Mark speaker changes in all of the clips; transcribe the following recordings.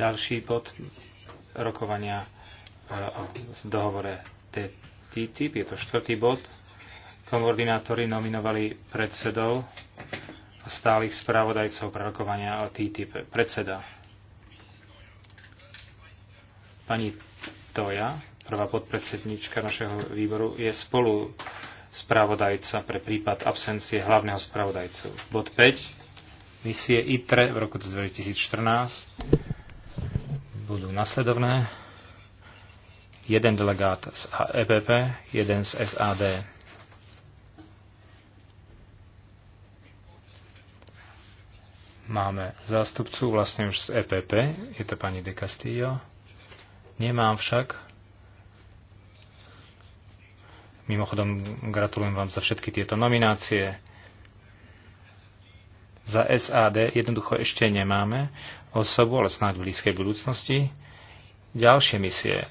Speaker 1: Ďalší bod rokovania o e, dohovore TTIP, je to štvrtý bod. Koordinátori nominovali predsedov a stálych spravodajcov pre rokovania o TTIP. Predseda pani Toja, prvá podpredsednička našeho výboru, je spolu správodajca pre prípad absencie hlavného správodajcu. Bod 5. Misie ITRE v roku 2014 budú nasledovné. Jeden delegát z EPP, jeden z SAD. Máme zástupcu vlastne už z EPP, je to pani De Castillo. Nemám však. Mimochodom, gratulujem vám za všetky tieto nominácie za SAD jednoducho ešte nemáme osobu, ale snáď v blízkej budúcnosti. Ďalšie misie,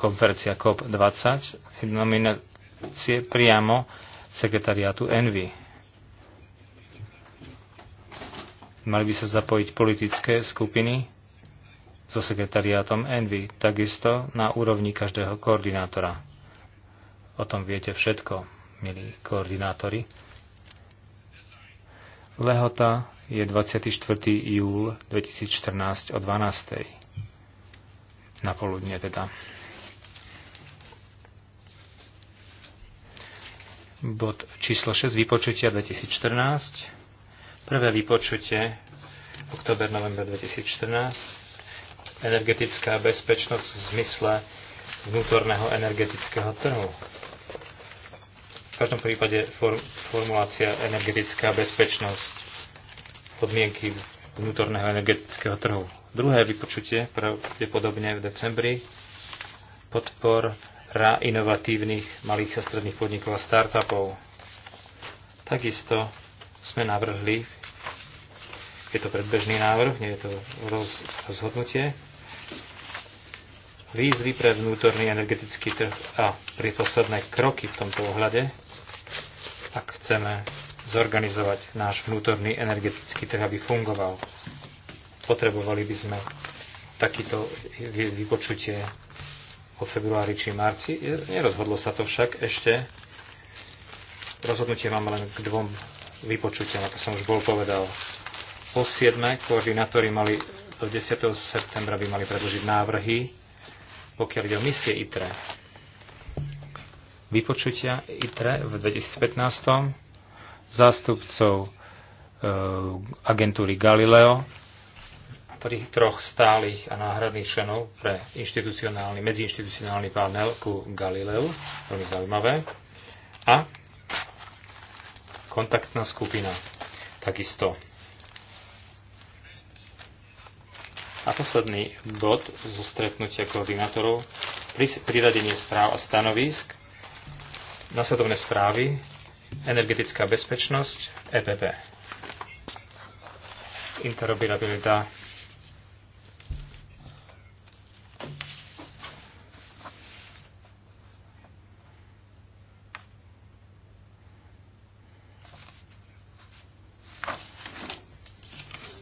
Speaker 1: konferencia COP20, nominácie priamo sekretariátu Envy. Mali by sa zapojiť politické skupiny so sekretariátom Envy, takisto na úrovni každého koordinátora. O tom viete všetko, milí koordinátori. Lehota je 24. júl 2014 o 12. Na poludne teda. Bod číslo 6 vypočutia 2014. Prvé vypočutie október, november 2014. Energetická bezpečnosť v zmysle vnútorného energetického trhu. V každom prípade formulácia energetická bezpečnosť podmienky vnútorného energetického trhu. Druhé vypočutie, pravdepodobne v decembri, podpora inovatívnych malých a stredných podnikov a startupov. Takisto sme navrhli, je to predbežný návrh, nie je to roz, rozhodnutie, výzvy pre vnútorný energetický trh a pri posledné kroky v tomto ohľade, ak chceme zorganizovať náš vnútorný energetický trh, aby fungoval. Potrebovali by sme takýto vypočutie o februári či marci. Nerozhodlo sa to však ešte. Rozhodnutie máme len k dvom vypočutiam, ako som už bol povedal. Po 7. koordinátori mali do 10. septembra by mali predložiť návrhy, pokiaľ ide o misie ITRE. Vypočutia ITRE v 2015 zástupcov e, agentúry Galileo, pri troch stálych a náhradných členov pre inštitucionálny, medziinštitucionálny panel ku Galileu, veľmi zaujímavé, a kontaktná skupina takisto. A posledný bod zo stretnutia koordinátorov, priradenie správ a stanovisk, nasledovné správy energetická bezpečnosť, EPP. Interoperabilita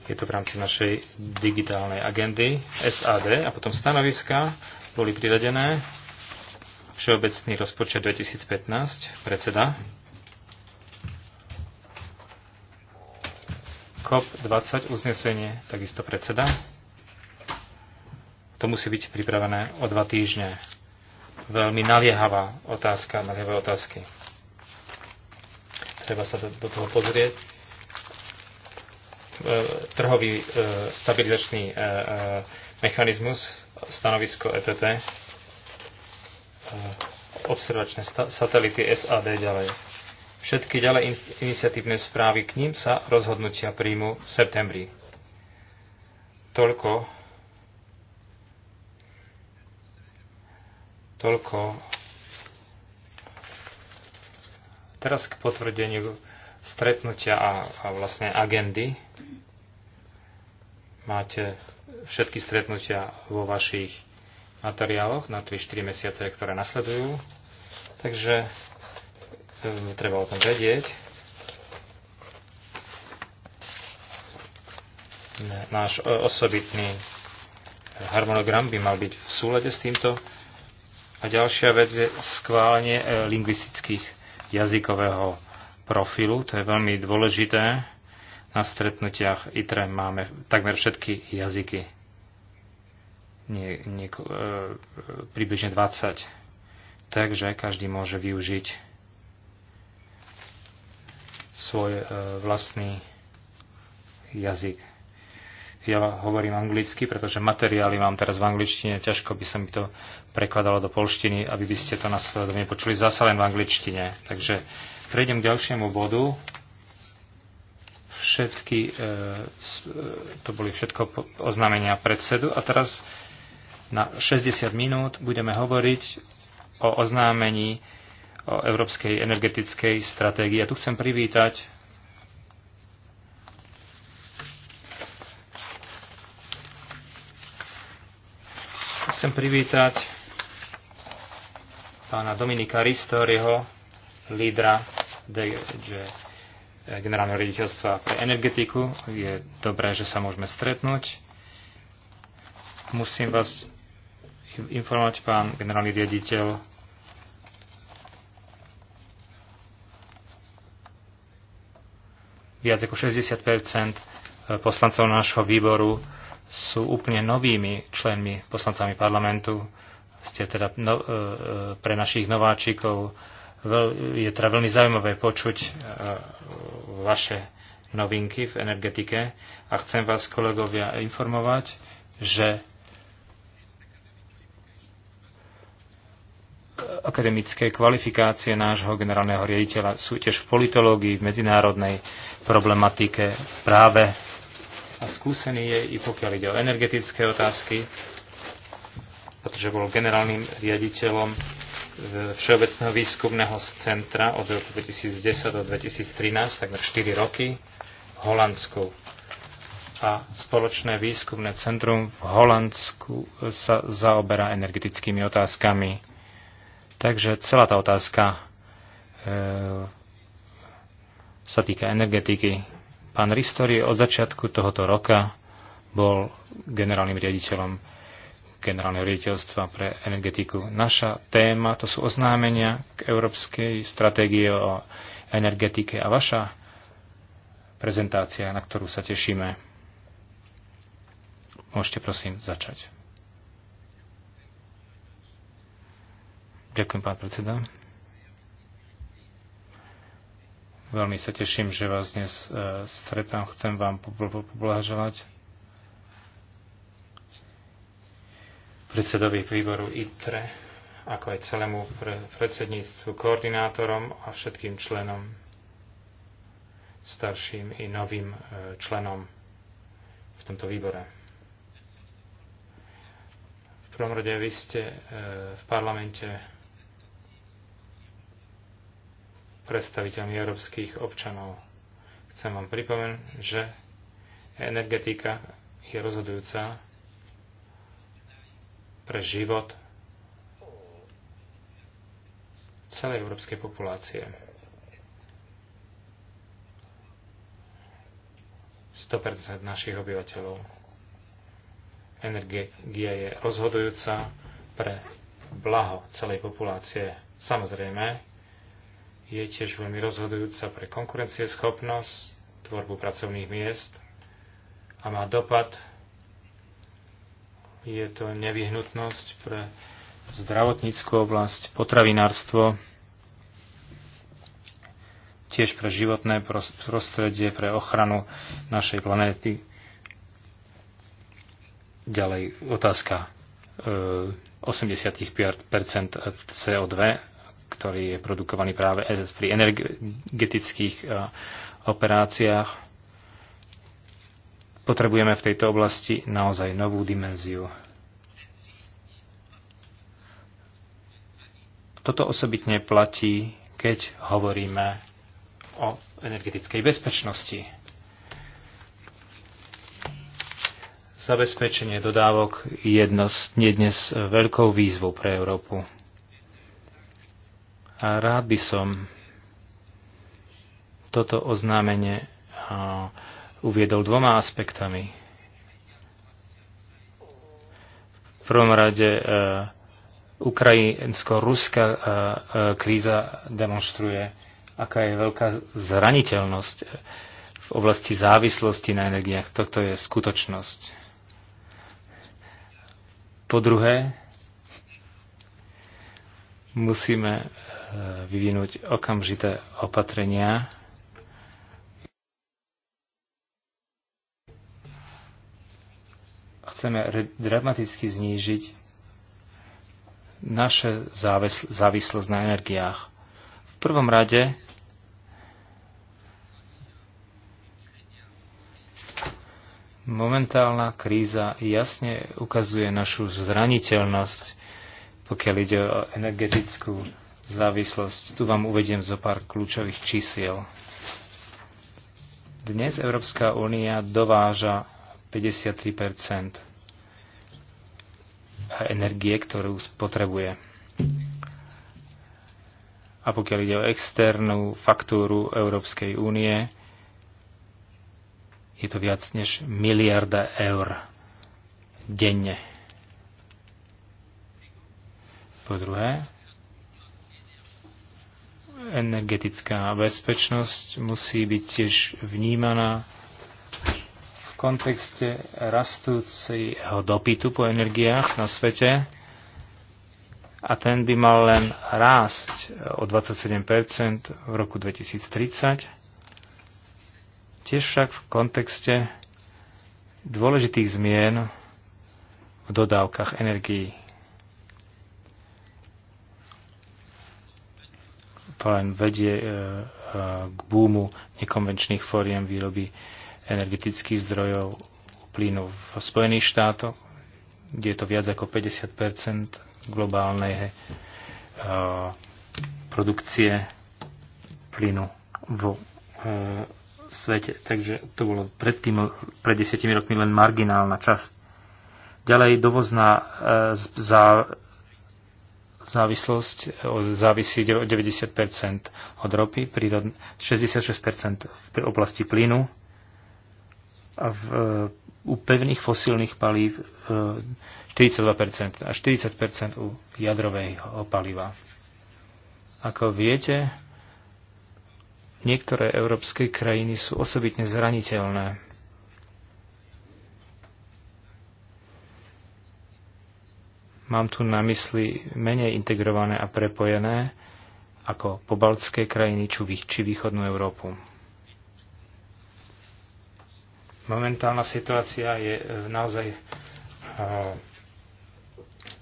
Speaker 1: je to v rámci našej digitálnej agendy SAD a potom stanoviska boli priradené Všeobecný rozpočet 2015, predseda COP20 uznesenie, takisto predseda. To musí byť pripravené o dva týždne. Veľmi naliehavá otázka, naliehavé otázky. Treba sa do, do toho pozrieť. E, trhový e, stabilizačný e, e, mechanizmus, stanovisko EPP, e, observačné sta- satelity SAD ďalej Všetky ďalej in- iniciatívne správy k ním sa rozhodnutia príjmu v septembri. Toľko toľko teraz k potvrdeniu stretnutia a, a vlastne agendy. Máte všetky stretnutia vo vašich materiáloch na 3-4 mesiace, ktoré nasledujú. Takže netreba o tom vedieť. Náš e, osobitný e, harmonogram by mal byť v súlade s týmto. A ďalšia vec je skválenie e, lingvistických jazykového profilu. To je veľmi dôležité. Na stretnutiach ITRE máme takmer všetky jazyky. Nie, nie, e, približne 20. Takže každý môže využiť svoj e, vlastný jazyk. Ja hovorím anglicky, pretože materiály mám teraz v angličtine, ťažko by som mi to prekladalo do polštiny, aby by ste to následovne počuli zasa len v angličtine. Takže prejdem k ďalšiemu bodu. Všetky, e, e, to boli všetko oznámenia predsedu a teraz na 60 minút budeme hovoriť o oznámení o európskej energetickej stratégie. a tu chcem privítať chcem privítať pána Dominika Ristoriho, lídra DG generálneho riaditeľstva pre energetiku. Je dobré, že sa môžeme stretnúť. Musím vás informovať, pán generálny riaditeľ, Viac ako 60 eh, poslancov nášho výboru sú úplne novými členmi, poslancami parlamentu. Ste teda no, eh, eh, pre našich nováčikov veľ, je teda veľmi zaujímavé počuť vaše novinky v energetike a chcem vás, kolegovia, informovať, že akademické kvalifikácie nášho generálneho riaditeľa sú tiež v politológii, v medzinárodnej problematike práve a skúsený je i pokiaľ ide o energetické otázky, pretože bol generálnym riaditeľom e, Všeobecného výskumného centra od roku 2010 do 2013, takmer 4 roky, v Holandsku. A spoločné výskumné centrum v Holandsku sa zaoberá energetickými otázkami. Takže celá tá otázka e sa týka energetiky. Pán Ristori od začiatku tohoto roka bol generálnym riaditeľom generálneho riaditeľstva pre energetiku. Naša téma to sú oznámenia k európskej stratégie o energetike a vaša prezentácia, na ktorú sa tešíme. Môžete prosím začať. Ďakujem, pán predseda. Veľmi sa teším, že vás dnes e, stretám. Chcem vám poblahoželať predsedovi výboru ITRE, ako aj celému predsedníctvu, koordinátorom a všetkým členom, starším i novým e, členom v tomto výbore prvom rade vy ste e, v parlamente predstaviteľmi európskych občanov. Chcem vám pripomenúť, že energetika je rozhodujúca pre život celej európskej populácie. 100% našich obyvateľov. Energia je rozhodujúca pre blaho celej populácie. Samozrejme, je tiež veľmi rozhodujúca pre konkurencieschopnosť, tvorbu pracovných miest a má dopad. Je to nevyhnutnosť pre zdravotníckú oblasť, potravinárstvo, tiež pre životné prostredie, pre ochranu našej planéty. Ďalej otázka e, 85 CO2 ktorý je produkovaný práve pri energetických e, operáciách. Potrebujeme v tejto oblasti naozaj novú dimenziu. Toto osobitne platí, keď hovoríme o energetickej bezpečnosti. Zabezpečenie dodávok je dnes veľkou výzvou pre Európu. A rád by som toto oznámenie uviedol dvoma aspektami. V prvom rade e, ukrajinsko-ruská e, e, kríza demonstruje, aká je veľká zraniteľnosť v oblasti závislosti na energiách. Toto je skutočnosť. Po druhé, musíme e, Eh, vyvinúť okamžité opatrenia, chceme dramaticky znížiť naše závis- závislosť na energiách. V prvom rade momentálna kríza jasne ukazuje našu zraniteľnosť, pokiaľ ide o energetickú závislosť. Tu vám uvediem zo pár kľúčových čísiel. Dnes Európska únia dováža 53 energie, ktorú spotrebuje. A pokiaľ ide o externú faktúru Európskej únie, je to viac než miliarda eur denne. Po druhé, energetická bezpečnosť musí byť tiež vnímaná v kontexte rastúceho dopytu po energiách na svete a ten by mal len rásť o 27% v roku 2030. Tiež však v kontexte dôležitých zmien v dodávkach energií. to len vedie e, e, k búmu nekonvenčných fóriem výroby energetických zdrojov plynu v Spojených štátoch, kde je to viac ako 50 globálnej e, produkcie plynu v svete. Takže to bolo tým, pred desiatimi rokmi len marginálna časť. Ďalej dovozná za závislosť e, závisí 90 od ropy, 66 v oblasti plynu a v, e, u pevných fosílnych palív 42 e, a 40 u jadrového paliva. Ako viete, niektoré európske krajiny sú osobitne zraniteľné Mám tu na mysli menej integrované a prepojené ako pobaltské krajiny či východnú Európu. Momentálna situácia je e, naozaj e,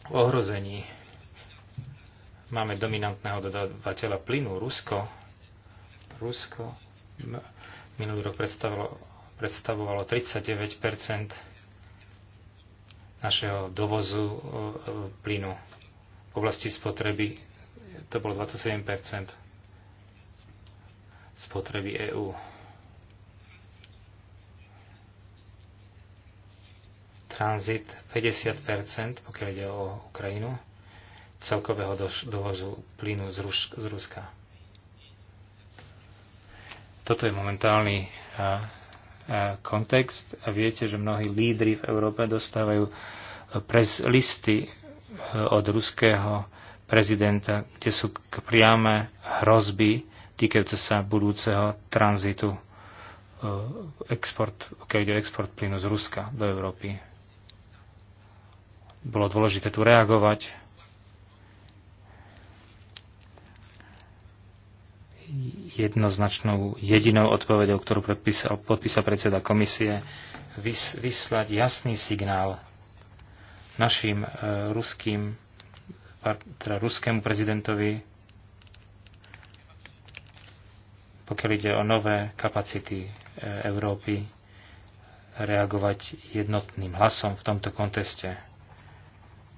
Speaker 1: v ohrození. Máme dominantného dodávateľa plynu, Rusko. Rusko minulý rok predstavovalo, predstavovalo 39 našeho dovozu e, plynu. V oblasti spotreby to bolo 27 spotreby EÚ. Tranzit 50 pokiaľ ide o Ukrajinu, celkového dovozu plynu z, Ruska. Toto je momentálny kontext a viete, že mnohí lídry v Európe dostávajú prez listy e, od ruského prezidenta, kde sú priame hrozby týkajúce sa budúceho tranzitu e, export, keď ide o export plynu z Ruska do Európy. Bolo dôležité tu reagovať jednoznačnou jedinou odpovedou, ktorú podpísal, podpísal predseda komisie, vys, vyslať jasný signál našim e, ruským, teda ruskému prezidentovi, pokiaľ ide o nové kapacity e, Európy, reagovať jednotným hlasom v tomto konteste.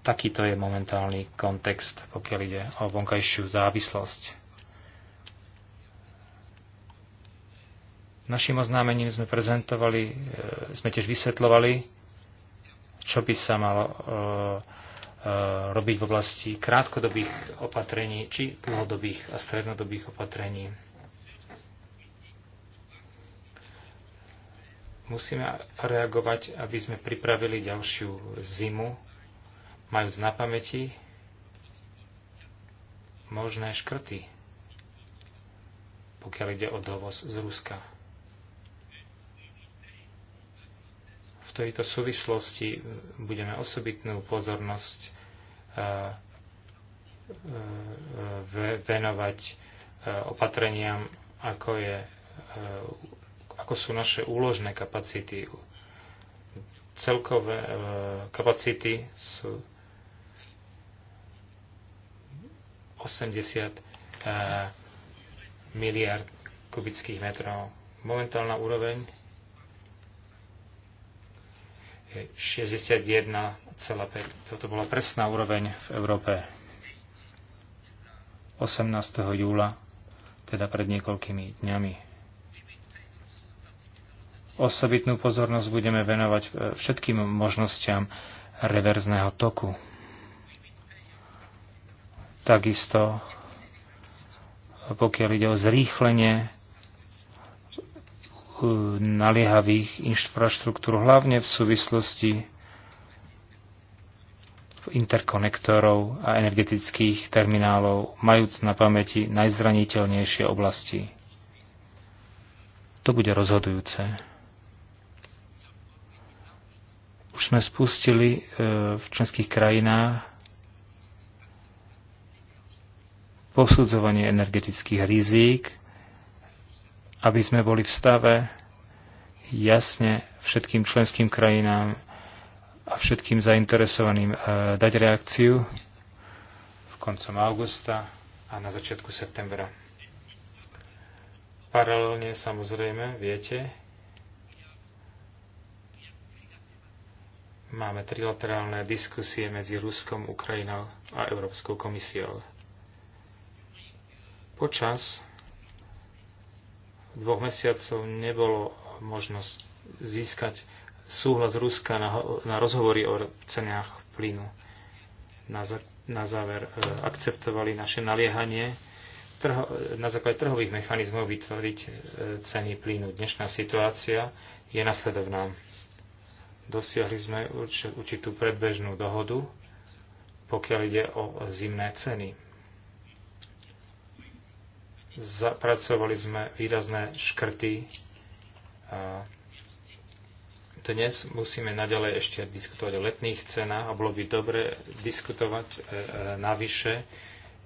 Speaker 1: Takýto je momentálny kontext, pokiaľ ide o vonkajšiu závislosť. Našim oznámením sme prezentovali, e, sme tiež vysvetlovali, čo by sa malo e, e, robiť v oblasti krátkodobých opatrení, či dlhodobých a strednodobých opatrení. Musíme reagovať, aby sme pripravili ďalšiu zimu, majúc na pamäti možné škrty, pokiaľ ide o dovoz z Ruska. tejto súvislosti budeme osobitnú pozornosť e, e, e, venovať opatreniam, ako, je, ako sú naše úložné kapacity. Celkové kapacity sú 80 miliard kubických metrov. Momentálna úroveň 61,5. Toto bola presná úroveň v Európe 18. júla, teda pred niekoľkými dňami. Osobitnú pozornosť budeme venovať e, všetkým možnostiam reverzného toku. Takisto, e, pokiaľ ide o zrýchlenie E, naliehavých infraštruktúr, hlavne v súvislosti interkonektorov a energetických terminálov, majúc na pamäti najzraniteľnejšie oblasti. To bude rozhodujúce. Už sme spustili e, v členských krajinách posudzovanie energetických rizík, aby sme boli v stave jasne všetkým členským krajinám a všetkým zainteresovaným eh, dať reakciu v koncom augusta a na začiatku septembra. Paralelne samozrejme, viete, máme trilaterálne diskusie medzi Ruskom, Ukrajinou a Európskou komisiou. Počas dvoch mesiacov nebolo možnosť získať súhlas Ruska na, na rozhovory o cenách plynu. Na, za, na záver e, akceptovali naše naliehanie trho, na základe trhových mechanizmov vytvoriť e, ceny plynu. Dnešná situácia je nasledovná. Dosiahli sme urč, určitú predbežnú dohodu, pokiaľ ide o zimné ceny. Zapracovali sme výrazné škrty. A dnes musíme naďalej ešte diskutovať o letných cenách a bolo by dobre diskutovať e, e, navyše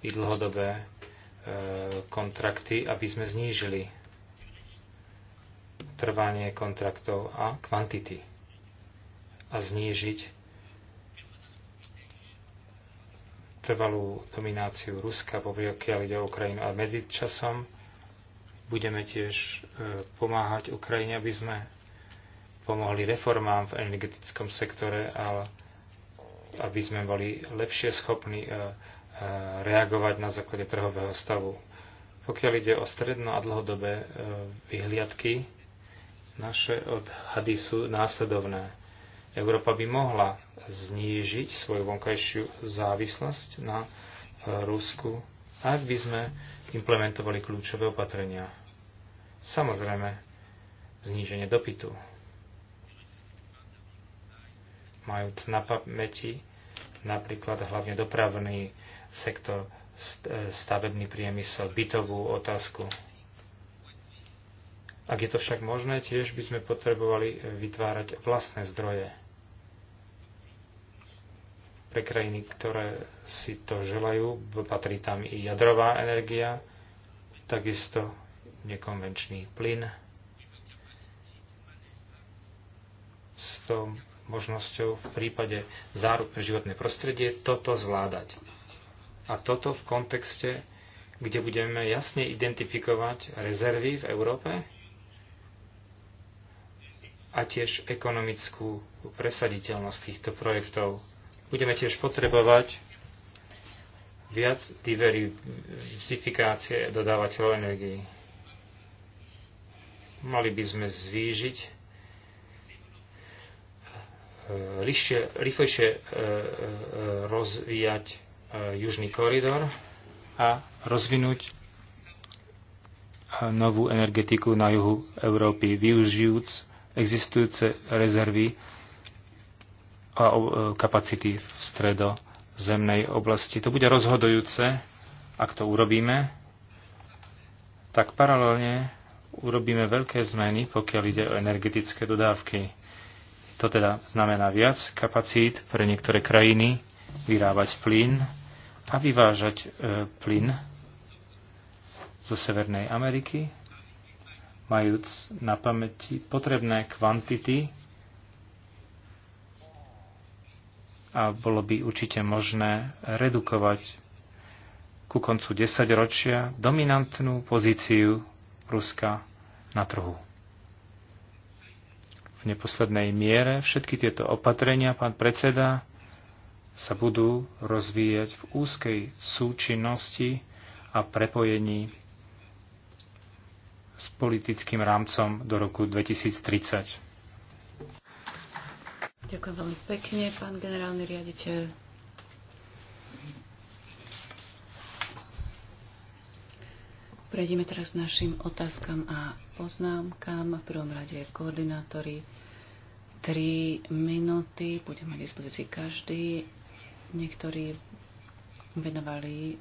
Speaker 1: i dlhodobé e, kontrakty, aby sme znížili trvanie kontraktov a kvantity a znížiť trvalú domináciu Ruska, pokiaľ ide o Ukrajinu. A medzičasom budeme tiež e, pomáhať Ukrajine, aby sme pomohli reformám v energetickom sektore, ale aby sme boli lepšie schopní e, e, reagovať na základe trhového stavu. Pokiaľ ide o stredno a dlhodobé vyhliadky, naše odhady sú následovné. Európa by mohla znížiť svoju vonkajšiu závislosť na e, Rusku, ak by sme implementovali kľúčové opatrenia. Samozrejme, zníženie dopytu. Majúc na pamäti napríklad hlavne dopravný sektor, e, stavebný priemysel, bytovú otázku. Ak je to však možné, tiež by sme potrebovali vytvárať vlastné zdroje pre krajiny, ktoré si to želajú. Patrí tam i jadrová energia, takisto nekonvenčný plyn s tou možnosťou v prípade záruk pre životné prostredie toto zvládať. A toto v kontexte, kde budeme jasne identifikovať rezervy v Európe a tiež ekonomickú presaditeľnosť týchto projektov Budeme tiež potrebovať viac diverzifikácie dodávateľov energii. Mali by sme zvýžiť e, rýchlejšie e, e, rozvíjať južný koridor a rozvinúť novú energetiku na juhu Európy, využijúc existujúce rezervy a e, kapacity v zemnej oblasti. To bude rozhodujúce, ak to urobíme, tak paralelne urobíme veľké zmeny, pokiaľ ide o energetické dodávky. To teda znamená viac kapacít pre niektoré krajiny vyrábať plyn a vyvážať e, plyn zo Severnej Ameriky, majúc na pamäti potrebné kvantity a bolo by určite možné redukovať ku koncu desaťročia dominantnú pozíciu Ruska na trhu. V neposlednej miere všetky tieto opatrenia, pán predseda, sa budú rozvíjať v úzkej súčinnosti a prepojení s politickým rámcom do roku 2030.
Speaker 2: Ďakujem veľmi pekne, pán generálny riaditeľ. Prejdeme teraz k našim otázkam a poznámkam. V prvom rade koordinátori. Tri minúty, bude mať dispozícii každý. Niektorí venovali. Eh,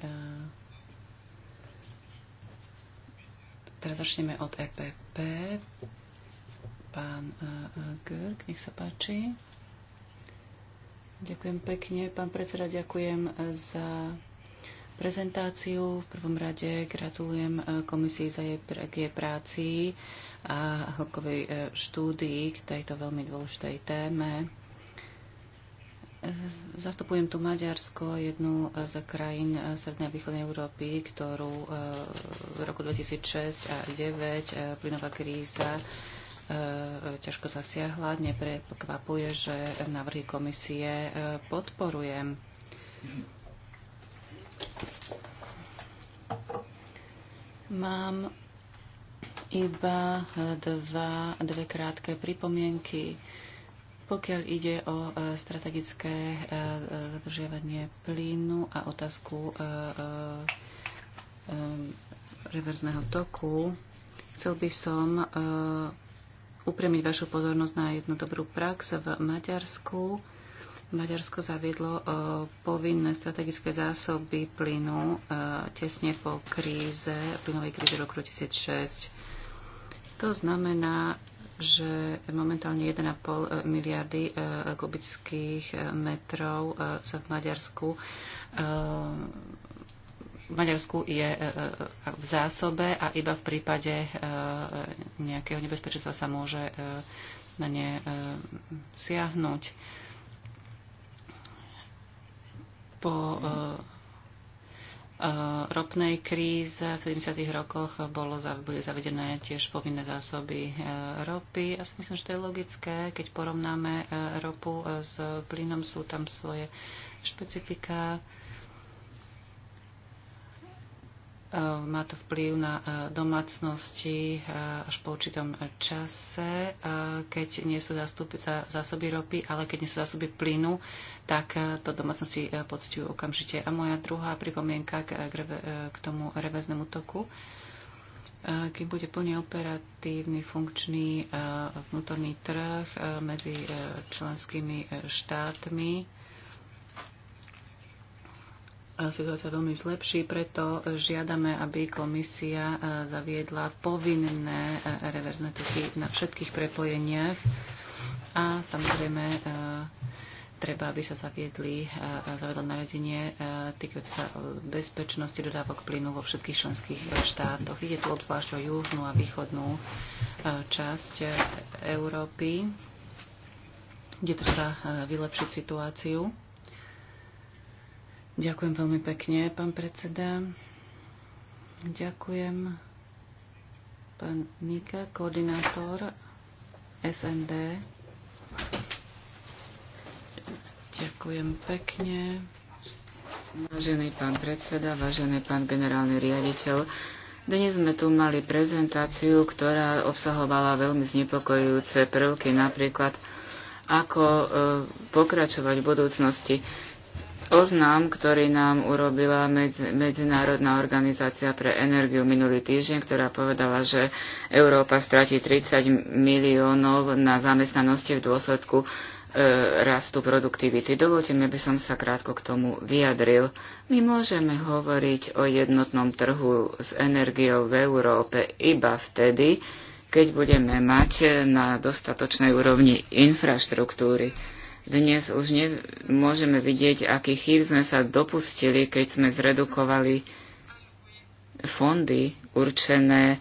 Speaker 2: teraz začneme od EPP. Pán eh, eh, Görg, nech sa páči. Ďakujem pekne, pán predseda, ďakujem e, za prezentáciu. V prvom rade gratulujem e, komisii za jej, k jej práci a hlkovej e, štúdii k tejto veľmi dôležitej téme. Zastupujem tu Maďarsko, jednu z krajín Srednej a Východnej Európy, ktorú v roku 2006 a 2009 plynová kríza E, ťažko zasiahla. Neprekvapuje, že návrhy komisie e, podporujem. Mám iba e, dva, dve krátke pripomienky. Pokiaľ ide o strategické zadržiavanie plynu a otázku reverzného toku, chcel by som upriamiť vašu pozornosť na jednu dobrú prax v Maďarsku. Maďarsko zaviedlo e, povinné strategické zásoby plynu e, tesne po kríze, plynovej kríze roku 2006. To znamená, že momentálne 1,5 e, miliardy kubických metrov sa v Maďarsku v Maďarsku je e, e, v zásobe a iba v prípade e, nejakého nebezpečenstva sa môže na ne siahnuť. Po ropnej kríze v 70. rokoch bolo, boli zavedené tiež povinné zásoby ropy. Ja si myslím, že to je logické, keď porovnáme ropu s plynom, sú tam svoje špecifika E, má to vplyv na e, domácnosti e, až po určitom čase, keď nie sú zásoby ropy, ale keď nie sú zásoby plynu, tak to domácnosti pocitujú okamžite. A moja druhá pripomienka k tomu reverznému toku kým bude plne operatívny, funkčný vnútorný trh medzi členskými štátmi, situácia veľmi zlepší, preto žiadame, aby komisia e, zaviedla povinné e, reverzné toky na všetkých prepojeniach a samozrejme e, treba, aby sa zaviedli, zavedlo nariadenie týkajúce sa bezpečnosti dodávok plynu vo všetkých členských štátoch. Ide tu obzvlášť o južnú a východnú časť Európy, kde treba vylepšiť situáciu. Ďakujem veľmi pekne, pán predseda. Ďakujem. Pán Nika, koordinátor SND.
Speaker 3: Ďakujem pekne. Vážený pán predseda, vážený pán generálny riaditeľ, dnes sme tu mali prezentáciu, ktorá obsahovala veľmi znepokojujúce prvky, napríklad ako e, pokračovať v budúcnosti oznám, ktorý nám urobila Medzinárodná organizácia pre energiu minulý týždeň, ktorá povedala, že Európa stratí 30 miliónov na zamestnanosti v dôsledku e, rastu produktivity. Dovolte mi, aby som sa krátko k tomu vyjadril. My môžeme hovoriť o jednotnom trhu s energiou v Európe iba vtedy, keď budeme mať na dostatočnej úrovni infraštruktúry dnes už nemôžeme vidieť, aký chýb sme sa dopustili, keď sme zredukovali fondy určené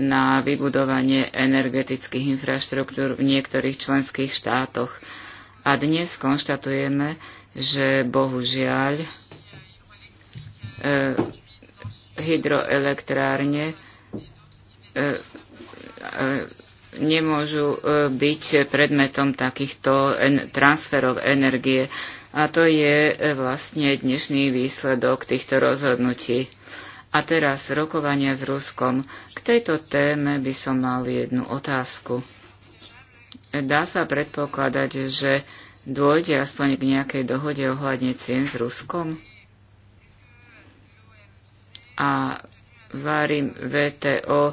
Speaker 3: na vybudovanie energetických infraštruktúr v niektorých členských štátoch. A dnes konštatujeme, že bohužiaľ e, hydroelektrárne e, e, nemôžu e, byť predmetom takýchto transferov energie. A to je e, vlastne dnešný výsledok týchto rozhodnutí. A teraz rokovania s Ruskom. K tejto téme by som mal jednu otázku. Dá sa predpokladať, že dôjde aspoň k nejakej dohode ohľadne cien s Ruskom? A varím VTO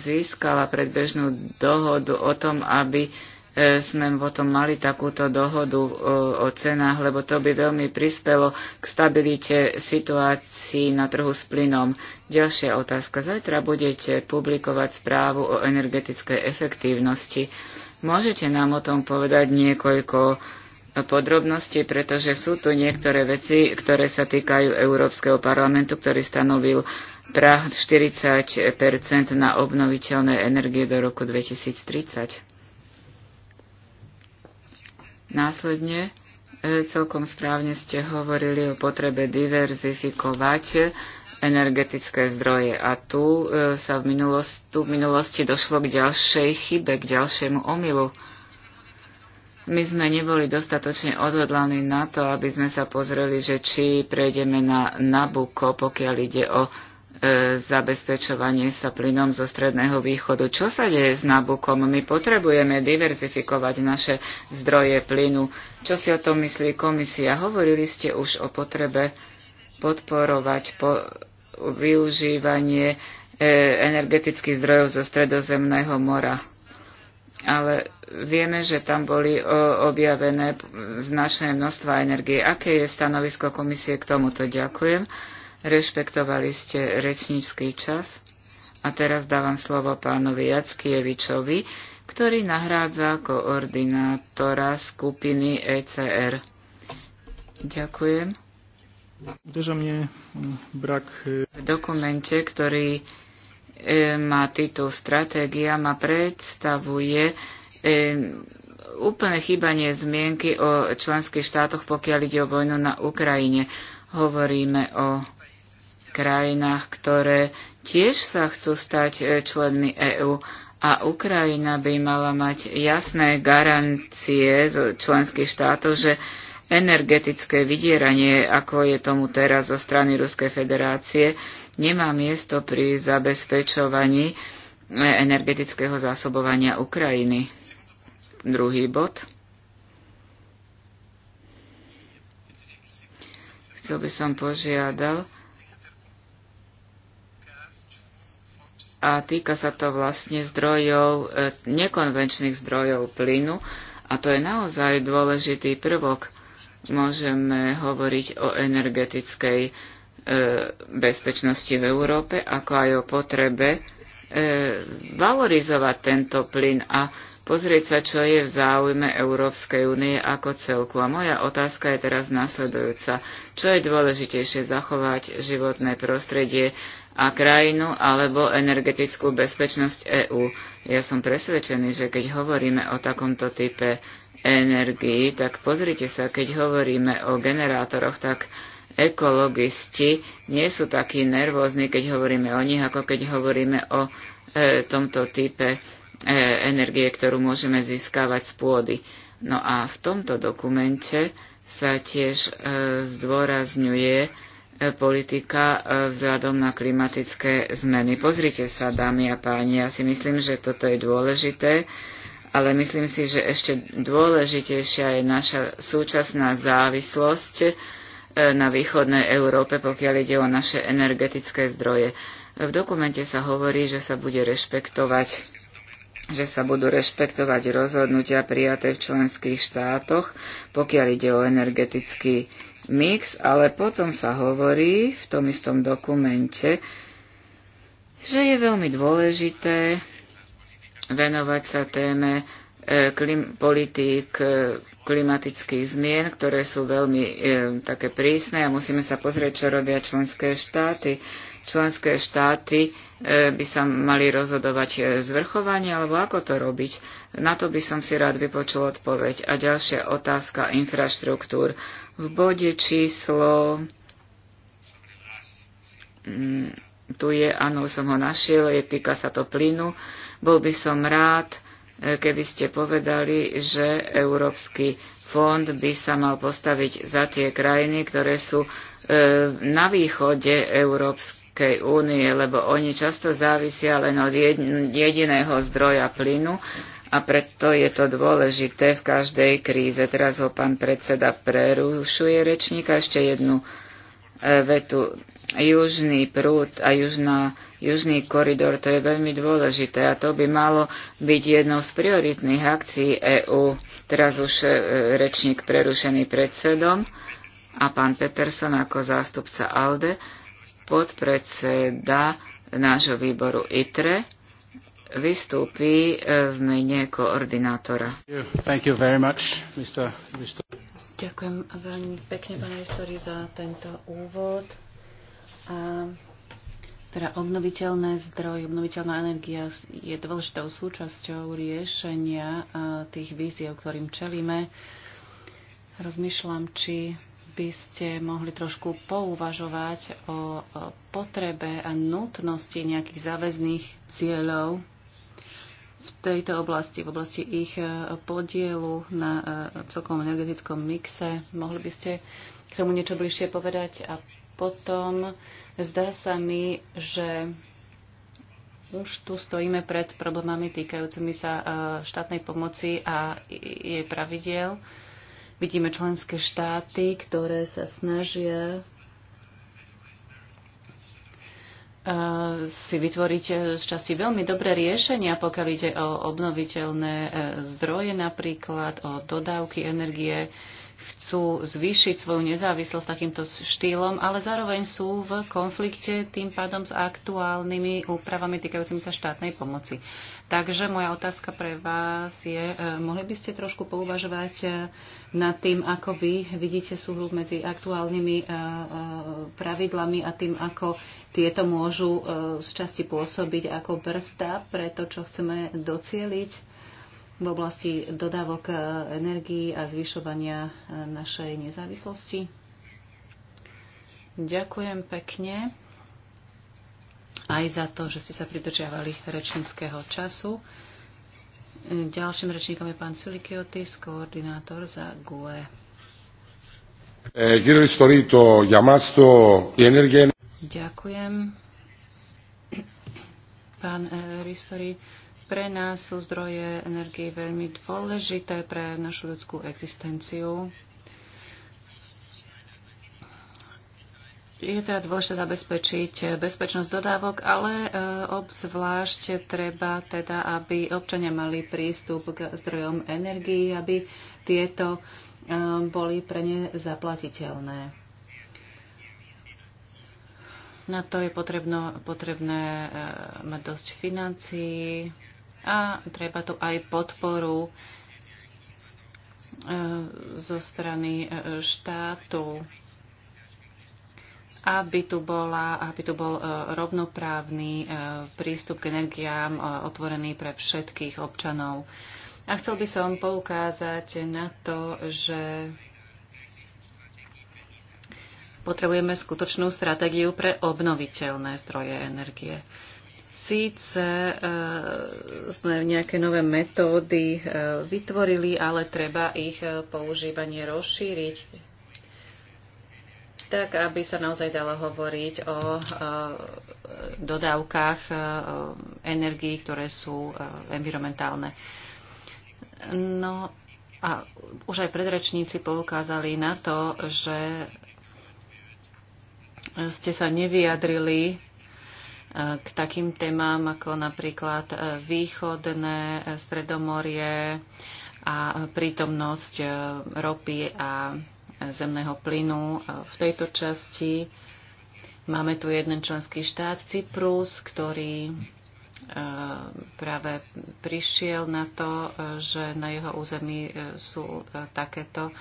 Speaker 3: získala predbežnú dohodu o tom, aby e, sme potom mali takúto dohodu e, o cenách, lebo to by veľmi prispelo k stabilite situácií na trhu s plynom. Ďalšia otázka. Zajtra budete publikovať správu o energetickej efektívnosti. Môžete nám o tom povedať niekoľko podrobnosti, pretože sú tu niektoré veci, ktoré sa týkajú Európskeho parlamentu, ktorý stanovil prah 40 na obnoviteľné energie do roku 2030. Následne e, celkom správne ste hovorili o potrebe diverzifikovať energetické zdroje. A tu e, sa v minulosti, tu v minulosti došlo k ďalšej chybe, k ďalšiemu omylu my sme neboli dostatočne odhodlaní na to, aby sme sa pozreli, že či prejdeme na Nabuko, pokiaľ ide o e, zabezpečovanie sa plynom zo Stredného východu. Čo sa deje s Nabukom? My potrebujeme diverzifikovať naše zdroje plynu. Čo si o tom myslí komisia? Hovorili ste už o potrebe podporovať po, využívanie e, energetických zdrojov zo Stredozemného mora. Ale Vieme, že tam boli objavené značné množstva energie. Aké je stanovisko komisie k tomuto? Ďakujem. Rešpektovali ste rečnícky čas. A teraz dávam slovo pánovi Jackievičovi, ktorý nahrádza koordinátora skupiny ECR. Ďakujem. mne mm, brak... E, v dokumente, ktorý e, má titul Stratégia, ma predstavuje úplne chýbanie zmienky o členských štátoch, pokiaľ ide o vojnu na Ukrajine. Hovoríme o krajinách, ktoré tiež sa chcú stať e, členmi EÚ a Ukrajina by mala mať jasné garancie z členských štátov, že energetické vydieranie, ako je tomu teraz zo strany Ruskej federácie, nemá miesto pri zabezpečovaní energetického zásobovania Ukrajiny. Druhý bod. Chcel by som požiadal, a týka sa to vlastne zdrojov, e, nekonvenčných zdrojov plynu a to je naozaj dôležitý prvok. Môžeme hovoriť o energetickej e, bezpečnosti v Európe, ako aj o potrebe E, valorizovať tento plyn a pozrieť sa, čo je v záujme Európskej únie ako celku. A moja otázka je teraz nasledujúca. Čo je dôležitejšie zachovať životné prostredie a krajinu alebo energetickú bezpečnosť EÚ? Ja som presvedčený, že keď hovoríme o takomto type energii, tak pozrite sa, keď hovoríme o generátoroch, tak ekologisti nie sú takí nervózni, keď hovoríme o nich, ako keď hovoríme o e, tomto type e, energie, ktorú môžeme získavať z pôdy. No a v tomto dokumente sa tiež e, zdôrazňuje e, politika e, vzhľadom na klimatické zmeny. Pozrite sa, dámy a páni, ja si myslím, že toto je dôležité, ale myslím si, že ešte dôležitejšia je naša súčasná závislosť E, na východnej Európe, pokiaľ ide o naše energetické zdroje. V dokumente sa hovorí, že sa bude rešpektovať že sa budú rešpektovať rozhodnutia prijaté v členských štátoch, pokiaľ ide o energetický mix, ale potom sa hovorí v tom istom dokumente, že je veľmi dôležité venovať sa téme E, klim, politík e, klimatických zmien, ktoré sú veľmi e, také prísne a musíme sa pozrieť, čo robia členské štáty. Členské štáty e, by sa mali rozhodovať e, zvrchovanie, alebo ako to robiť. Na to by som si rád vypočul odpoveď. A ďalšia otázka infraštruktúr. V bode číslo... Mm, tu je, áno, som ho našiel, je, týka sa to plynu. Bol by som rád, keby ste povedali, že Európsky fond by sa mal postaviť za tie krajiny, ktoré sú e, na východe Európskej únie, lebo oni často závisia len od jediného zdroja plynu a preto je to dôležité v každej kríze. Teraz ho pán predseda prerušuje rečníka. Ešte jednu e, vetu. Južný prúd a južná južný koridor, to je veľmi dôležité a to by malo byť jednou z prioritných akcií EÚ. Teraz už e, rečník prerušený predsedom a pán Peterson ako zástupca ALDE, podpredseda nášho výboru ITRE, vystúpi e, v mene koordinátora.
Speaker 2: Thank you very much, Mr. Ďakujem veľmi pekne, pán Ristori, za tento úvod. A teda obnoviteľné zdroje, obnoviteľná energia je dôležitou súčasťou riešenia tých víziev, ktorým čelíme. Rozmýšľam, či by ste mohli trošku pouvažovať o potrebe a nutnosti nejakých záväzných cieľov v tejto oblasti, v oblasti ich e, podielu na e, celkom energetickom mixe. Mohli by ste k tomu niečo bližšie povedať a potom Zdá sa mi, že už tu stojíme pred problémami týkajúcimi sa e, štátnej pomoci a jej pravidiel. Vidíme členské štáty, ktoré sa snažia e, si vytvoriť e, z časti veľmi dobré riešenia, pokiaľ ide o obnoviteľné zdroje napríklad, o dodávky energie, chcú zvýšiť svoju nezávislosť takýmto štýlom, ale zároveň sú v konflikte tým pádom s aktuálnymi úpravami týkajúcimi sa štátnej pomoci. Takže moja otázka pre vás je, e, mohli by ste trošku pouvažovať e, nad tým, ako vy vidíte súhľub medzi aktuálnymi e, pravidlami a tým, ako tieto môžu z časti pôsobiť ako brzda pre to, čo chceme docieliť? v oblasti dodávok e, energii a zvyšovania e, našej nezávislosti. Ďakujem pekne aj za to, že ste sa pridržiavali rečníckého času. Ďalším rečníkom je pán Silikiotis, koordinátor za GUE. E, Ďakujem. Pán Ristori, pre nás sú zdroje energie veľmi dôležité pre našu ľudskú existenciu. Je teda dôležité zabezpečiť bezpečnosť dodávok, ale e, obzvlášť treba teda, aby občania mali prístup k zdrojom energii, aby tieto e, boli pre ne zaplatiteľné. Na to je potrebno, potrebné e, mať dosť financií, a treba tu aj podporu e, zo strany e, štátu, aby tu, bola, aby tu bol e, rovnoprávny prístup k energiám otvorený pre všetkých občanov. A chcel by som poukázať na to, že potrebujeme skutočnú stratégiu pre obnoviteľné zdroje energie. Síce e, sme nejaké nové metódy e, vytvorili, ale treba ich e, používanie rozšíriť tak, aby sa naozaj dalo hovoriť o e, dodávkach e, energií, ktoré sú e, environmentálne. No a už aj predračníci poukázali na to, že ste sa nevyjadrili k takým témam ako napríklad e, východné e, stredomorie a prítomnosť e, ropy a zemného plynu. V tejto časti máme tu jeden členský štát, Cyprus, ktorý práve prišiel na to, že na jeho území sú takéto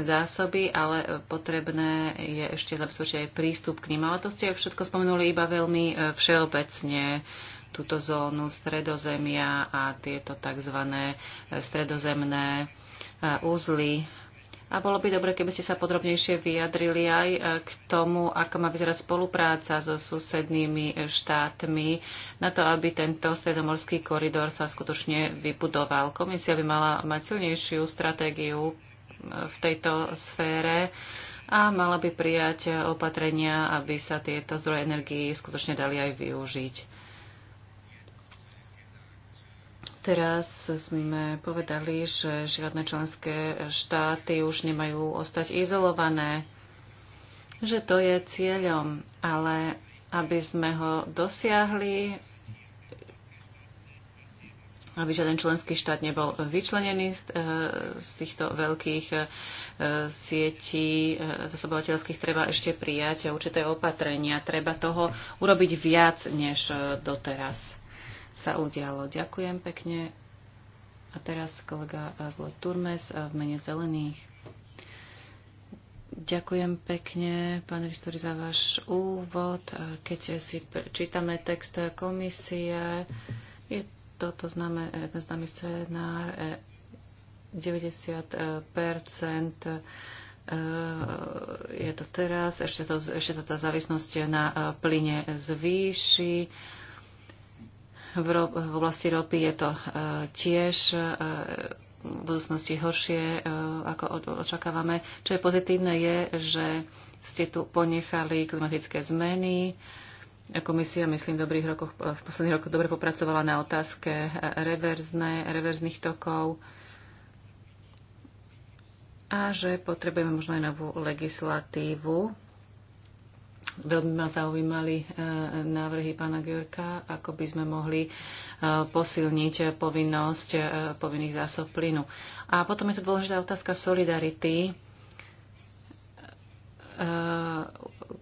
Speaker 2: zásoby, ale potrebné je ešte zabezpečiť aj prístup k ním. Ale to ste všetko spomenuli iba veľmi e, všeobecne túto zónu stredozemia a tieto tzv. E, stredozemné úzly. E, a bolo by dobre, keby ste sa podrobnejšie vyjadrili aj k tomu, ako má vyzerať spolupráca so susednými štátmi na to, aby tento stredomorský koridor sa skutočne vybudoval. Komisia by mala mať silnejšiu stratégiu v tejto sfére a mala by prijať opatrenia, aby sa tieto zdroje energii skutočne dali aj využiť. Teraz sme povedali, že žiadne členské štáty už nemajú ostať izolované, že to je cieľom, ale aby sme ho dosiahli, aby žiaden členský štát nebol vyčlenený z, e, z týchto veľkých e, sietí e, zasobovateľských. Treba ešte prijať určité opatrenia. Treba toho urobiť viac, než doteraz sa udialo. Ďakujem pekne. A teraz kolega Vlod Turmes v mene Zelených. Ďakujem pekne, pán Ristori, za váš úvod. Keď si čítame text komisie, je toto známe, ten známy scénár 90 je to teraz, ešte, to, ešte tá závislosť na e, plyne zvýši. V, ro, v oblasti ropy je to e, tiež e, v budúcnosti horšie, ako očakávame. Čo je pozitívne je, že ste tu ponechali klimatické zmeny, Komisia, myslím, v, dobrých rokoch, v posledných rokoch dobre popracovala na otázke reverzne, reverzných tokov a že potrebujeme možno aj novú legislatívu. Veľmi ma zaujímali e, návrhy pána Georka, ako by sme mohli e, posilniť povinnosť e, povinných zásob plynu. A potom je tu dôležitá otázka solidarity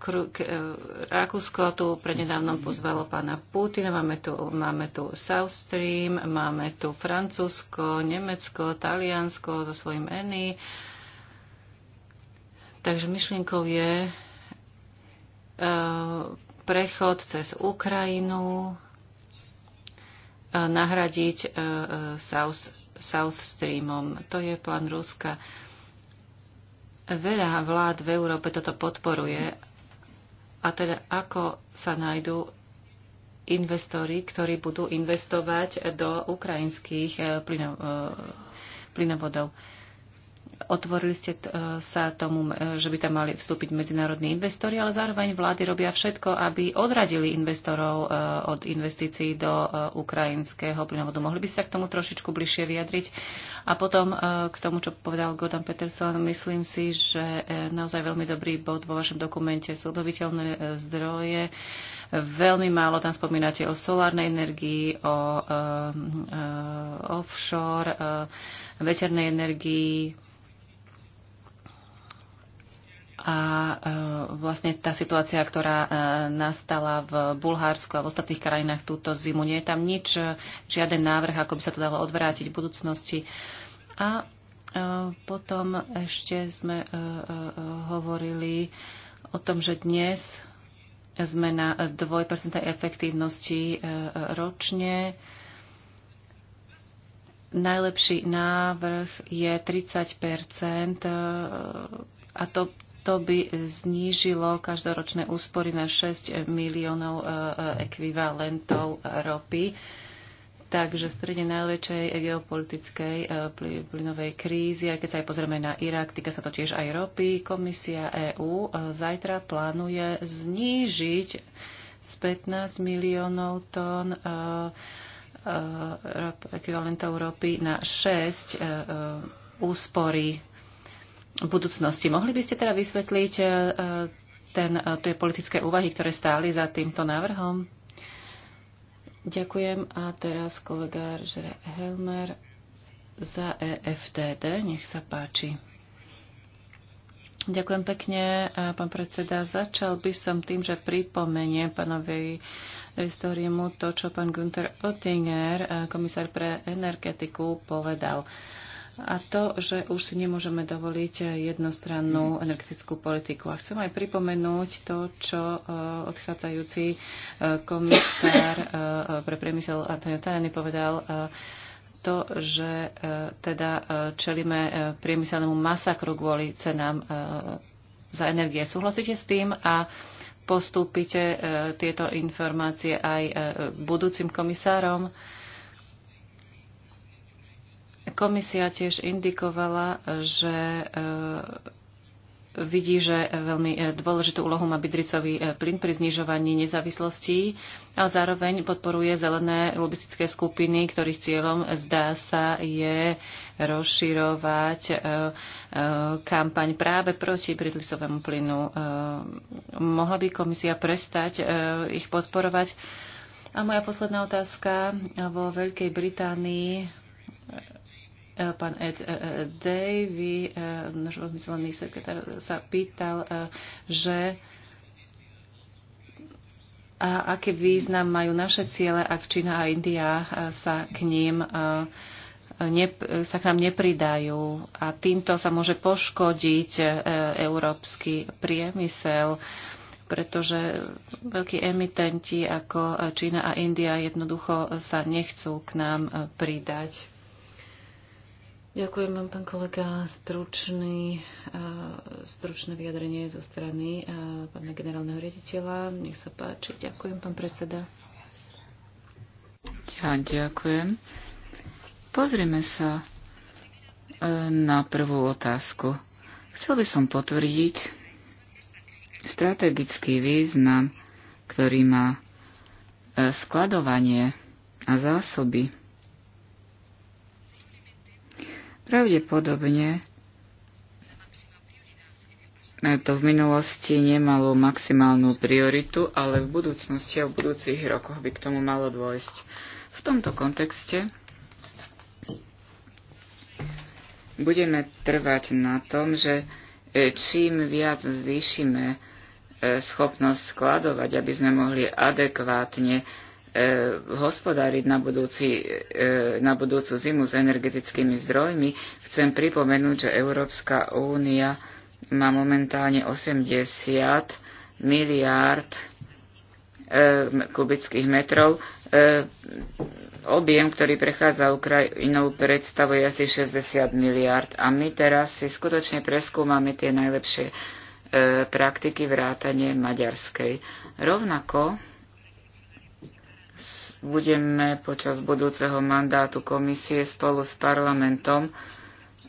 Speaker 2: E, Rakúsko tu prednedávnom pozvalo pána Putina, máme tu, máme tu South Stream, máme tu Francúzsko, Nemecko, Taliansko so svojím ENI. Takže myšlienkou je e, prechod cez Ukrajinu e, nahradiť South, South Streamom. To je plán Ruska. Veľa vlád v Európe toto podporuje a teda ako sa nájdú investori, ktorí budú investovať do ukrajinských eh, eh, plynovodov. Otvorili ste e, sa tomu, e, že by tam mali vstúpiť medzinárodní investori, ale zároveň vlády robia všetko, aby odradili investorov e, od investícií do ukrajinského plynovodu. Mohli by ste sa k tomu trošičku bližšie vyjadriť? A potom k tomu, čo povedal Gordon Peterson, myslím si, že naozaj veľmi dobrý bod vo vašom dokumente sú obnoviteľné zdroje. Veľmi málo tam spomínate o solárnej energii, o offshore, e, veternej energii, a e, vlastne tá situácia, ktorá e, nastala v Bulharsku a v ostatných krajinách túto zimu, nie je tam nič, žiaden návrh, ako by sa to dalo odvrátiť v budúcnosti. A e, potom ešte sme hovorili o tom, že dnes sme na 2% efektívnosti ročne. Najlepší návrh je 30 a to to by znížilo každoročné úspory na 6 miliónov e, e, ekvivalentov ropy. Takže v strede najväčšej geopolitickej e, plynovej krízy, aj keď sa aj pozrieme na Irak, týka sa to tiež aj ropy, komisia EÚ zajtra plánuje znížiť z 15 miliónov tón ekvivalentov ropy na 6 úspory budúcnosti. Mohli by ste teda vysvetliť e, ten, e, tie politické úvahy, ktoré stáli za týmto návrhom? Ďakujem. A teraz kolega Žere Helmer za EFTD. Nech sa páči. Ďakujem pekne, pán predseda. Začal by som tým, že pripomeniem pánovi Ristoriemu to, čo pán Günther Oettinger, e, komisár pre energetiku, povedal a to, že už si nemôžeme dovoliť jednostrannú energetickú politiku. A chcem aj pripomenúť to, čo eh, odchádzajúci eh, komisár eh, pre priemysel Antonio Tajani povedal, to, že teda čelíme priemyselnému masakru kvôli cenám za energie. Súhlasíte s tým a postúpite tieto informácie aj budúcim komisárom? Komisia tiež indikovala, že e, vidí, že veľmi e, dôležitú úlohu má bydricový e, plyn pri znižovaní nezávislostí a zároveň podporuje zelené lobistické skupiny, ktorých cieľom zdá sa je rozširovať kampaň práve proti bydricovému plynu. Mohla by komisia prestať ich podporovať? A moja posledná otázka. Vo Veľkej Británii Eh, pán Ed eh, eh, Davy, náš rozmyslený sekretár, sa pýtal, že a aký význam majú naše ciele, ak Čína a India sa k ním ne, sa k nám nepridajú a týmto sa môže poškodiť európsky priemysel, pretože veľkí emitenti ako Čína a India jednoducho sa nechcú k nám pridať. Ďakujem vám, pán kolega. Stručný, eh, stručné vyjadrenie zo strany eh, pána generálneho riaditeľa. Nech sa páči. Ďakujem, pán predseda.
Speaker 3: Ja ďakujem. Pozrime sa eh, na prvú otázku. Chcel by som potvrdiť strategický význam, ktorý má skladovanie a zásoby Pravdepodobne to v minulosti nemalo maximálnu prioritu, ale v budúcnosti a v budúcich rokoch by k tomu malo dôjsť. V tomto kontexte budeme trvať na tom, že e, čím viac zvýšime e, schopnosť skladovať, aby sme mohli adekvátne Eh, hospodáriť na, budúci, eh, na budúcu zimu s energetickými zdrojmi, chcem pripomenúť, že Európska únia má momentálne 80 miliárd eh, kubických metrov. Objem, ktorý prechádza Ukrajinou, predstavuje asi 60 miliard. A my teraz si skutočne preskúmame tie najlepšie praktiky vrátane maďarskej. Rovnako budeme počas budúceho mandátu komisie spolu s parlamentom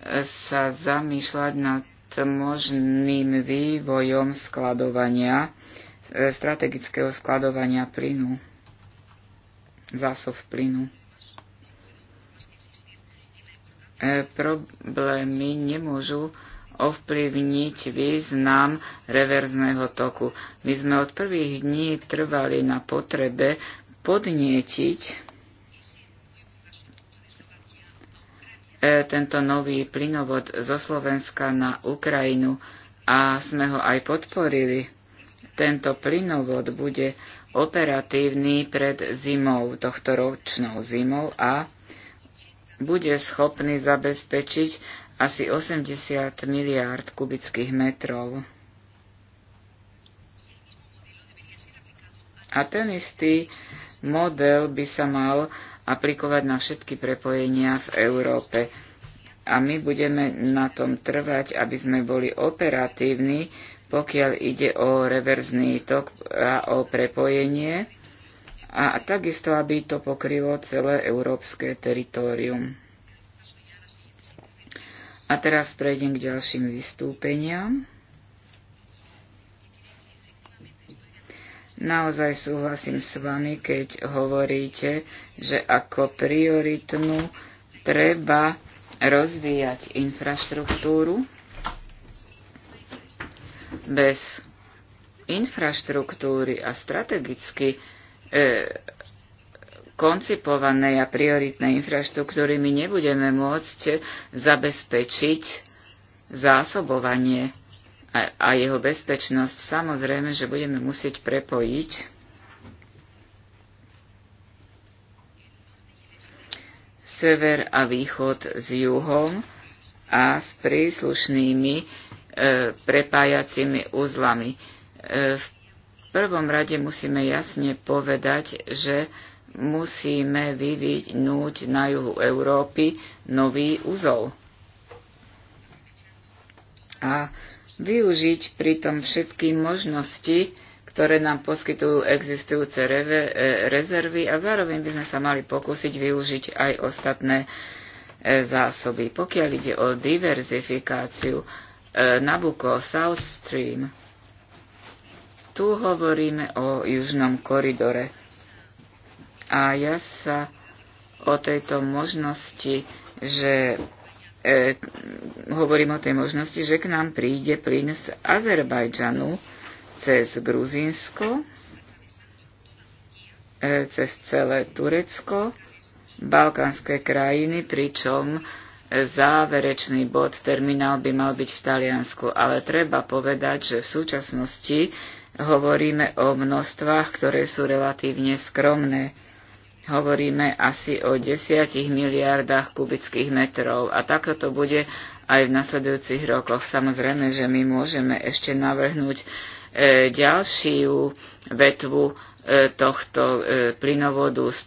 Speaker 3: e, sa zamýšľať nad možným vývojom skladovania, e, strategického skladovania plynu, zásob plynu. E, problémy nemôžu ovplyvniť význam reverzného toku. My sme od prvých dní trvali na potrebe podnietiť e, tento nový plynovod zo Slovenska na Ukrajinu a sme ho aj podporili. Tento plynovod bude operatívny pred zimou, tohto ročnou zimou a bude schopný zabezpečiť asi 80 miliárd kubických metrov. A ten istý model by sa mal aplikovať na všetky prepojenia v Európe. A my budeme na tom trvať, aby sme boli operatívni, pokiaľ ide o reverzný tok a o prepojenie, a takisto, aby to pokrylo celé európske teritorium. A teraz prejdem k ďalším vystúpeniam. Naozaj súhlasím s vami, keď hovoríte, že ako prioritnú treba rozvíjať infraštruktúru. Bez infraštruktúry a strategicky e, koncipovanej a prioritnej infraštruktúry my nebudeme môcť zabezpečiť zásobovanie a, a jeho bezpečnosť. Samozrejme, že budeme musieť prepojiť sever a východ s juhom a s príslušnými e, prepájacími uzlami. E, v prvom rade musíme jasne povedať, že musíme vyvinúť na juhu Európy nový úzol a využiť pritom všetky možnosti, ktoré nám poskytujú existujúce reve, e, rezervy a zároveň by sme sa mali pokúsiť využiť aj ostatné e, zásoby. Pokiaľ ide o diverzifikáciu e, Nabucco South Stream, tu hovoríme o južnom koridore. A ja sa o tejto možnosti, že e, hovorím o tej možnosti, že k nám príde plyn z Azerbajdžanu cez Gruzínsko, e, cez celé Turecko, balkánske krajiny, pričom záverečný bod terminál by mal byť v Taliansku, ale treba povedať, že v súčasnosti hovoríme o množstvách, ktoré sú relatívne skromné. Hovoríme asi o desiatich miliardách kubických metrov a takto to bude aj v nasledujúcich rokoch. Samozrejme, že my môžeme ešte navrhnúť e, ďalšiu vetvu e, tohto e, plynovodu z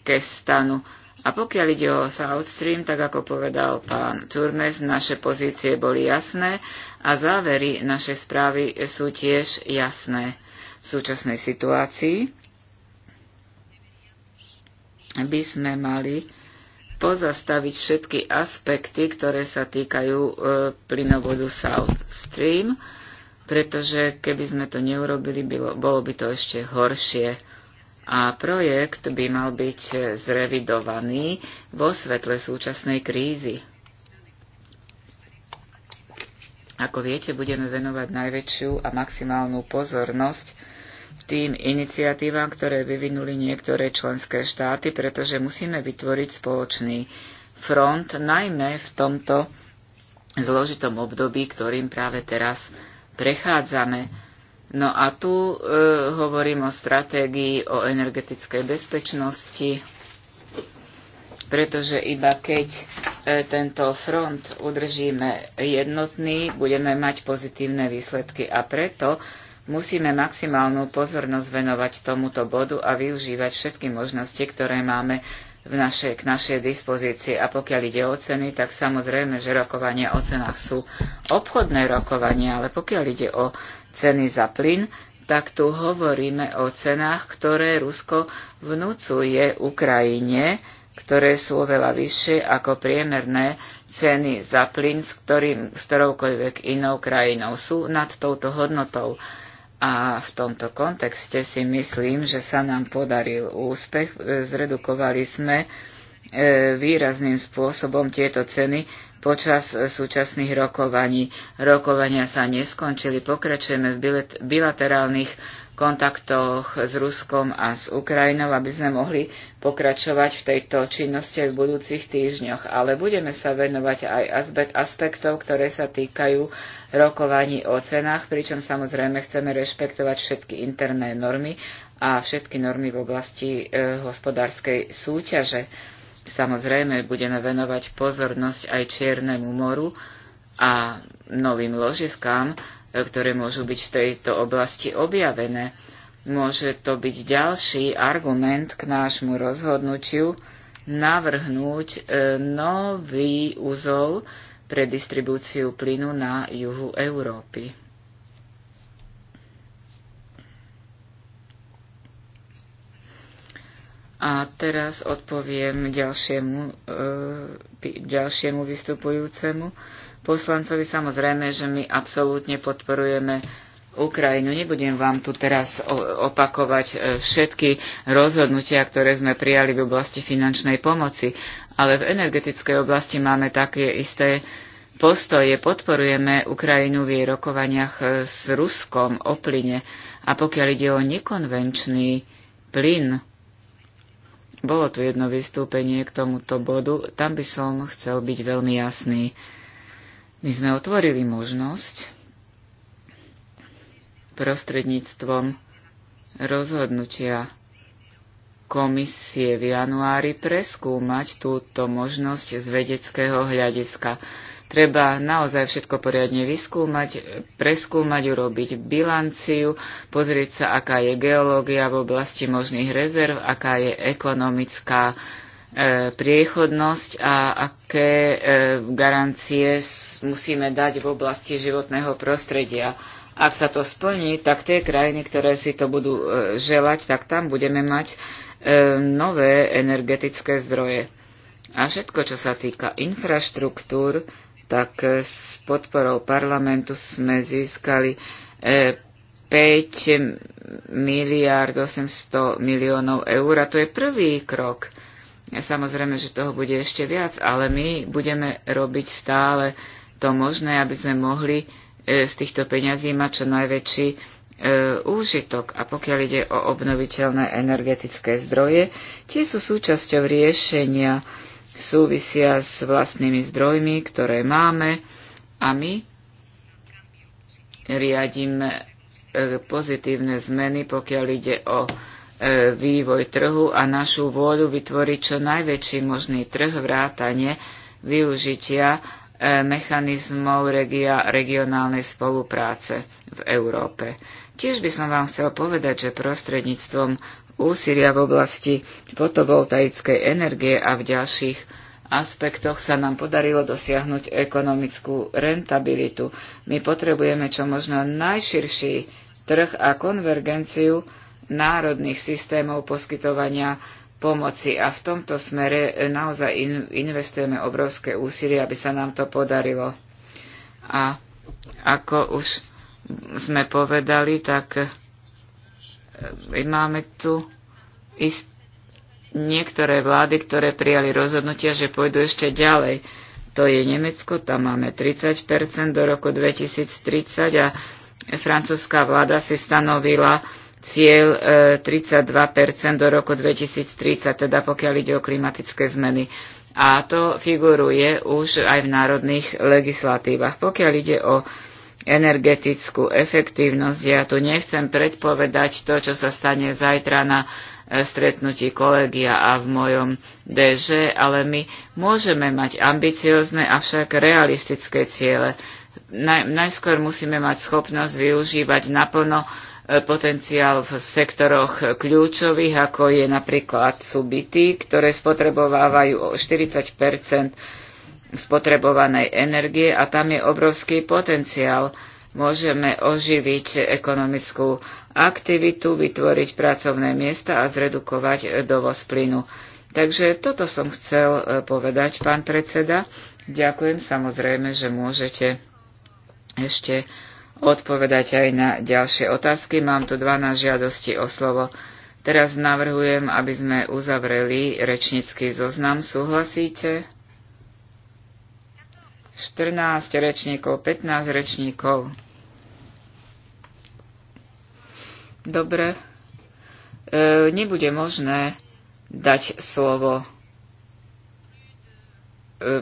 Speaker 3: Turkestanu. A pokiaľ ide o South Stream, tak ako povedal pán Turmes, naše pozície boli jasné a závery našej správy sú tiež jasné v súčasnej situácii by sme mali pozastaviť všetky aspekty, ktoré sa týkajú e, plynovodu South Stream, pretože keby sme to neurobili, bolo by to ešte horšie. A projekt by mal byť e, zrevidovaný vo svetle súčasnej krízy. Ako viete, budeme venovať najväčšiu a maximálnu pozornosť tým iniciatívam, ktoré vyvinuli niektoré členské štáty, pretože musíme vytvoriť spoločný front, najmä v tomto zložitom období, ktorým práve teraz prechádzame. No a tu e, hovorím o stratégii, o energetickej bezpečnosti, pretože iba keď e, tento front udržíme jednotný, budeme mať pozitívne výsledky. A preto Musíme maximálnu pozornosť venovať tomuto bodu a využívať všetky možnosti, ktoré máme v naše, k našej dispozícii. A pokiaľ ide o ceny, tak samozrejme, že rokovania o cenách sú obchodné rokovania, ale pokiaľ ide o ceny za plyn, tak tu hovoríme o cenách, ktoré Rusko vnúcuje Ukrajine, ktoré sú oveľa vyššie ako priemerné ceny za plyn, s, ktorým, s ktoroukoľvek inou krajinou sú nad touto hodnotou. A v tomto kontexte si myslím, že sa nám podaril úspech. Zredukovali sme e, výrazným spôsobom tieto ceny počas e, súčasných rokovaní. Rokovania sa neskončili, pokračujeme v bilaterálnych kontaktoch s Ruskom a s Ukrajinou, aby sme mohli pokračovať v tejto činnosti aj v budúcich týždňoch. Ale budeme sa venovať aj aspektov, ktoré sa týkajú rokovaní o cenách, pričom samozrejme chceme rešpektovať všetky interné normy a všetky normy v oblasti e, hospodárskej súťaže. Samozrejme, budeme venovať pozornosť aj Čiernemu moru a novým ložiskám, ktoré môžu byť v tejto oblasti objavené. Môže to byť ďalší argument k nášmu rozhodnutiu navrhnúť e, nový úzol pre distribúciu plynu na juhu Európy. A teraz odpoviem ďalšiemu, e, ďalšiemu vystupujúcemu poslancovi. Samozrejme, že my absolútne podporujeme Ukrajinu. Nebudem vám tu teraz opakovať e, všetky rozhodnutia, ktoré sme prijali v oblasti finančnej pomoci, ale v energetickej oblasti máme také isté postoje. Podporujeme Ukrajinu v jej rokovaniach e, s Ruskom o plyne. A pokiaľ ide o nekonvenčný plyn, bolo tu jedno vystúpenie k tomuto bodu, tam by som chcel byť veľmi jasný. My sme otvorili možnosť prostredníctvom rozhodnutia komisie v januári preskúmať túto možnosť z vedeckého hľadiska. Treba naozaj všetko poriadne vyskúmať, preskúmať, urobiť bilanciu, pozrieť sa, aká je geológia v oblasti možných rezerv, aká je ekonomická E, priechodnosť a aké e, garancie musíme dať v oblasti životného prostredia. Ak sa to splní, tak tie krajiny, ktoré si to budú e, želať, tak tam budeme mať nové energetické zdroje. A všetko, čo sa týka infraštruktúr, tak s podporou parlamentu sme získali 5 miliard 800 miliónov eur a to je prvý krok Samozrejme, že toho bude ešte viac, ale my budeme robiť stále to možné, aby sme mohli e, z týchto peňazí mať čo najväčší e, úžitok. A pokiaľ ide o obnoviteľné energetické zdroje, tie sú súčasťou riešenia, súvisia s vlastnými zdrojmi, ktoré máme a my riadíme e, pozitívne zmeny, pokiaľ ide o vývoj trhu a našu vôľu vytvoriť čo najväčší možný trh vrátane využitia e, mechanizmov regia, regionálnej spolupráce v Európe. Tiež by som vám chcel povedať, že prostredníctvom úsilia v oblasti fotovoltaickej energie a v ďalších aspektoch sa nám podarilo dosiahnuť ekonomickú rentabilitu. My potrebujeme čo možno najširší trh a konvergenciu národných systémov poskytovania pomoci a v tomto smere e, naozaj investujeme obrovské úsilie, aby sa nám to podarilo. A ako už sme povedali, tak e, máme tu ist- niektoré vlády, ktoré prijali rozhodnutia, že pôjdu ešte ďalej. To je Nemecko, tam máme 30% do roku 2030 a francúzska vláda si stanovila cieľ 32 e, do roku 2030, teda pokiaľ ide o klimatické zmeny. A to figuruje už aj v národných legislatívach. Pokiaľ ide o energetickú efektívnosť, ja tu nechcem predpovedať to, čo sa stane zajtra na e, stretnutí kolegia a v mojom DŽ, ale my môžeme mať ambiciozne, avšak realistické ciele. najskôr musíme mať schopnosť využívať naplno potenciál v sektoroch kľúčových, ako je napríklad sú byty, ktoré spotrebovávajú 40 spotrebovanej energie a tam je obrovský potenciál. Môžeme oživiť ekonomickú aktivitu, vytvoriť pracovné miesta a zredukovať dovoz plynu. Takže toto som chcel e, povedať, pán predseda. Ďakujem samozrejme, že môžete ešte odpovedať aj na ďalšie otázky. Mám tu 12 žiadosti o slovo. Teraz navrhujem, aby sme uzavreli rečnícky zoznam. Súhlasíte? 14 rečníkov, 15 rečníkov. Dobre. E, nebude možné dať slovo e,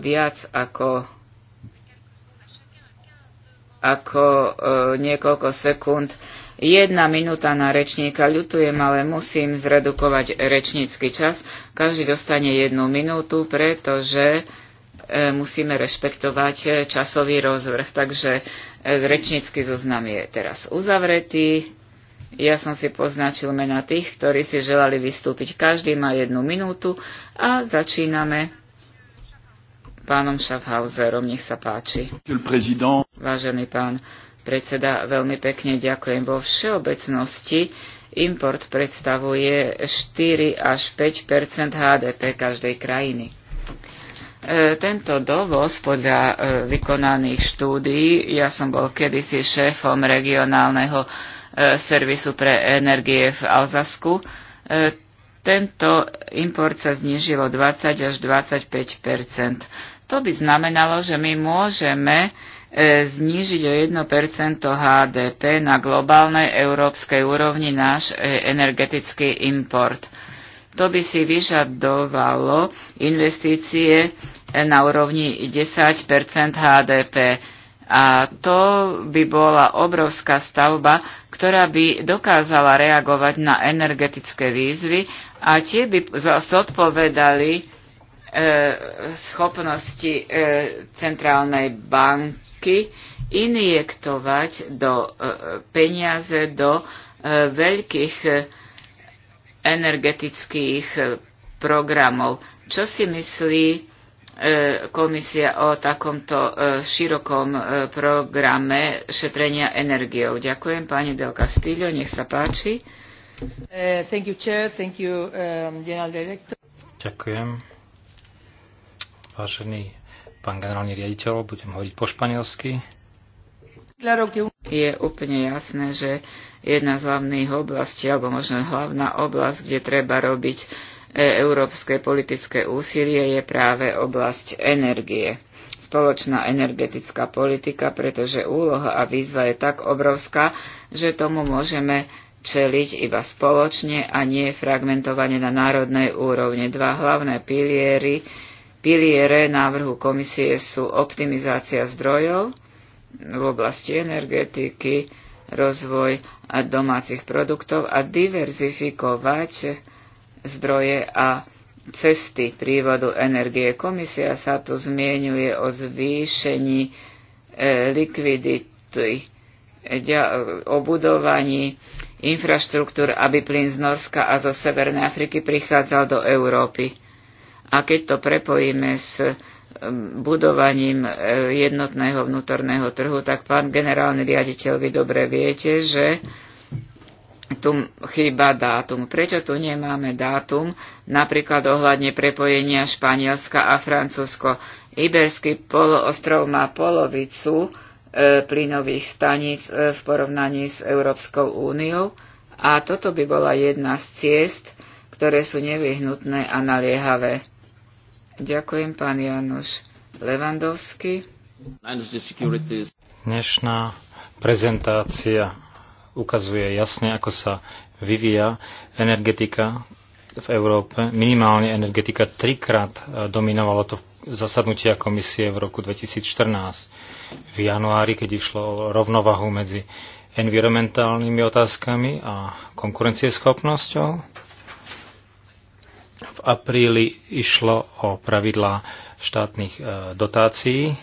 Speaker 3: viac ako ako e, niekoľko sekúnd. Jedna minúta na rečníka. Ľutujem, ale musím zredukovať rečnícky čas. Každý dostane jednu minútu, pretože e, musíme rešpektovať e, časový rozvrh. Takže e, rečnícky zoznam je teraz uzavretý. Ja som si poznačil mena tých, ktorí si želali vystúpiť. Každý má jednu minútu a začíname pánom Schaffhauserom. Nech sa páči. Vážený pán predseda, veľmi pekne ďakujem. Vo všeobecnosti import predstavuje 4 až 5 HDP každej krajiny. E, tento dovoz podľa e, vykonaných štúdií, ja som bol kedysi šéfom regionálneho e, servisu pre energie v Alzasku, tento import sa znížilo 20 až 25 to by znamenalo, že my môžeme e, znížiť o 1% HDP na globálnej európskej úrovni náš e, energetický import. To by si vyžadovalo investície e, na úrovni 10 HDP. A to by bola obrovská stavba, ktorá by dokázala reagovať na energetické výzvy a tie by zodpovedali E, schopnosti e, centrálnej banky injektovať do e, peniaze do veľkých energetických programov. Čo si myslí komisia o takomto širokom programe šetrenia energiou. Ďakujem pani Del Castillo, nech sa páči. Uh, thank you, chair, Thank you, um,
Speaker 1: Ďakujem. Vážený pán generálny riaditeľ, budem hovoriť po španielsky.
Speaker 3: Je úplne jasné, že jedna z hlavných oblastí, alebo možno hlavná oblasť, kde treba robiť e, európske politické úsilie, je práve oblasť energie. Spoločná energetická politika, pretože úloha a výzva je tak obrovská, že tomu môžeme čeliť iba spoločne a nie fragmentovane na národnej úrovni. Dva hlavné piliery piliere návrhu komisie sú optimizácia zdrojov v oblasti energetiky, rozvoj domácich produktov a diverzifikovať zdroje a cesty prívodu energie. Komisia sa tu zmienuje o zvýšení e, likvidity, o budovaní infraštruktúr, aby plyn z Norska a zo Severnej Afriky prichádzal do Európy a keď to prepojíme s e, budovaním e, jednotného vnútorného trhu, tak pán generálny riaditeľ, vy dobre viete, že tu chýba dátum. Prečo tu nemáme dátum? Napríklad ohľadne prepojenia Španielska a Francúzsko. Iberský poloostrov má polovicu e, plynových staníc e, v porovnaní s Európskou úniou a toto by bola jedna z ciest, ktoré sú nevyhnutné a naliehavé. Ďakujem, pán Janoš Levandovský.
Speaker 1: Dnešná prezentácia ukazuje jasne, ako sa vyvíja energetika v Európe. Minimálne energetika trikrát e, dominovala to zasadnutia komisie v roku 2014. V januári, keď išlo o rovnovahu medzi environmentálnymi otázkami a konkurencieschopnosťou v apríli išlo o pravidlá štátnych e, dotácií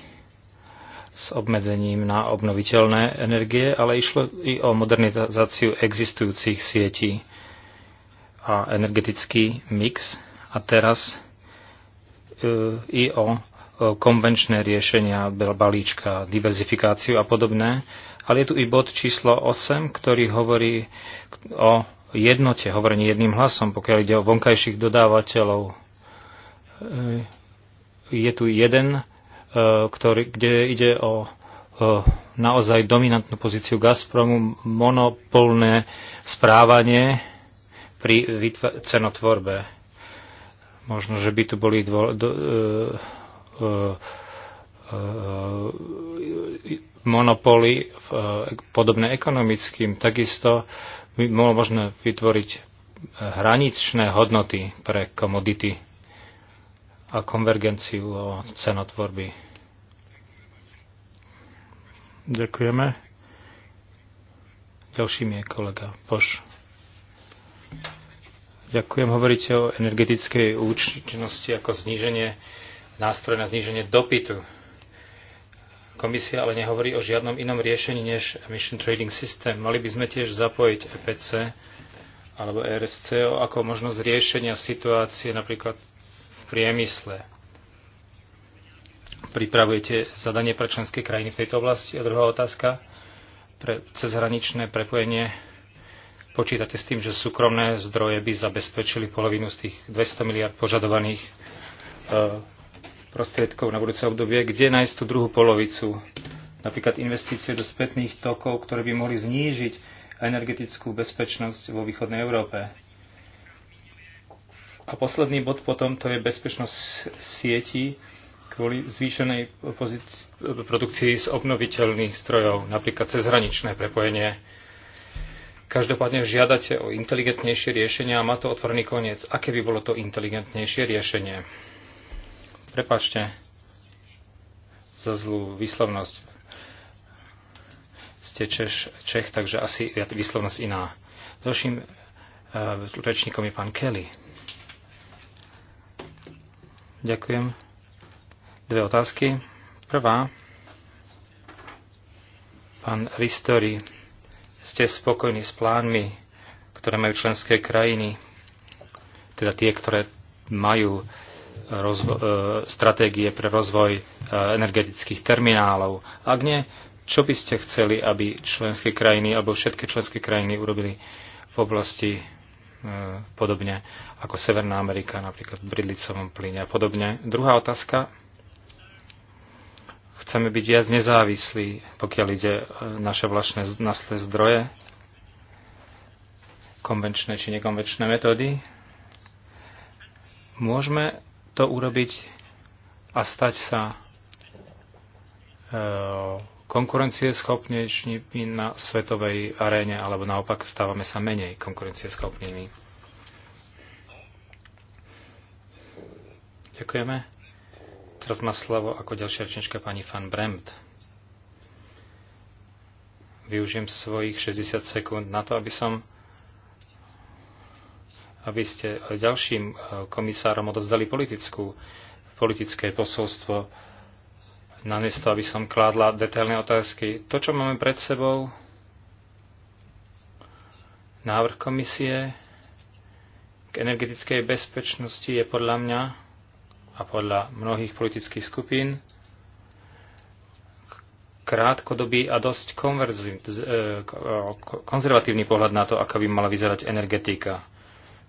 Speaker 1: s obmedzením na obnoviteľné energie, ale išlo i o modernizáciu existujúcich sietí a energetický mix a teraz e, i o konvenčné riešenia balíčka, diverzifikáciu a podobné. Ale je tu i bod číslo 8, ktorý hovorí o jednote, hovorení jedným hlasom, pokiaľ ide o vonkajších dodávateľov. E, je tu jeden, e, ktorý, kde ide o e, naozaj dominantnú pozíciu Gazpromu, monopolné správanie pri cenotvorbe. Možno, že by tu boli dvo, do, uh, uh, monopoly uh, podobné ekonomickým. Takisto bolo možné vytvoriť eh, hraničné hodnoty pre komodity a konvergenciu o cenotvorby. Ďakujeme. Ďalším je kolega Poš. Ďakujem. Hovoríte o energetickej účinnosti ako zníženie, nástroj na zníženie dopytu Komisia ale nehovorí o žiadnom inom riešení než Emission Trading System. Mali by sme tiež zapojiť EPC alebo e RSCO ako možnosť riešenia situácie napríklad v priemysle. Pripravujete zadanie pre členské krajiny v tejto oblasti? A druhá otázka, pre cezhraničné prepojenie počítate s tým, že súkromné zdroje by zabezpečili polovinu z tých 200 miliard požadovaných e, prostriedkov na budúce obdobie, kde nájsť tú druhú polovicu. Napríklad investície do spätných tokov, ktoré by mohli znížiť energetickú bezpečnosť vo východnej Európe. A posledný bod potom to je bezpečnosť sietí kvôli zvýšenej produkcii z obnoviteľných strojov, napríklad cezhraničné prepojenie. Každopádne žiadate o inteligentnejšie riešenia a má to otvorený koniec. Aké by bolo to inteligentnejšie riešenie? Prepačte za zlú výslovnosť. Ste Češ, Čech, takže asi je výslovnosť iná. Ďalším uh, rečníkom je pán Kelly. Ďakujem. Dve otázky. Prvá. Pán Ristori, ste spokojní s plánmi, ktoré majú členské krajiny, teda tie, ktoré majú E, stratégie pre rozvoj e, energetických terminálov. Ak nie, čo by ste chceli, aby členské krajiny alebo všetky členské krajiny urobili v oblasti e, podobne ako Severná Amerika, napríklad v bridlicovom plyne a podobne. Druhá otázka. Chceme byť viac nezávislí, pokiaľ ide naše vlastné naslé zdroje, konvenčné či nekonvenčné metódy. Môžeme to urobiť a stať sa eh, konkurencieschopnejšími na svetovej aréne, alebo naopak stávame sa menej konkurencieschopnými. Ďakujeme. Teraz má slovo ako ďalšia rečnička pani Fan Bremt. Využijem svojich 60 sekúnd na to, aby som aby ste ďalším e, komisárom odovzdali politickú, politické posolstvo, namiesto aby som kládla detailné otázky. To, čo máme pred sebou, návrh komisie k energetickej bezpečnosti je podľa mňa a podľa mnohých politických skupín krátkodobý a dosť e, konzervatívny pohľad na to, aká by mala vyzerať energetika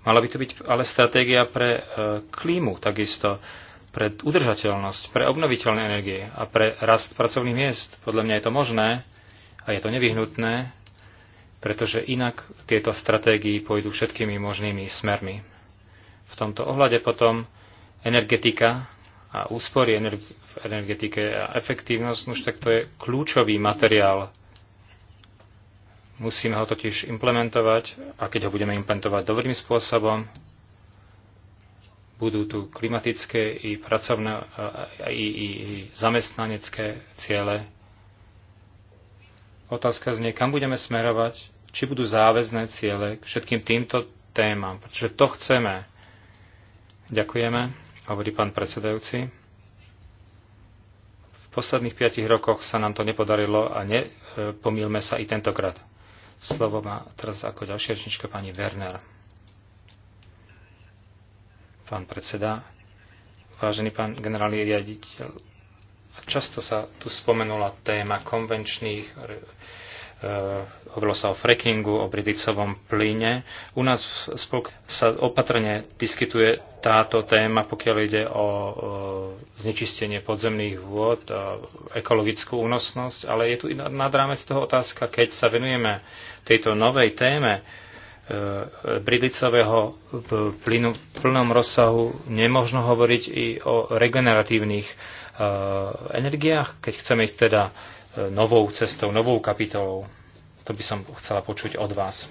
Speaker 1: Mala by to byť ale stratégia pre e, klímu takisto, pre udržateľnosť, pre obnoviteľné energie a pre rast pracovných miest. Podľa mňa je to možné a je to nevyhnutné, pretože inak tieto stratégie pôjdu všetkými možnými smermi. V tomto ohľade potom energetika a úspory v energetike a efektívnosť, no už tak to je kľúčový materiál Musíme ho totiž implementovať a keď ho budeme implementovať dobrým spôsobom, budú tu klimatické i pracovné, e, i, i, i zamestnanecké ciele. Otázka znie, kam budeme smerovať, či budú záväzné ciele k všetkým týmto témam, pretože to chceme. Ďakujeme, hovorí pán predsedajúci. V posledných piatich rokoch sa nám to nepodarilo a nepomílme e, sa i tentokrát. Slovo má teraz ako ďalšia rečnička pani Werner. Pán predseda, vážený pán generálny riaditeľ, často sa tu spomenula téma konvenčných Eh, hovorilo sa o frackingu, o briticovom plyne. U nás spolk sa opatrne diskutuje táto téma, pokiaľ ide o eh, znečistenie podzemných vôd, eh, ekologickú únosnosť, ale je tu nad rámec toho otázka, keď sa venujeme tejto novej téme, bridlicového plynu v plnom rozsahu nemožno hovoriť i o regeneratívnych energiách, keď chceme ísť teda novou cestou, novou kapitolou. To by som chcela počuť od vás.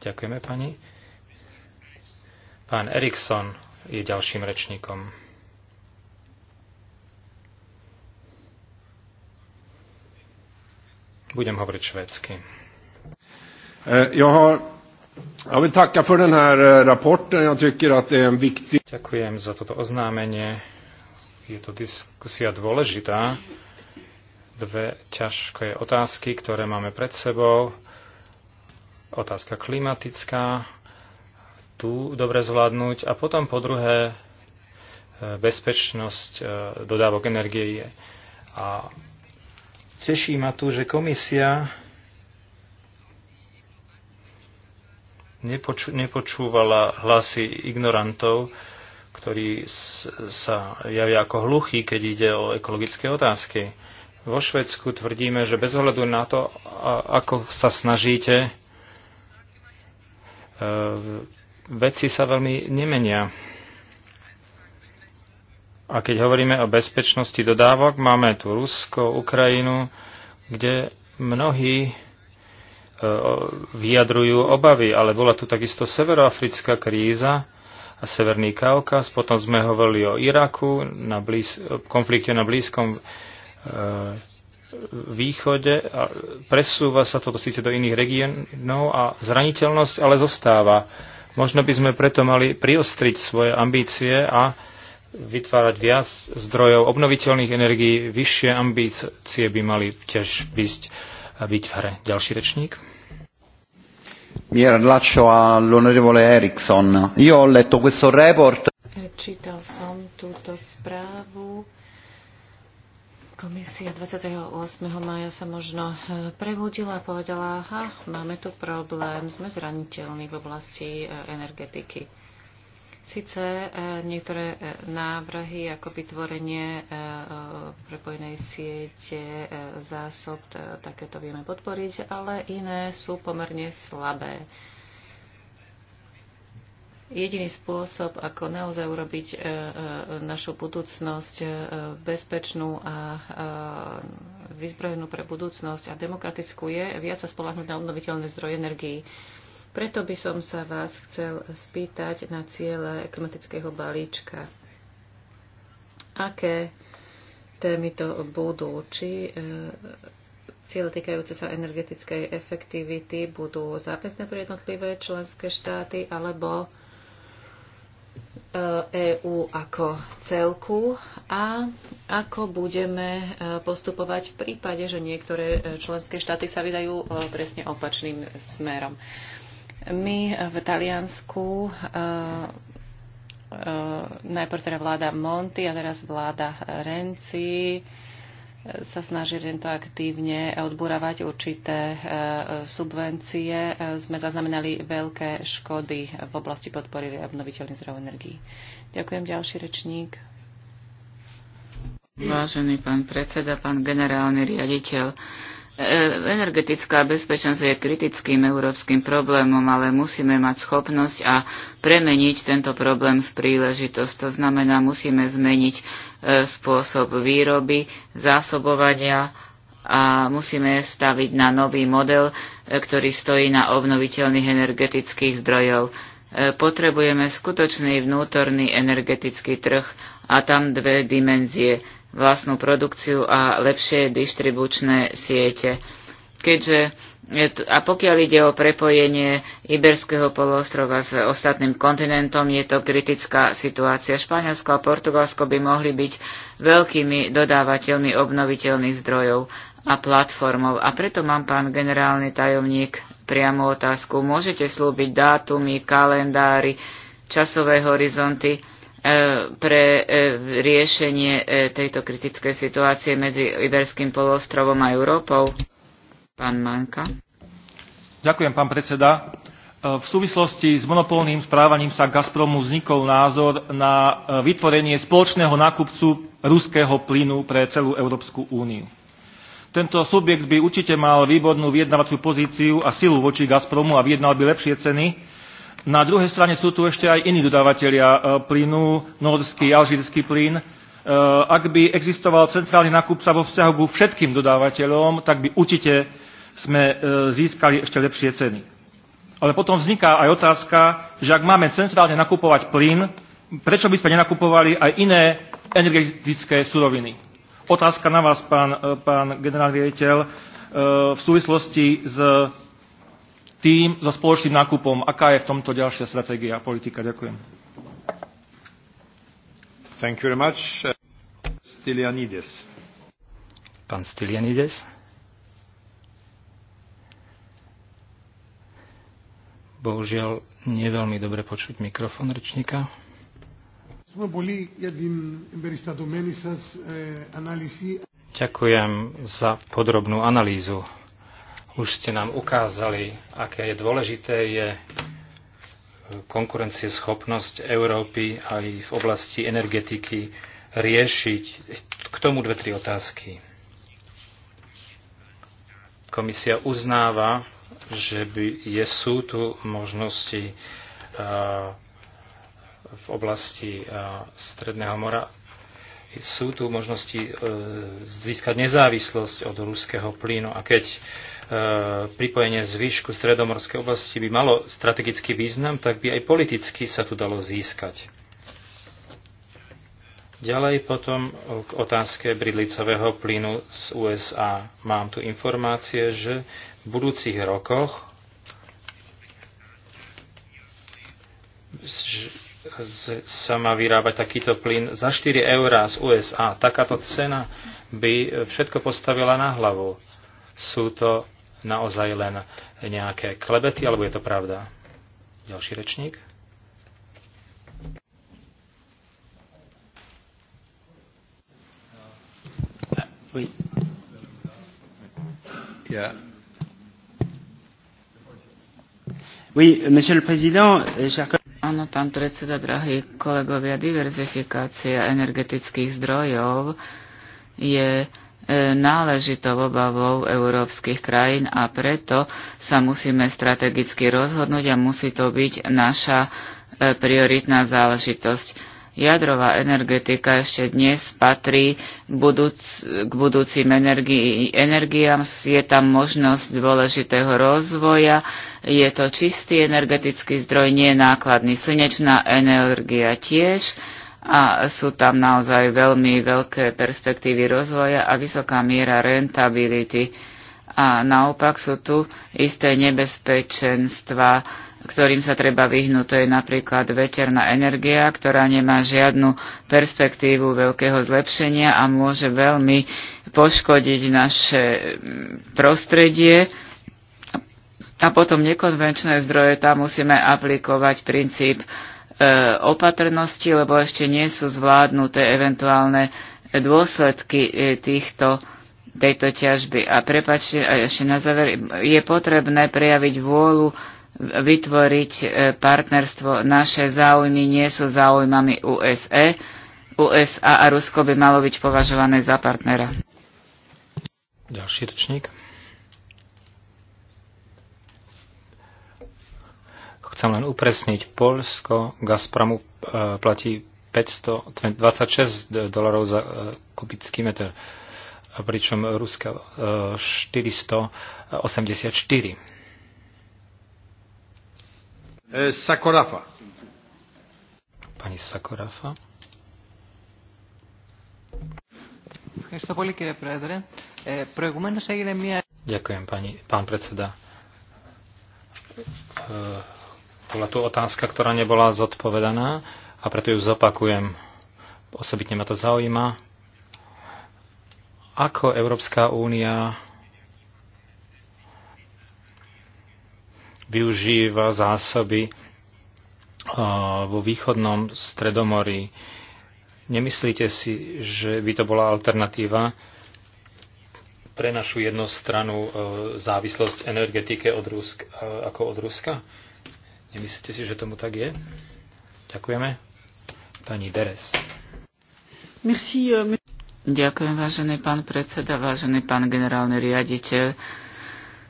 Speaker 1: Ďakujeme pani. Pán Erikson je ďalším rečníkom. Budem hovoriť švédsky. Eh, jag, har, eh, Ďakujem za toto oznámenie. Je to diskusia dôležitá. Dve ťažké otázky, ktoré máme pred sebou. Otázka klimatická, tu dobre zvládnuť. A potom po druhé, e, bezpečnosť e, dodávok energie je. A teší ma tu, že komisia nepoču, nepočúvala hlasy ignorantov, ktorí sa javia ako hluchí, keď ide o ekologické otázky. Vo Švedsku tvrdíme, že bez ohľadu na to, ako sa snažíte, e, veci sa veľmi nemenia. A keď hovoríme o bezpečnosti dodávok, máme tu Rusko, Ukrajinu, kde mnohí e, vyjadrujú obavy, ale bola tu takisto severoafrická kríza, a Severný Kaukaz. Potom sme hovorili o Iraku, na blíz, konflikte na Blízkom e, východe. A presúva sa toto síce do iných regiónov a zraniteľnosť ale zostáva. Možno by sme preto mali priostriť svoje ambície a vytvárať viac zdrojov obnoviteľných energií, vyššie ambície by mali tiež byť, byť v hre. Ďalší rečník.
Speaker 2: Mi all'onorevole Erickson. Io ho letto questo report. Čítal e som túto správu. Komisia 28. maja sa možno e, prebudila a povedala, aha, máme tu problém, sme zraniteľní v oblasti e, energetiky. Sice e, niektoré e, návrhy ako vytvorenie e, prepojenej siete zásob, takéto vieme podporiť, ale iné sú pomerne slabé. Jediný spôsob, ako naozaj urobiť našu budúcnosť bezpečnú a vyzbrojenú pre budúcnosť a demokratickú je viac sa spolahnúť na obnoviteľné zdroje energií. Preto by som sa vás chcel spýtať na ciele klimatického balíčka. Aké témy to budú? Či e, ciele týkajúce sa energetickej efektivity budú zápisné pre jednotlivé členské štáty alebo EÚ e ako celku a ako budeme e, postupovať v prípade, že niektoré e, členské štáty sa vydajú presne opačným smerom. My v Taliansku eh, eh, najprv teda vláda Monty a teraz vláda Renci sa snaží tento aktívne odburavať určité eh, subvencie. Sme zaznamenali veľké škody v oblasti podpory obnoviteľných zdrojov energií. Ďakujem, ďalší rečník.
Speaker 3: Vážený pán predseda, pán generálny riaditeľ, E, energetická bezpečnosť je kritickým európskym problémom, ale musíme mať schopnosť a premeniť tento problém v príležitosť. To znamená, musíme zmeniť e, spôsob výroby, zásobovania a musíme staviť na nový model, e, ktorý stojí na obnoviteľných energetických zdrojov. Potrebujeme skutočný vnútorný energetický trh a tam dve dimenzie vlastnú produkciu a lepšie distribučné siete. Keďže, a pokiaľ ide o prepojenie Iberského poloostrova s ostatným kontinentom, je to kritická situácia. Španielsko a Portugalsko by mohli byť veľkými dodávateľmi obnoviteľných zdrojov a platformov. A preto mám, pán generálny tajomník, priamu otázku. Môžete slúbiť dátumy, kalendári, časové horizonty, E, pre e, riešenie e, tejto kritickej situácie medzi Iberským polostrovom a Európou? Pán Manka. Ďakujem, pán predseda.
Speaker 1: V súvislosti s monopolným správaním sa Gazpromu vznikol názor na vytvorenie spoločného nákupcu ruského plynu pre celú Európsku úniu. Tento subjekt by určite mal výbornú vyjednávaciu pozíciu a silu voči Gazpromu a vyjednal by lepšie ceny, na druhej strane sú tu ešte aj iní dodávateľia e, plynu, norský, alžírsky plyn. E, ak by existoval centrálny nákupca vo vzťahu ku všetkým dodávateľom, tak by určite sme e, získali ešte lepšie ceny. Ale potom vzniká aj otázka, že ak máme centrálne nakupovať plyn, prečo by sme nenakupovali aj iné energetické suroviny? Otázka na vás, pán, pán generálny riaditeľ, v súvislosti s tým so spoločným nákupom. Aká je v tomto ďalšia stratégia a politika? Ďakujem. Thank you very much. Stylianides. Pán Stylianides. Bohužiaľ, nie veľmi dobre počuť mikrofón rečníka.
Speaker 2: Eh,
Speaker 1: Ďakujem za podrobnú analýzu už ste nám ukázali, aké je dôležité je konkurencieschopnosť Európy aj v oblasti energetiky riešiť. K tomu dve, tri otázky. Komisia uznáva, že by, je, sú tu možnosti a, v oblasti a, Stredného mora. Sú tu možnosti e, získať nezávislosť od ruského plynu a keď E, pripojenie zvyšku stredomorskej oblasti by malo strategický význam, tak by aj politicky sa tu dalo získať. Ďalej potom k otázke bridlicového plynu z USA. Mám tu informácie, že v budúcich rokoch sa má vyrábať takýto plyn za 4 eurá z USA. Takáto cena by všetko postavila na hlavu. Sú to naozaj len nejaké klebety, alebo je to pravda? Ďalší rečník. Oui.
Speaker 3: Oui, monsieur le président, euh, chers Áno, pán predseda, drahí kolegovia, diverzifikácia energetických zdrojov je náležitou obavou európskych krajín a preto sa musíme strategicky rozhodnúť a musí to byť naša e, prioritná záležitosť. Jadrová energetika ešte dnes patrí budúc, k budúcim energiám. Je tam možnosť dôležitého rozvoja. Je to čistý energetický zdroj, nie nákladný. Slnečná energia tiež a sú tam naozaj veľmi veľké perspektívy rozvoja a vysoká miera rentability. A naopak sú tu isté nebezpečenstva, ktorým sa treba vyhnúť. To je napríklad veterná energia, ktorá nemá žiadnu perspektívu veľkého zlepšenia a môže veľmi poškodiť naše mm, prostredie. A potom nekonvenčné zdroje, tam musíme aplikovať princíp E, opatrnosti, lebo ešte nie sú zvládnuté eventuálne dôsledky e, týchto, tejto ťažby. A prepačte, a ešte na záver, je potrebné prejaviť vôľu vytvoriť e, partnerstvo. Naše záujmy nie sú záujmami USA. USA a Rusko by malo byť považované za partnera.
Speaker 1: Ďalší rečník. Chcem len upresniť, Polsko Gazpromu e, platí 526 dolarov za e, kubický meter, pričom Ruska 484. E, Sakorafa. Pani Sakorafa. Ďakujem, pani, pán predseda. Bola tu otázka, ktorá nebola zodpovedaná a preto ju zopakujem. Osobitne ma to zaujíma. Ako Európska únia využíva zásoby uh, vo východnom stredomorí. Nemyslíte si, že by to bola alternatíva pre našu jednostranu uh, závislosť energetike od Rusk, uh, ako od Ruska? Nemyslíte si, že tomu tak je? Ďakujeme. Pani Deres. Euh,
Speaker 3: merci, Ďakujem, vážený pán predseda, vážený pán generálny riaditeľ.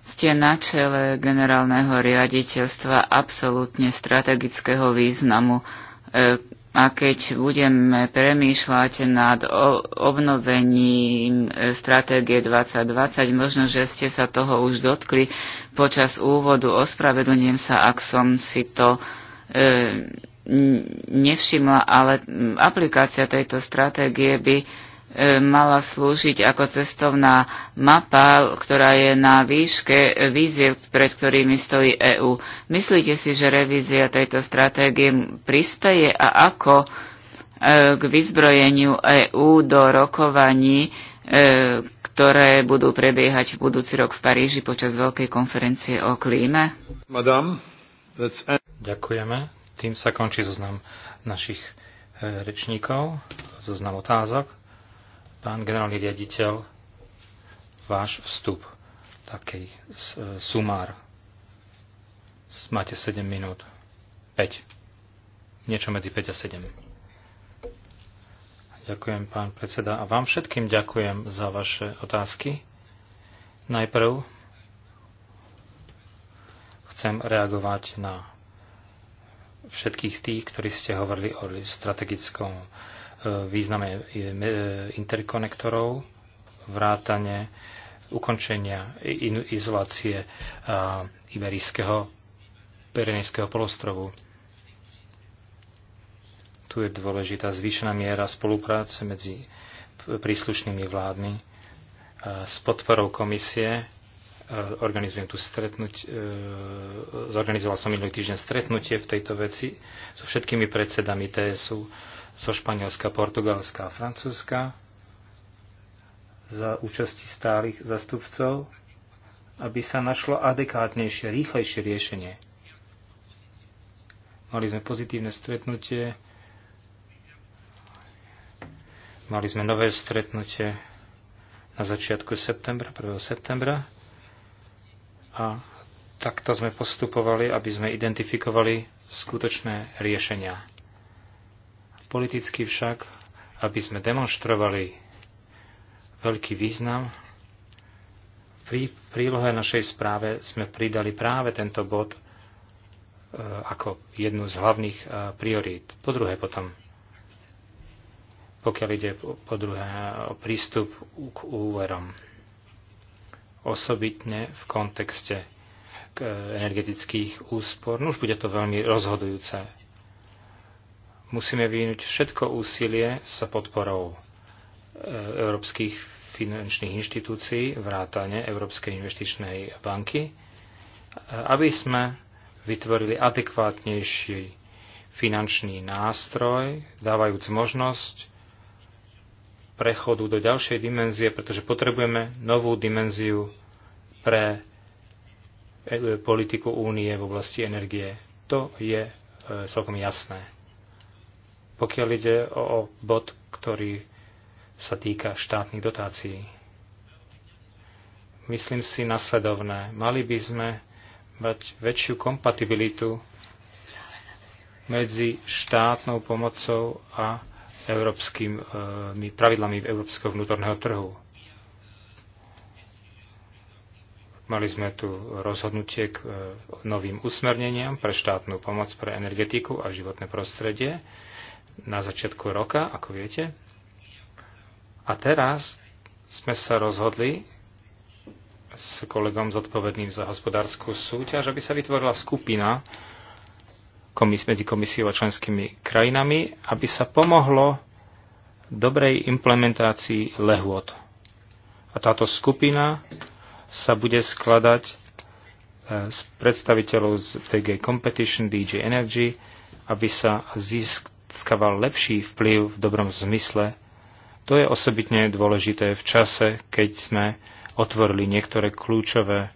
Speaker 3: Ste na čele generálneho riaditeľstva absolútne strategického významu. E, a keď budeme premýšľať nad obnovením e, stratégie 2020, možno, že ste sa toho už dotkli počas úvodu, ospravedlňujem sa, ak som si to e, nevšimla, ale aplikácia tejto stratégie by E, mala slúžiť ako cestovná mapa, ktorá je na výške víziev, pred ktorými stojí EÚ. Myslíte si, že revízia tejto stratégie prispeje a ako e, k vyzbrojeniu EÚ do rokovaní, e, ktoré budú prebiehať v budúci rok v Paríži počas veľkej konferencie o klíme?
Speaker 1: Madame, Ďakujeme. Tým sa končí zoznam našich rečníkov, zoznam otázok. Pán generálny riaditeľ, váš vstup, taký e, sumár. Máte 7 minút. 5. Niečo medzi 5 a 7. Ďakujem, pán predseda. A vám všetkým ďakujem za vaše otázky. Najprv chcem reagovať na všetkých tých, ktorí ste hovorili o strategickom význame e, interkonektorov, vrátane ukončenia izolácie iberijského perenejského polostrovu. Tu je dôležitá zvýšená miera spolupráce medzi príslušnými vládmi s podporou komisie. Organizujem tu stretnúť, e, zorganizoval som minulý týždeň stretnutie v tejto veci so všetkými predsedami TSU zo Španielska, Portugalska a Francúzska za účasti stálych zastupcov, aby sa našlo adekvátnejšie, rýchlejšie riešenie. Mali sme pozitívne stretnutie, mali sme nové stretnutie na začiatku septembra, 1. septembra a takto sme postupovali, aby sme identifikovali skutočné riešenia Politicky však, aby sme demonstrovali veľký význam, pri prílohe našej správe sme pridali práve tento bod e, ako jednu z hlavných e, priorít. Po druhé potom, pokiaľ ide po druhé e, o prístup k úverom, osobitne v kontexte energetických úspor. No už bude to veľmi rozhodujúce Musíme vyvinúť všetko úsilie sa podporou e, európskych finančných inštitúcií, vrátane Európskej investičnej banky, e, aby sme vytvorili adekvátnejší finančný nástroj, dávajúc možnosť prechodu do ďalšej dimenzie, pretože potrebujeme novú dimenziu pre e, politiku únie v oblasti energie. To je celkom jasné pokiaľ ide o bod, ktorý sa týka štátnych dotácií. Myslím si nasledovné. Mali by sme mať väčšiu kompatibilitu medzi štátnou pomocou a európskymi e, pravidlami európskeho vnútorného trhu. Mali sme tu rozhodnutie k e, novým usmerneniam pre štátnu pomoc pre energetiku a životné prostredie na začiatku roka, ako viete. A teraz sme sa rozhodli s kolegom zodpovedným za hospodárskú súťaž, aby sa vytvorila skupina komis- medzi komisiou a členskými krajinami, aby sa pomohlo dobrej implementácii lehôd. A táto skupina sa bude skladať e, z predstaviteľov z DG Competition, DG Energy, aby sa zisk získaval lepší vplyv v dobrom zmysle, to je osobitne dôležité v čase, keď sme otvorili niektoré kľúčové e,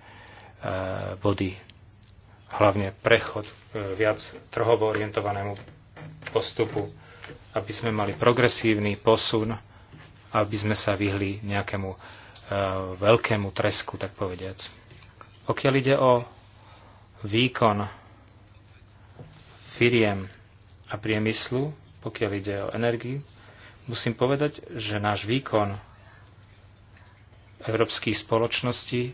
Speaker 1: body. Hlavne prechod k e, viac trhovo orientovanému postupu, aby sme mali progresívny posun, aby sme sa vyhli nejakému e, veľkému tresku, tak povediac. Pokiaľ ide o výkon firiem, a priemyslu, pokiaľ ide o energiu, musím povedať, že náš výkon európskych spoločností e,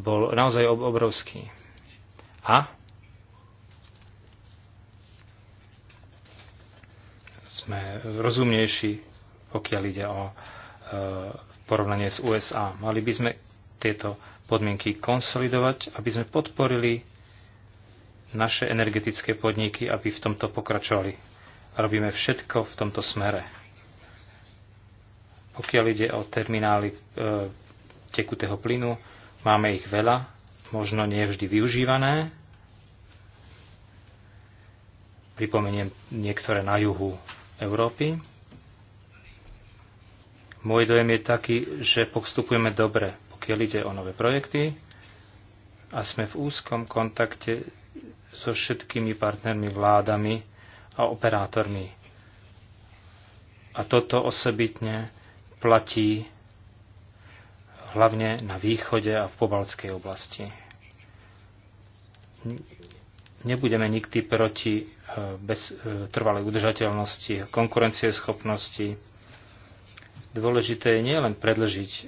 Speaker 1: bol naozaj obrovský. A sme rozumnejší, pokiaľ ide o e, porovnanie s USA. Mali by sme tieto podmienky konsolidovať, aby sme podporili naše energetické podniky, aby v tomto pokračovali. A robíme všetko v tomto smere. Pokiaľ ide o terminály e, tekutého plynu, máme ich veľa, možno nie vždy využívané. Pripomeniem niektoré na juhu Európy. Môj dojem je taký, že postupujeme dobre, pokiaľ ide o nové projekty a sme v úzkom kontakte so všetkými partnermi, vládami a operátormi. A toto osobitne platí hlavne na východe a v pobalskej oblasti. Nebudeme nikdy proti e, bez e, trvalej udržateľnosti, konkurencieschopnosti. Dôležité je nielen predlžiť e,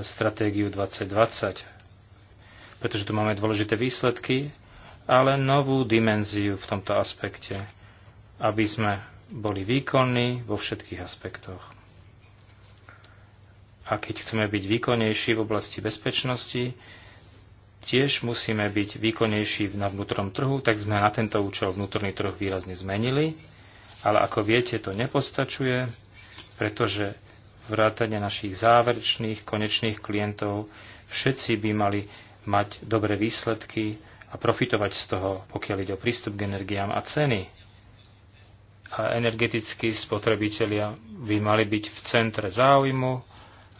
Speaker 1: stratégiu 2020, pretože tu máme dôležité výsledky, ale novú dimenziu v tomto aspekte, aby sme boli výkonní vo všetkých aspektoch. A keď chceme byť výkonnejší v oblasti bezpečnosti, tiež musíme byť výkonnejší na vnútornom trhu, tak sme na tento účel vnútorný trh výrazne zmenili, ale ako viete, to nepostačuje, pretože vrátane našich záverečných, konečných klientov, všetci by mali mať dobré výsledky a profitovať z toho, pokiaľ ide o prístup k energiám a ceny. A energetickí spotrebitelia by mali byť v centre záujmu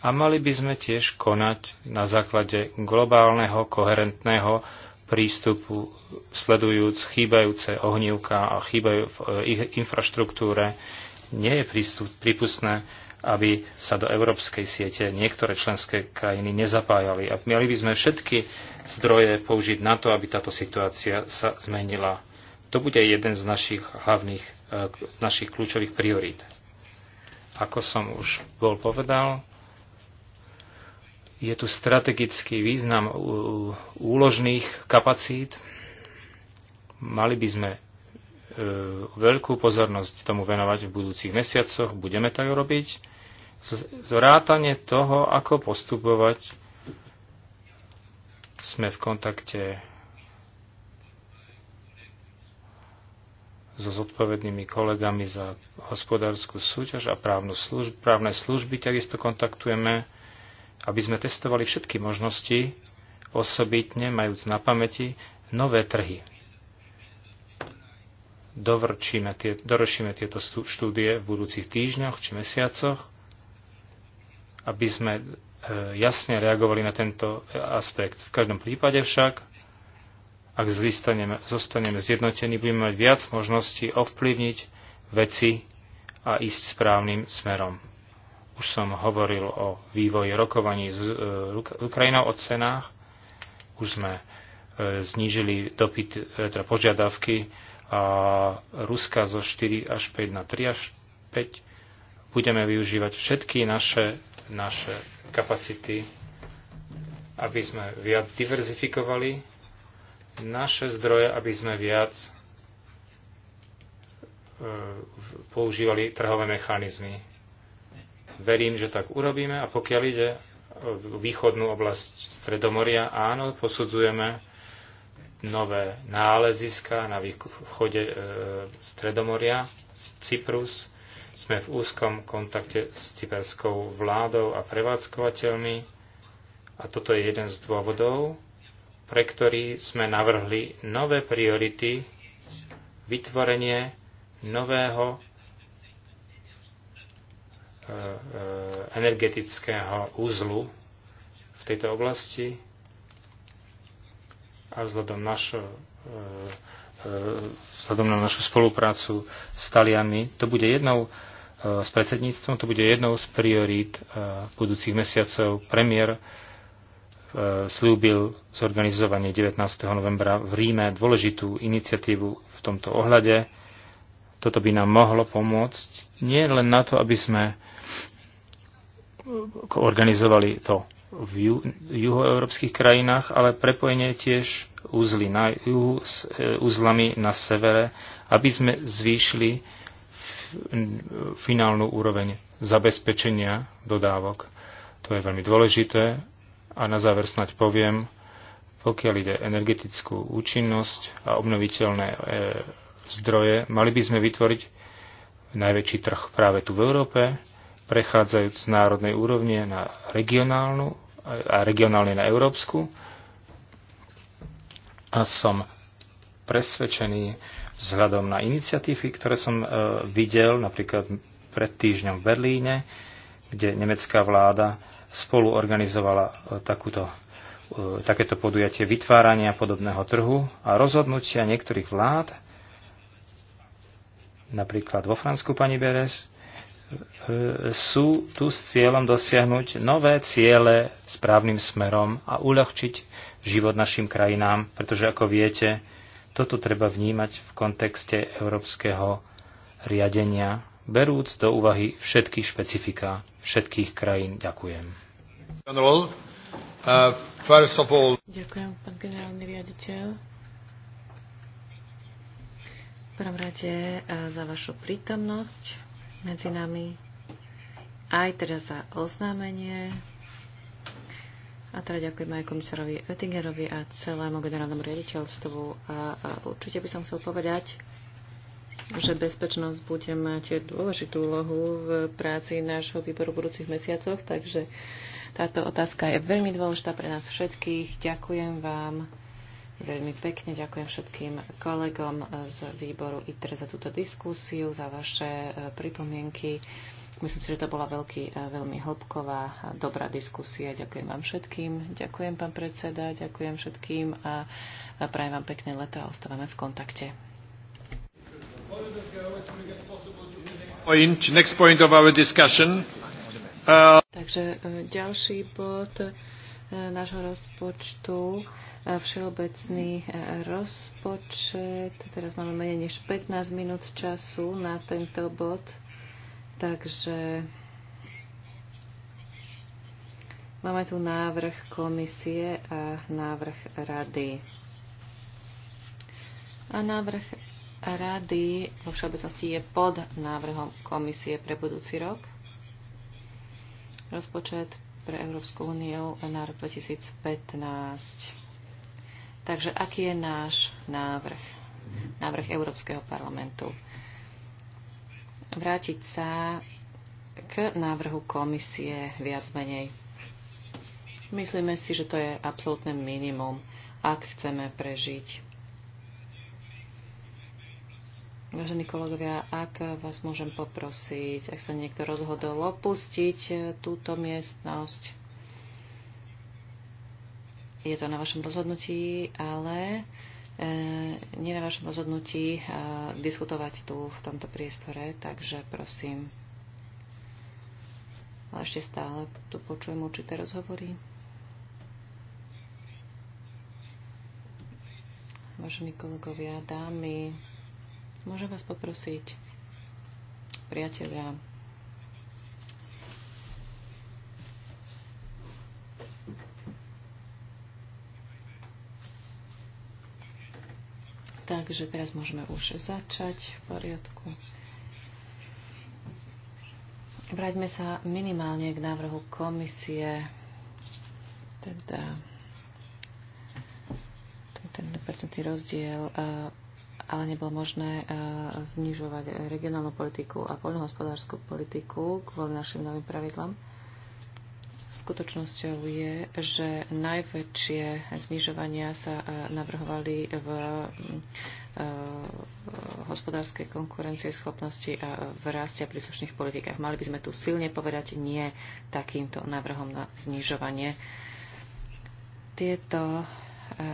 Speaker 1: a mali by sme tiež konať na základe globálneho, koherentného prístupu, sledujúc chýbajúce ohnívka a chýbajú v ich eh, infraštruktúre, nie je prípustné aby sa do európskej siete niektoré členské krajiny nezapájali. A mali by sme všetky zdroje použiť na to, aby táto situácia sa zmenila. To bude jeden z našich hlavných, eh, z našich kľúčových priorít. Ako som už bol povedal, je tu strategický význam eh, úložných kapacít. Mali by sme E, veľkú pozornosť tomu venovať v budúcich mesiacoch. Budeme tak robiť. Zvrátanie toho, ako postupovať, sme v kontakte so zodpovednými kolegami za hospodárskú súťaž a právnu služb, právne služby takisto kontaktujeme, aby sme testovali všetky možnosti, osobitne majúc na pamäti nové trhy dovrčíme tie, dorošíme tieto štúdie v budúcich týždňoch či mesiacoch, aby sme e, jasne reagovali na tento aspekt. V každom prípade však, ak zostaneme, zostaneme zjednotení, budeme mať viac možností ovplyvniť veci a ísť správnym smerom. Už som hovoril o vývoji rokovaní s e, Ukrajinou o cenách. Už sme e, znížili dopyt, teda požiadavky a Ruska zo 4 až 5 na 3 až 5. Budeme využívať všetky naše, naše kapacity, aby sme viac diverzifikovali naše zdroje, aby sme viac e, používali trhové mechanizmy. Verím, že tak urobíme a pokiaľ ide o východnú oblasť Stredomoria, áno, posudzujeme nové náleziska na východe e, Stredomoria, Cyprus. Sme v úzkom kontakte s cyperskou vládou a prevádzkovateľmi a toto je jeden z dôvodov, pre ktorý sme navrhli nové priority, vytvorenie nového e, e, energetického úzlu v tejto oblasti a vzhľadom, našo, e, e, vzhľadom na našu spoluprácu s Taliami, to bude jednou e, s predsedníctvom, to bude jednou z priorít budúcich mesiacov. Premiér slúbil zorganizovanie 19. novembra v Ríme dôležitú iniciatívu v tomto ohľade. Toto by nám mohlo pomôcť nie len na to, aby sme organizovali to v ju, juhoeurópskych krajinách, ale prepojenie tiež uzly na juhu s e, uzlami na severe, aby sme zvýšili finálnu úroveň zabezpečenia dodávok. To je veľmi dôležité a na záver snať poviem, pokiaľ ide energetickú účinnosť a obnoviteľné e, zdroje, mali by sme vytvoriť najväčší trh práve tu v Európe, prechádzajúc z národnej úrovne na regionálnu a regionálne na európsku. A som presvedčený vzhľadom na iniciatívy, ktoré som e, videl napríklad pred týždňom v Berlíne, kde nemecká vláda spolu organizovala e, takúto, e, takéto podujatie vytvárania podobného trhu a rozhodnutia niektorých vlád, napríklad vo Francku pani Beres, sú tu s cieľom dosiahnuť nové ciele správnym smerom a uľahčiť život našim krajinám, pretože ako viete, toto treba vnímať v kontexte európskeho riadenia, berúc do úvahy všetky špecifika všetkých krajín. Ďakujem. Uh,
Speaker 2: Ďakujem, pán generálny riaditeľ. V prvom rade uh, za vašu prítomnosť medzi nami. Aj teda za oznámenie. A teda ďakujem aj komisárovi Oettingerovi a celému generálnemu riaditeľstvu. A, a určite by som chcel povedať, že bezpečnosť bude mať dôležitú úlohu v práci nášho výboru v budúcich mesiacoch, takže táto otázka je veľmi dôležitá pre nás všetkých. Ďakujem vám Veľmi pekne ďakujem všetkým kolegom z výboru ITRE za túto diskusiu, za vaše e, pripomienky. Myslím si, že to bola veľký, e, veľmi hĺbková, a dobrá diskusia. Ďakujem vám všetkým. Ďakujem, pán predseda, ďakujem všetkým a prajem vám pekné leto a ostávame v kontakte.
Speaker 1: Point, next point of our discussion.
Speaker 2: Uh... Takže e, ďalší bod nášho rozpočtu. E, Všeobecný e, rozpočet. Teraz máme menej než 15 minút času na tento bod. Takže máme tu návrh komisie a návrh rady. A návrh rady vo všeobecnosti je pod návrhom komisie pre budúci rok. Rozpočet pre Európsku úniu na rok 2015. Takže aký je náš návrh? Návrh Európskeho parlamentu. Vrátiť sa k návrhu komisie viac menej. Myslíme si, že to je absolútne minimum, ak chceme prežiť Vážení kolegovia, ak vás môžem poprosiť, ak sa niekto rozhodol opustiť túto miestnosť, je to na vašom rozhodnutí, ale e, nie na vašom rozhodnutí e, diskutovať tu v tomto priestore, takže prosím. Ale ešte stále tu počujem určité rozhovory. Vážení kolegovia, dámy, Môžem vás poprosiť, priatelia, Takže teraz môžeme už začať v poriadku. Vráťme sa minimálne k návrhu komisie. Teda ten percentný rozdiel eh, ale nebolo možné e, znižovať regionálnu politiku a poľnohospodárskú politiku kvôli našim novým pravidlám. Skutočnosťou je, že najväčšie znižovania sa e, navrhovali e, v hospodárskej konkurencie schopnosti a v raste a príslušných politikách. Mali by sme tu silne povedať nie takýmto návrhom na znižovanie. Tieto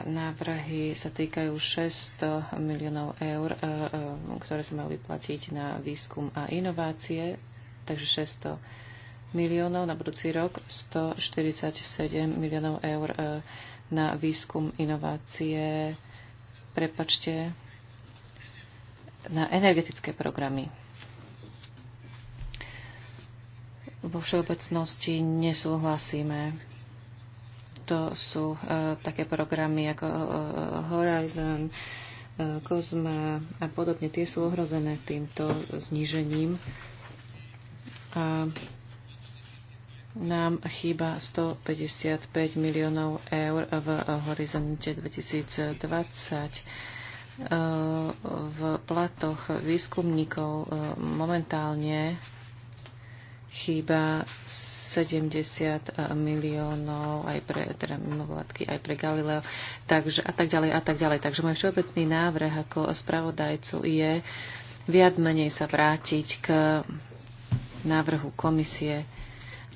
Speaker 2: návrhy sa týkajú 600 miliónov eur, e, e, ktoré sa majú vyplatiť na výskum a inovácie, takže 600 miliónov na budúci rok, 147 miliónov eur e, na výskum inovácie, prepačte, na energetické programy. Vo všeobecnosti nesúhlasíme to sú e, také programy ako e, Horizon, Kozma e, a podobne. Tie sú ohrozené týmto znížením. A nám chýba 155 miliónov eur v horizonte 2020 v platoch výskumníkov momentálne chýba 70 eh, miliónov aj pre teda mimovládky, aj pre Galileo, takže, a tak ďalej, a tak ďalej. Takže môj všeobecný návrh ako spravodajcu je viac menej sa vrátiť k návrhu komisie.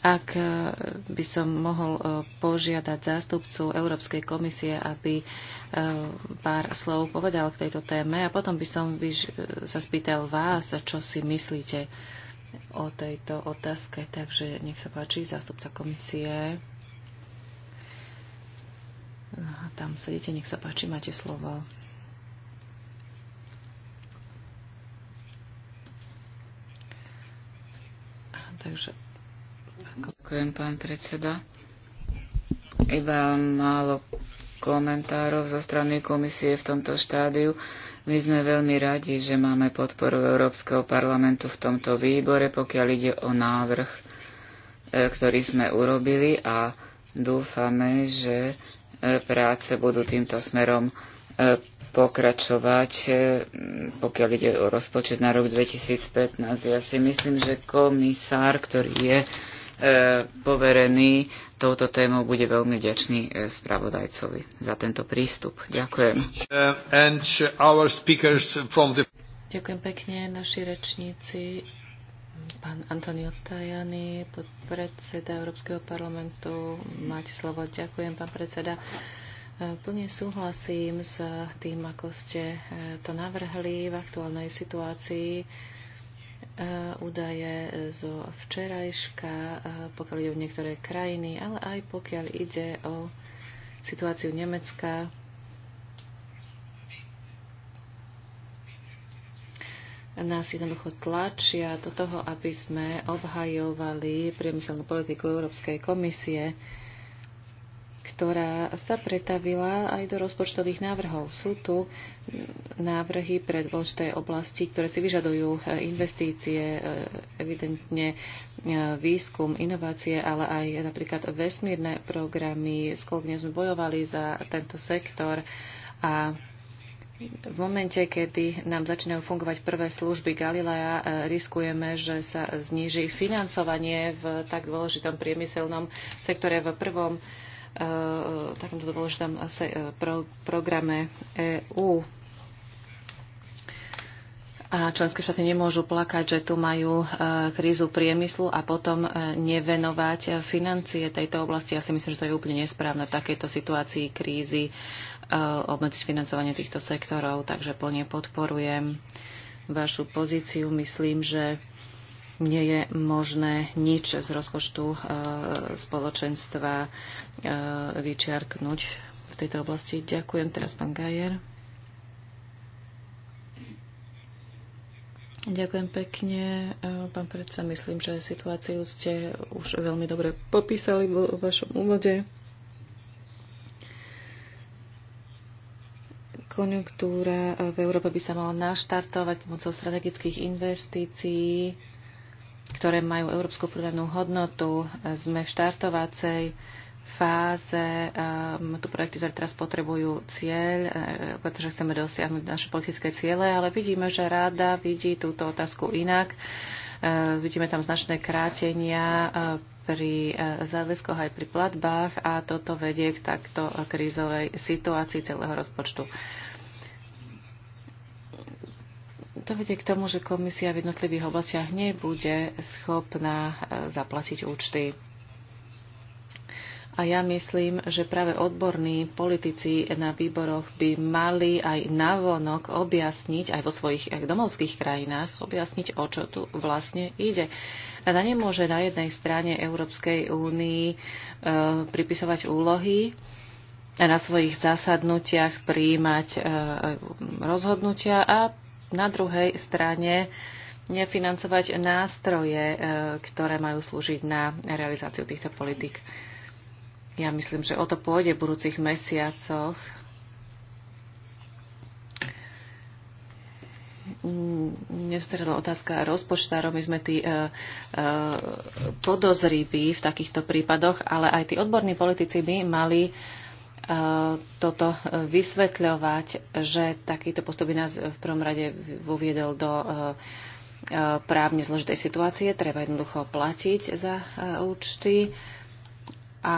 Speaker 2: Ak eh, by som mohol eh, požiadať zástupcu Európskej komisie, aby pár slov povedal k tejto téme a potom by som sa spýtal vás, čo si myslíte o tejto otázke. Takže nech sa páči, zástupca komisie. Tam sedíte, nech sa páči, máte slovo.
Speaker 3: Takže... Ďakujem, pán predseda. Iba málo komentárov zo strany komisie v tomto štádiu. My sme veľmi radi, že máme podporu Európskeho parlamentu v tomto výbore, pokiaľ ide o návrh, e, ktorý sme urobili a dúfame, že e, práce budú týmto smerom e, pokračovať, pokiaľ ide o rozpočet na rok 2015. Ja si myslím, že komisár, ktorý je E, poverený touto témou bude veľmi vďačný e, spravodajcovi za tento prístup. Ďakujem.
Speaker 2: Ďakujem pekne naši rečníci. Pán Antonio Tajani, podpredseda Európskeho parlamentu. Máte slovo. Ďakujem, pán predseda. E, plne súhlasím s tým, ako ste to navrhli v aktuálnej situácii E, údaje zo včerajška, e, pokiaľ ide o niektoré krajiny, ale aj pokiaľ ide o situáciu Nemecka. Nás jednoducho tlačia do toho, aby sme obhajovali priemyselnú politiku Európskej komisie ktorá sa pretavila aj do rozpočtových návrhov. Sú tu návrhy pre dôležité oblasti, ktoré si vyžadujú e, investície, e, evidentne e, výskum, inovácie, ale aj napríklad vesmírne programy. Skolkne sme bojovali za tento sektor a v momente, kedy nám začínajú fungovať prvé služby Galilea, riskujeme, že sa zníži financovanie v tak dôležitom priemyselnom sektore v prvom takomto dôležitom e, programe EÚ. A členské štáty nemôžu plakať, že tu majú e, krízu priemyslu a potom e, nevenovať financie tejto oblasti. Ja si myslím, že to je úplne nesprávne v takejto situácii krízy obmedziť financovanie týchto sektorov, takže plne podporujem vašu pozíciu. Myslím, že nie je možné nič z rozpočtu e, spoločenstva e, vyčiarknúť v tejto oblasti. Ďakujem teraz pán Gajer. Ďakujem pekne, e, pán predsa. Myslím, že situáciu ste už veľmi dobre popísali vo vašom úvode. Konjunktúra v Európe by sa mala naštartovať pomocou strategických investícií ktoré majú európsku pridanú hodnotu. Sme v štartovacej fáze. Ehm, tu projekty, ktoré teraz potrebujú cieľ, e, pretože chceme dosiahnuť naše politické ciele, ale vidíme, že ráda vidí túto otázku inak. E, vidíme tam značné krátenia e, pri záleskoch aj pri platbách a toto vedie k takto krízovej situácii celého rozpočtu to vedie k tomu, že komisia v jednotlivých oblastiach nebude schopná e, zaplatiť účty. A ja myslím, že práve odborní politici na výboroch by mali aj navonok objasniť, aj vo svojich domovských krajinách, objasniť, o čo tu vlastne ide. Rada nemôže na jednej strane Európskej únii e, pripisovať úlohy, a na svojich zásadnutiach e, e, rozhodnutia a na druhej strane nefinancovať nástroje, e, ktoré majú slúžiť na realizáciu týchto politik. Ja myslím, že o to pôjde v budúcich mesiacoch. Nestredla otázka rozpočtárov. My sme tí e, e, podozriví v takýchto prípadoch, ale aj tí odborní politici by mali toto e, vysvetľovať, že takýto postup by nás v prvom rade uviedol do e, e, právne zložitej situácie. Treba jednoducho platiť za účty a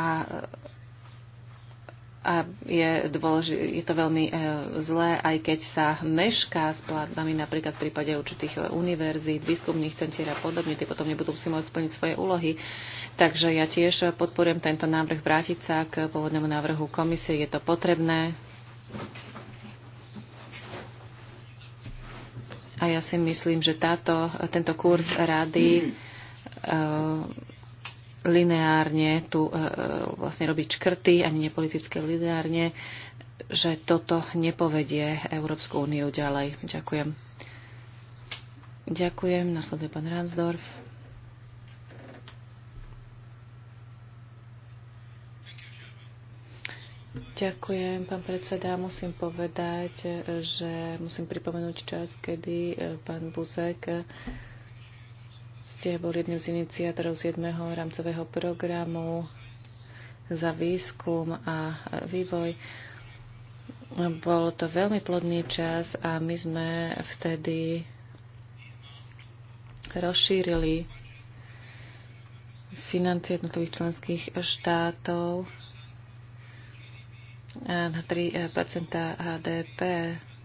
Speaker 2: a je, dôleži- je to veľmi e, zlé, aj keď sa mešká s platbami napríklad v prípade určitých e, univerzít, výskumných centier a podobne, tie potom nebudú si môcť splniť svoje úlohy. Takže ja tiež podporujem tento návrh vrátiť sa k pôvodnému návrhu komisie. Je to potrebné. A ja si myslím, že táto, tento kurz rady e, lineárne tu e, e, vlastne robiť škrty, ani nepolitické lineárne, že toto nepovedie Európsku úniu ďalej. Ďakujem. Ďakujem. Nasleduje pán Ransdorf. Ďakujem, pán predseda. Musím povedať, že musím pripomenúť čas, kedy e, pán Buzek ste boli jedným z iniciátorov 7. rámcového programu za výskum a vývoj. Bol to veľmi plodný čas a my sme vtedy rozšírili financie jednotlivých členských štátov na 3 HDP.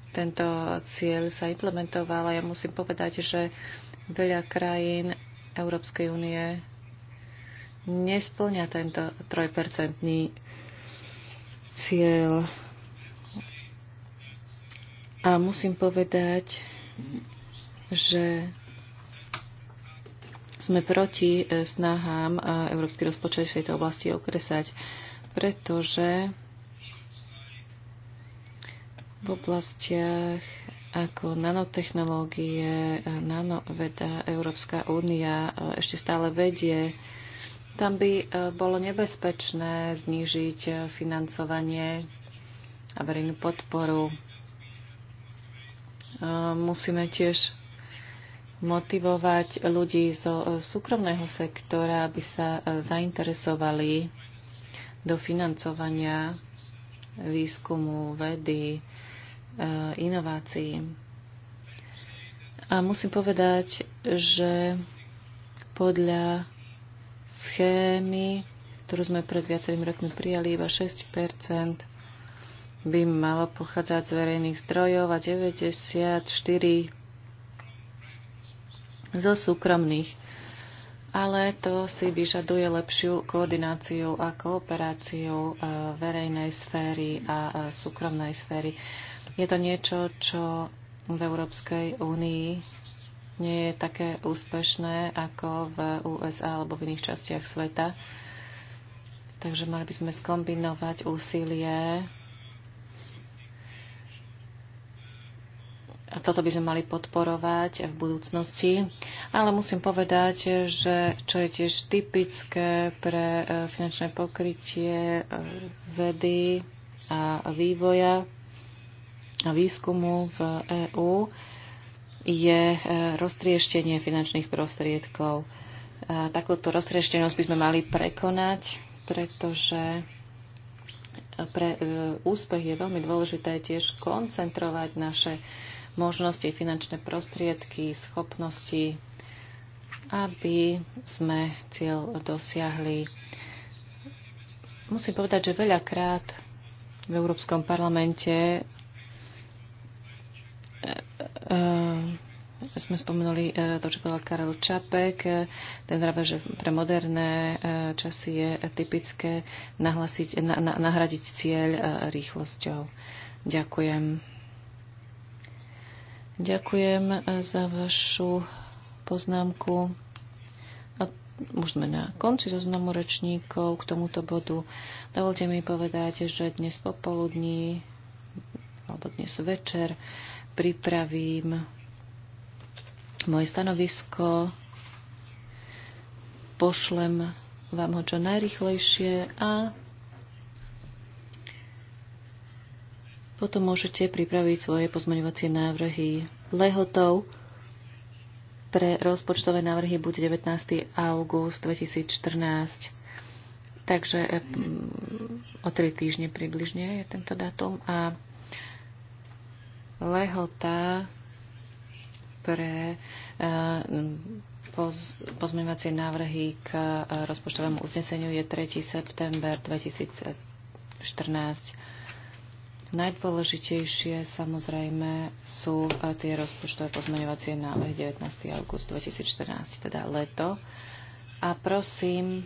Speaker 2: Tento cieľ sa implementoval a ja musím povedať, že veľa krajín Európskej únie nesplňa tento trojpercentný cieľ. A musím povedať, že sme proti e, snahám e, európsky rozpočet v tejto oblasti okresať, pretože v oblastiach ako nanotechnológie, nanoveda Európska únia e, ešte stále vedie. Tam by e, bolo nebezpečné znížiť e, financovanie a verejnú podporu. Musíme tiež motivovať ľudí zo súkromného sektora, aby sa zainteresovali do financovania výskumu, vedy, Eh, inovácií. A musím povedať, že podľa schémy, ktorú sme pred viacerými rokmi prijali, iba 6 by malo pochádzať z verejných zdrojov a 94 zo súkromných. Ale to si vyžaduje lepšiu koordináciu a kooperáciu eh, verejnej sféry a eh, súkromnej sféry. Je to niečo, čo v Európskej únii nie je také úspešné ako v USA alebo v iných častiach sveta. Takže mali by sme skombinovať úsilie a toto by sme mali podporovať v budúcnosti. Ale musím povedať, že čo je tiež typické pre eh, finančné pokrytie eh, vedy a vývoja výskumu v EÚ je e, roztrieštenie finančných prostriedkov. E, takúto roztrieštenosť by sme mali prekonať, pretože pre e, úspech je veľmi dôležité tiež koncentrovať naše možnosti, finančné prostriedky, schopnosti, aby sme cieľ dosiahli. Musím povedať, že veľakrát v Európskom parlamente Eh, sme spomenuli eh, to, čo povedal Karel Čapek. Ten hrába, že pre moderné eh, časy je typické nahlasiť, na, na, nahradiť cieľ rýchlosťou. Ďakujem. Ďakujem za vašu poznámku. A už sme na konci zoznamu rečníkov k tomuto bodu. Dovolte mi povedať, že dnes popoludní alebo dnes večer pripravím moje stanovisko, pošlem vám ho čo najrychlejšie a potom môžete pripraviť svoje pozmeňovacie návrhy lehotou, Pre rozpočtové návrhy bude 19. august 2014. Takže mm, o tri týždne približne je tento dátum a Lehota pre eh, poz, pozmývacie návrhy k eh, rozpočtovému uzneseniu je 3. september 2014. Najdôležitejšie samozrejme sú eh, tie rozpočtové pozmeňovacie návrhy 19. august 2014, teda leto. A prosím,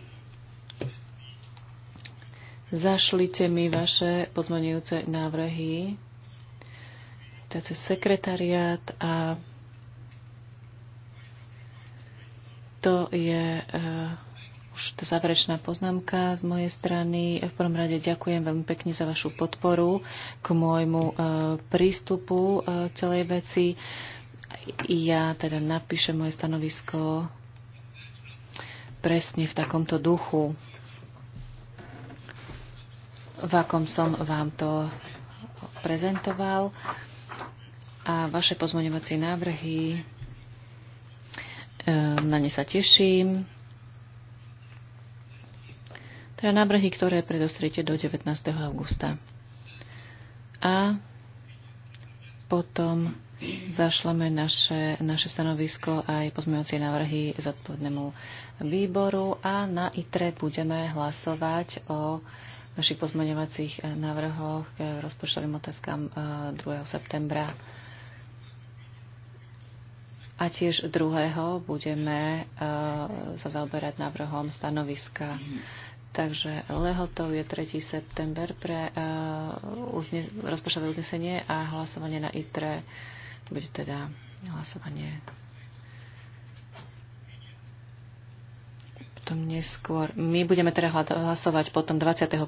Speaker 2: zašlite mi vaše pozmeňujúce návrhy to je cez sekretariát a to je uh, už tá záverečná poznámka z mojej strany. V prvom rade ďakujem veľmi pekne za vašu podporu k môjmu uh, prístupu uh, celej veci. Ja teda napíšem moje stanovisko presne v takomto duchu, v akom som vám to prezentoval a vaše pozmoňovacie návrhy. E, na ne sa teším. Teda návrhy, ktoré predostriete do 19. augusta. A potom zašleme naše, naše stanovisko aj pozmeňovacie návrhy zodpovednému výboru a na ITRE budeme hlasovať o našich pozmeňovacích návrhoch k rozpočtovým otázkam 2. E, septembra a tiež druhého budeme e, sa zaoberať návrhom stanoviska. Takže lehotov je 3. september pre e, uzne, rozpočtové uznesenie a hlasovanie na ITRE bude teda hlasovanie potom neskôr. My budeme teda hlasovať potom 25. E,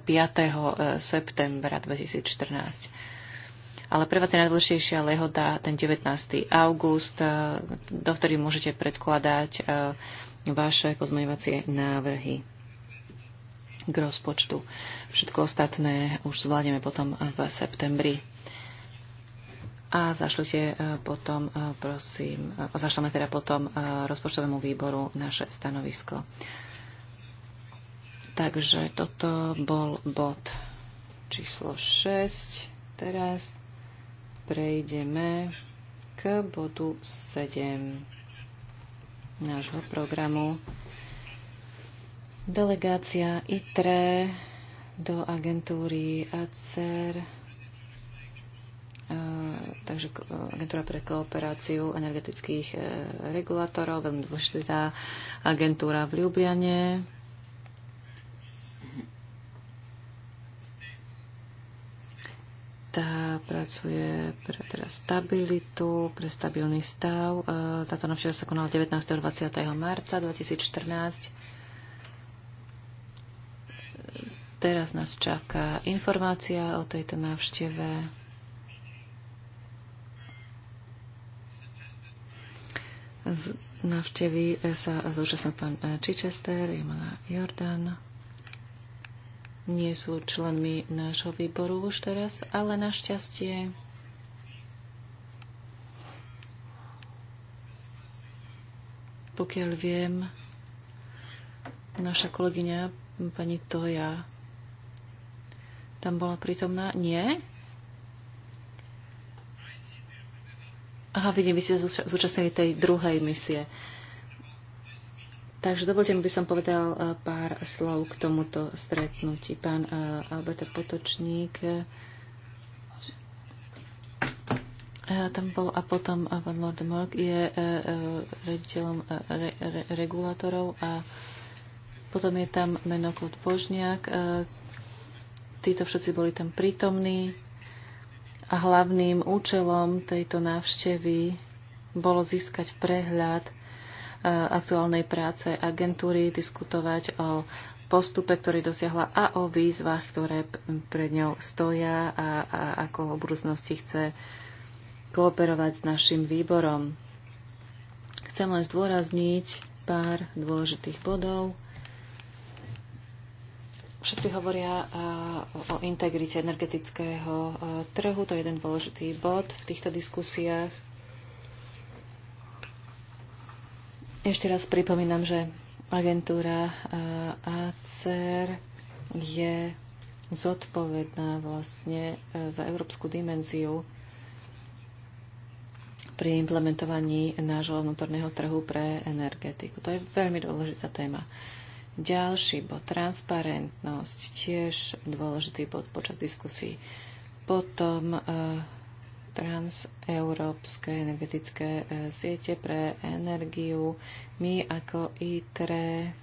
Speaker 2: septembra 2014 ale pre vás je najdôležitejšia lehoda ten 19. august, eh, do ktorých môžete predkladať eh, vaše pozmeňovacie návrhy k rozpočtu. Všetko ostatné už zvládneme potom eh, v septembri. A zašlite potom, prosím, zašleme teda potom rozpočtovému výboru naše stanovisko. Takže toto bol bod číslo 6 teraz prejdeme k bodu 7 nášho programu. Delegácia ITRE do agentúry ACER, e, takže e, agentúra pre kooperáciu energetických e, regulátorov, veľmi dôležitá agentúra v Ljubljane, pracuje pre teda stabilitu, pre stabilný stav. E, táto návšteva sa konala 19. 20. marca 2014. Teraz nás čaká informácia o tejto návšteve. Z návštevy sa zúčastnil pán Chichester, Jemala Jordan nie sú členmi nášho výboru už teraz, ale našťastie pokiaľ viem, naša kolegyňa pani Toja tam bola prítomná. Nie? Aha, vidím, vy ste zúčastnili tej druhej misie. Takže dovolte mi, by som povedal eh, pár slov k tomuto stretnutí. Pán eh, Albert Potočník eh, tam bol a potom pán Lord Morg je rediteľom re, re, regulátorov a potom je tam meno Klod Božniak. Títo všetci boli tam prítomní a hlavným účelom tejto návštevy bolo získať prehľad aktuálnej práce agentúry, diskutovať o postupe, ktorý dosiahla a o výzvach, ktoré pred ňou stoja a, a ako v budúcnosti chce kooperovať s našim výborom. Chcem len zdôrazniť pár dôležitých bodov. Všetci hovoria o integrite energetického trhu, to je jeden dôležitý bod v týchto diskusiách. Ešte raz pripomínam, že agentúra e, ACER je zodpovedná vlastne e, za európsku dimenziu pri implementovaní nášho vnútorného trhu pre energetiku. To je veľmi dôležitá téma. Ďalší bod, transparentnosť, tiež dôležitý bod počas diskusí. Potom e, transeurópske energetické e, siete pre energiu. My ako ITRE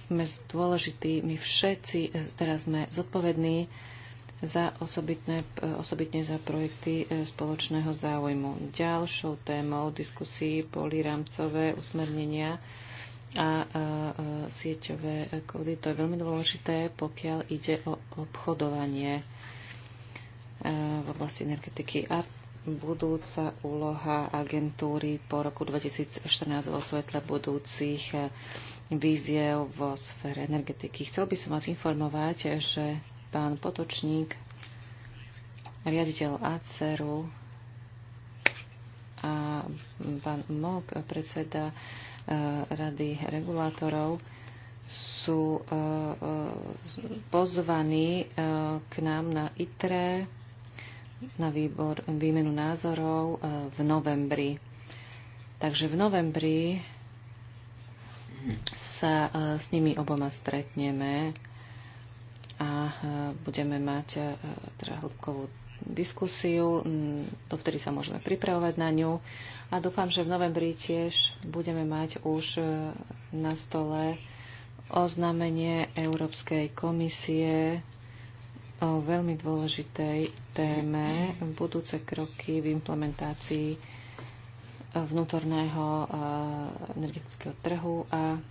Speaker 2: sme dôležití, my všetci e, teraz sme zodpovední za osobitné, e, osobitne za projekty spoločného záujmu. Ďalšou témou diskusí boli rámcové usmernenia a sieťové kódy. To je veľmi dôležité, pokiaľ ide o obchodovanie v oblasti energetiky a budúca úloha agentúry po roku 2014 vo svetle budúcich eh, víziev vo sfére energetiky. Chcel by som vás informovať, že pán Potočník, riaditeľ ACERu a pán Mok, predseda eh, Rady regulátorov, sú eh, pozvaní k nám na ITRE na výbor, výmenu názorov e, v novembri. Takže v novembri sa e, s nimi oboma stretneme a e, budeme mať teda hĺbkovú diskusiu, dovtedy mm, sa môžeme pripravovať na ňu a dúfam, že v novembri tiež budeme mať už na stole oznámenie Európskej komisie o veľmi dôležitej téme budúce kroky v implementácii e, vnútorného e, energetického trhu a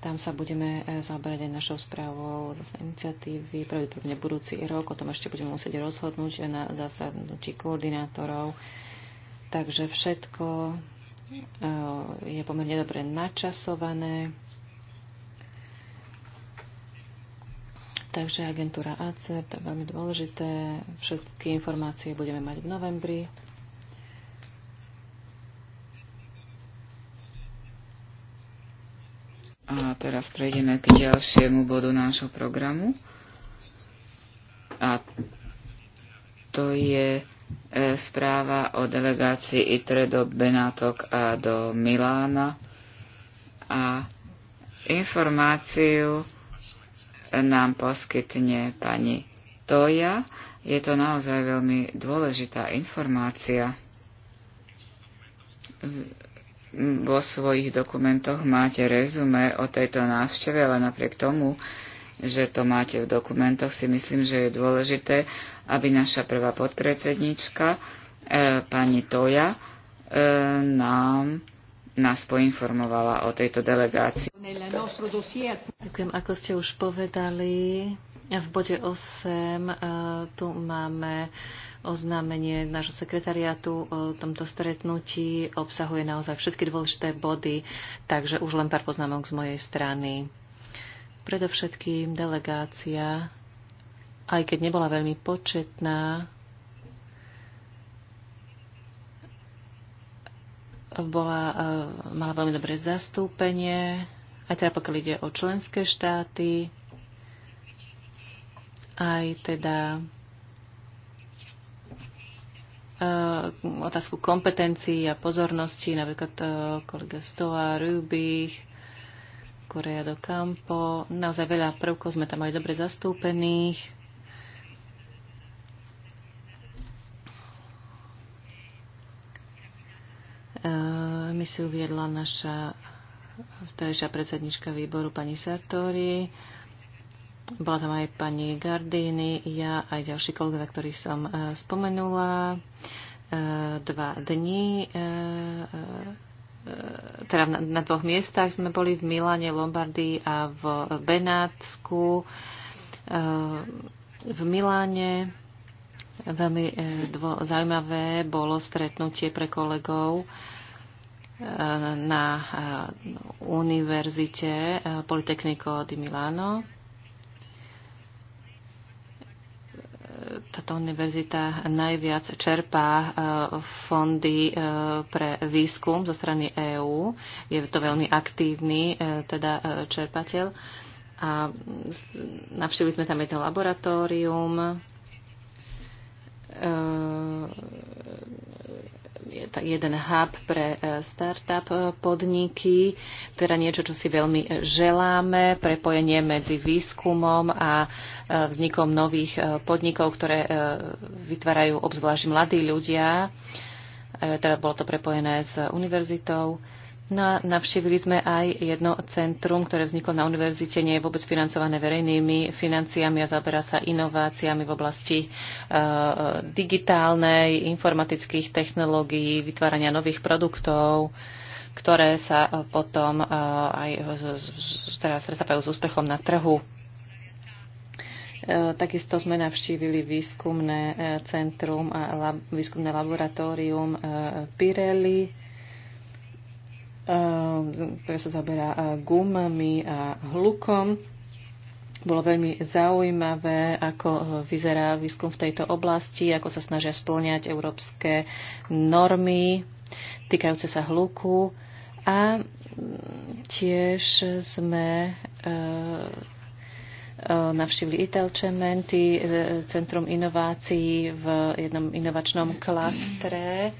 Speaker 2: tam sa budeme e, zaoberať aj našou správou zase iniciatívy, pravdepodobne budúci rok, o tom ešte budeme musieť rozhodnúť na zasadnutí koordinátorov. Takže všetko je pomerne dobre načasované. Takže agentúra ACER, to je veľmi dôležité. Všetky informácie budeme mať v novembri.
Speaker 3: A teraz prejdeme k ďalšiemu bodu nášho programu. A to je e, správa o delegácii ITRE do Benátok a do Milána a informáciu nám poskytne pani Toja. Je to naozaj veľmi dôležitá informácia. Vo svojich dokumentoch máte rezume o tejto návšteve, ale napriek tomu, že to máte v dokumentoch, si myslím, že je dôležité, aby naša prvá podpredsednička, e, pani Toja, e, nám nás poinformovala o tejto delegácii.
Speaker 2: Ďakujem, ako ste už povedali, v bode 8 e, tu máme oznámenie nášho sekretariátu o tomto stretnutí. Obsahuje naozaj všetky dôležité body, takže už len pár poznámok z mojej strany. Predovšetkým delegácia, aj keď nebola veľmi početná, bola, e, mala veľmi dobré zastúpenie, aj teda pokiaľ ide o členské štáty, aj teda e, otázku kompetencií a pozornosti, napríklad e, kolega Stoa, Rubich, Korea do Campo. Naozaj veľa prvkov sme tam mali dobre zastúpených. komisiu viedla naša vtedajšia predsednička výboru pani Sartori. Bola tam aj pani Gardini, ja aj ďalší kolegovia, ktorých som e, spomenula. E, dva dni, e, teda na dvoch miestach sme boli v Miláne, Lombardii a v Benátsku. V Miláne veľmi zaujímavé bolo stretnutie pre kolegov na eh, univerzite eh, Politecnico di Milano. Táto univerzita najviac čerpá eh, fondy pre výskum zo strany EÚ. Je to veľmi aktívny teda čerpateľ. A navštívili sme tam jedno laboratórium, jeden hub pre e, startup e, podniky, teda niečo, čo si veľmi e, želáme, prepojenie medzi výskumom a vznikom nových podnikov, ktoré vytvárajú obzvlášť mladí ľudia. Teda bolo to prepojené s univerzitou. No a navštívili sme aj jedno centrum, ktoré vzniklo na univerzite, nie je vôbec financované verejnými financiami a zaoberá sa inováciami v oblasti e, e digitálnej, informatických technológií, vytvárania nových produktov, ktoré sa e, potom e, aj teraz stretávajú s úspechom na trhu. E, takisto sme navštívili výskumné centrum a lab, výskumné laboratórium Pirelli Ehm, ktoré sa zaberá eh, gumami a hlukom. Bolo veľmi zaujímavé, ako eh, vyzerá výskum v tejto oblasti, ako sa snažia splňať európske normy týkajúce sa hluku. A mm, tiež sme eh, navštívili Ital Centrum inovácií v jednom inovačnom klastre.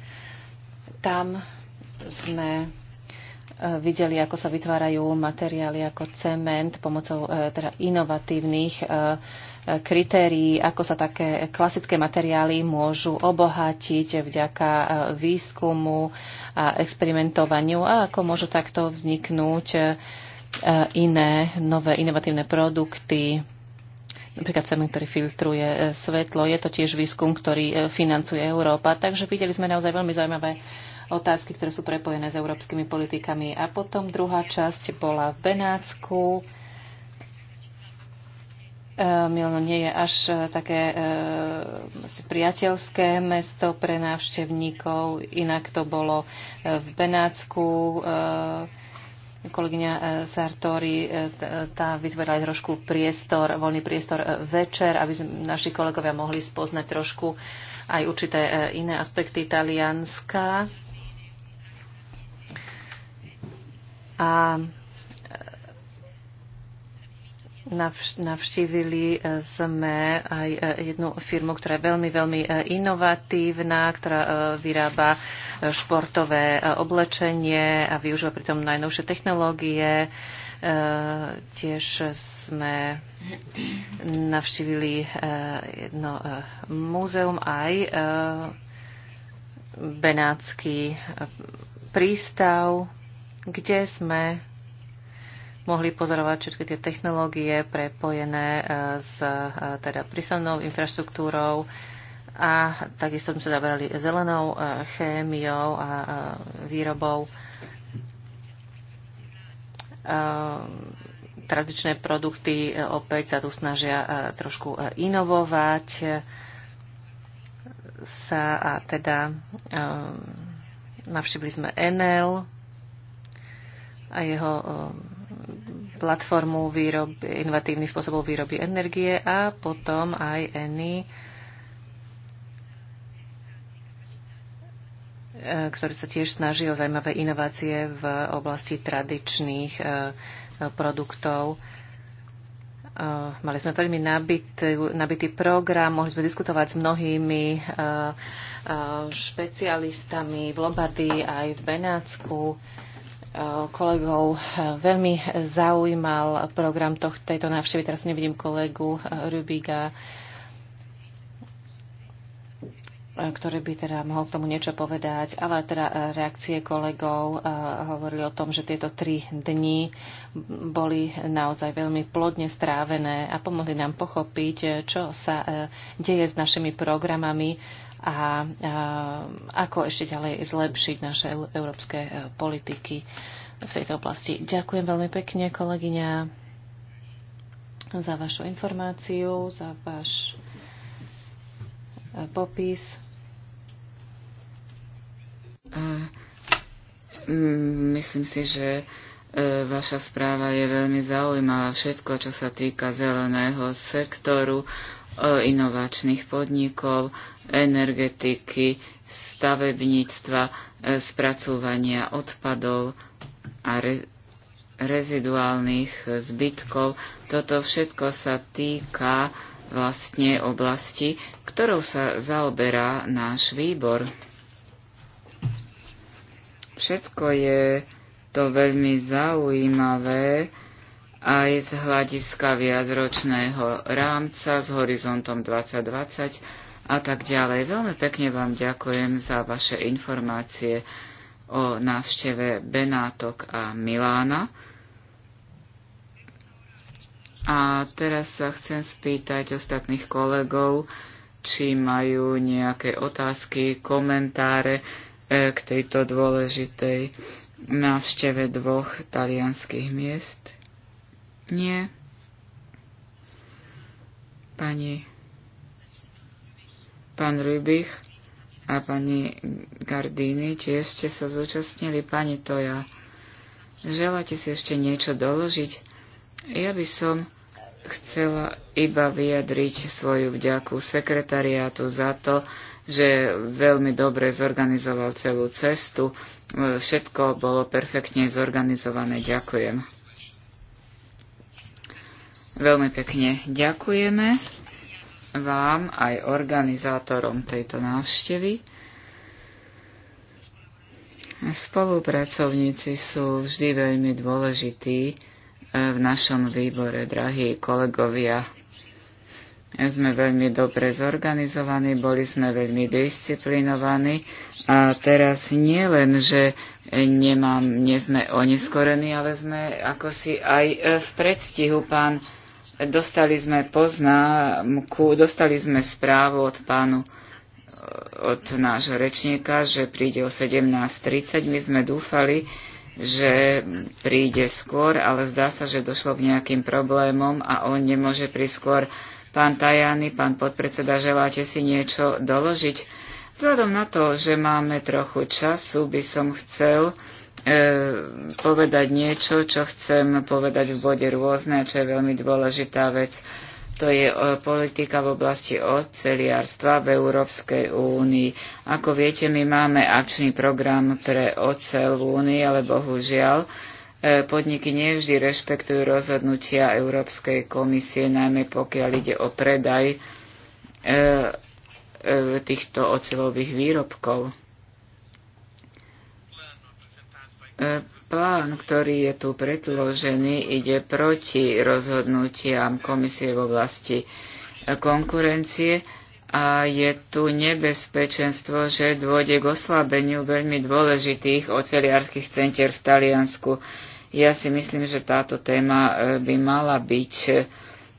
Speaker 2: Tam sme Eh, videli, ako sa vytvárajú materiály ako cement pomocou eh, teda inovatívnych eh, kritérií, ako sa také klasické materiály môžu obohatiť vďaka výskumu a experimentovaniu a ako môžu takto vzniknúť iné nové inovatívne produkty, napríklad cement, ktorý filtruje svetlo. Je to tiež výskum, ktorý financuje Európa. Takže videli sme naozaj veľmi zaujímavé otázky, ktoré sú prepojené s európskymi politikami. A potom druhá časť bola v Benátsku. E, Milno nie je až e, také e, priateľské mesto pre návštevníkov. Inak to bolo v Benátsku. Kolegyňa Sartori tá vytvorila trošku priestor, voľný priestor večer, aby naši kolegovia mohli spoznať trošku aj určité iné aspekty Talianska a e, Navštívili e, sme aj e, jednu firmu, ktorá je veľmi, veľmi inovatívna, ktorá vyrába športové oblečenie a využíva pritom najnovšie technológie. Tiež sme navštívili jedno múzeum aj Benátsky prístav kde sme mohli pozorovať všetky tie technológie prepojené e, s e, teda prísadnou infraštruktúrou a takisto sme sa zabrali zelenou e, chémiou a výrobou. Tradičné produkty opäť sa tu snažia trošku inovovať sa a teda navštívili sme Enel, a jeho eh, platformu výrob, inovatívnych spôsobov výroby energie a potom aj ENI, eh, ktorý sa tiež snaží o zaujímavé inovácie v oblasti tradičných eh, produktov. Mali sme veľmi nabitý, nabitý program, mohli sme diskutovať s mnohými špecialistami v Lombardii aj v Benátsku kolegov eh, veľmi zaujímal program toh, tejto návštevy. Teraz nevidím kolegu eh, Rubiga, eh, ktorý by teda mohol k tomu niečo povedať, ale teda reakcie kolegov hovorili o tom, že tieto tri dni boli naozaj veľmi plodne strávené a pomohli nám pochopiť, čo sa deje s našimi programami a ako ešte ďalej zlepšiť naše európske e, politiky v tejto oblasti. Ďakujem veľmi pekne, kolegyňa, za vašu informáciu, za váš e, popis.
Speaker 3: Mm, myslím si, že e, vaša správa je veľmi zaujímavá. Všetko, čo sa týka zeleného sektoru, Eh, inovačných podnikov, energetiky, stavebníctva, eh, spracúvania odpadov a re- reziduálnych eh, zbytkov. Toto všetko sa týka vlastne oblasti, ktorou sa zaoberá náš výbor. Všetko je to veľmi zaujímavé aj z hľadiska viacročného rámca s horizontom 2020 a tak ďalej. Veľmi pekne vám ďakujem za vaše informácie o návšteve Benátok a Milána. A teraz sa chcem spýtať ostatných kolegov, či majú nejaké otázky, komentáre e, k tejto dôležitej návšteve dvoch talianských miest. Nie. Pani pán Rybich a pani Gardini, či ešte sa zúčastnili, pani Toja. Želáte si ešte niečo doložiť? Ja by som chcela iba vyjadriť svoju vďaku sekretariátu za to, že veľmi dobre zorganizoval celú cestu. Všetko bolo perfektne zorganizované. Ďakujem. Veľmi pekne ďakujeme vám aj organizátorom tejto návštevy. Spolupracovníci sú vždy veľmi dôležití eh, v našom výbore, drahí kolegovia. Sme veľmi dobre zorganizovaní, boli sme veľmi disciplinovaní a teraz nie len, že nemám, nie sme oneskorení, ale sme ako si aj eh, v predstihu, pán Dostali sme poznámku, dostali sme správu od pánu od nášho rečníka, že príde o 17.30. My sme dúfali, že príde skôr, ale zdá sa, že došlo k nejakým problémom a on nemôže prísť skôr. Pán Tajany, pán podpredseda, želáte si niečo doložiť? Vzhľadom na to, že máme trochu času, by som chcel E, povedať niečo, čo chcem povedať v bode rôzne, čo je veľmi dôležitá vec. To je e, politika v oblasti oceliarstva v Európskej únii. Ako viete, my máme akčný program pre ocel v únii, ale bohužiaľ e, podniky nevždy rešpektujú rozhodnutia Európskej komisie, najmä pokiaľ ide o predaj týchto ocelových výrobkov E, plán, ktorý je tu predložený, ide proti rozhodnutiam komisie v oblasti e, konkurencie a je tu nebezpečenstvo, že dôjde k oslabeniu veľmi dôležitých oceliarských centier v Taliansku. Ja si myslím, že táto téma e, by mala byť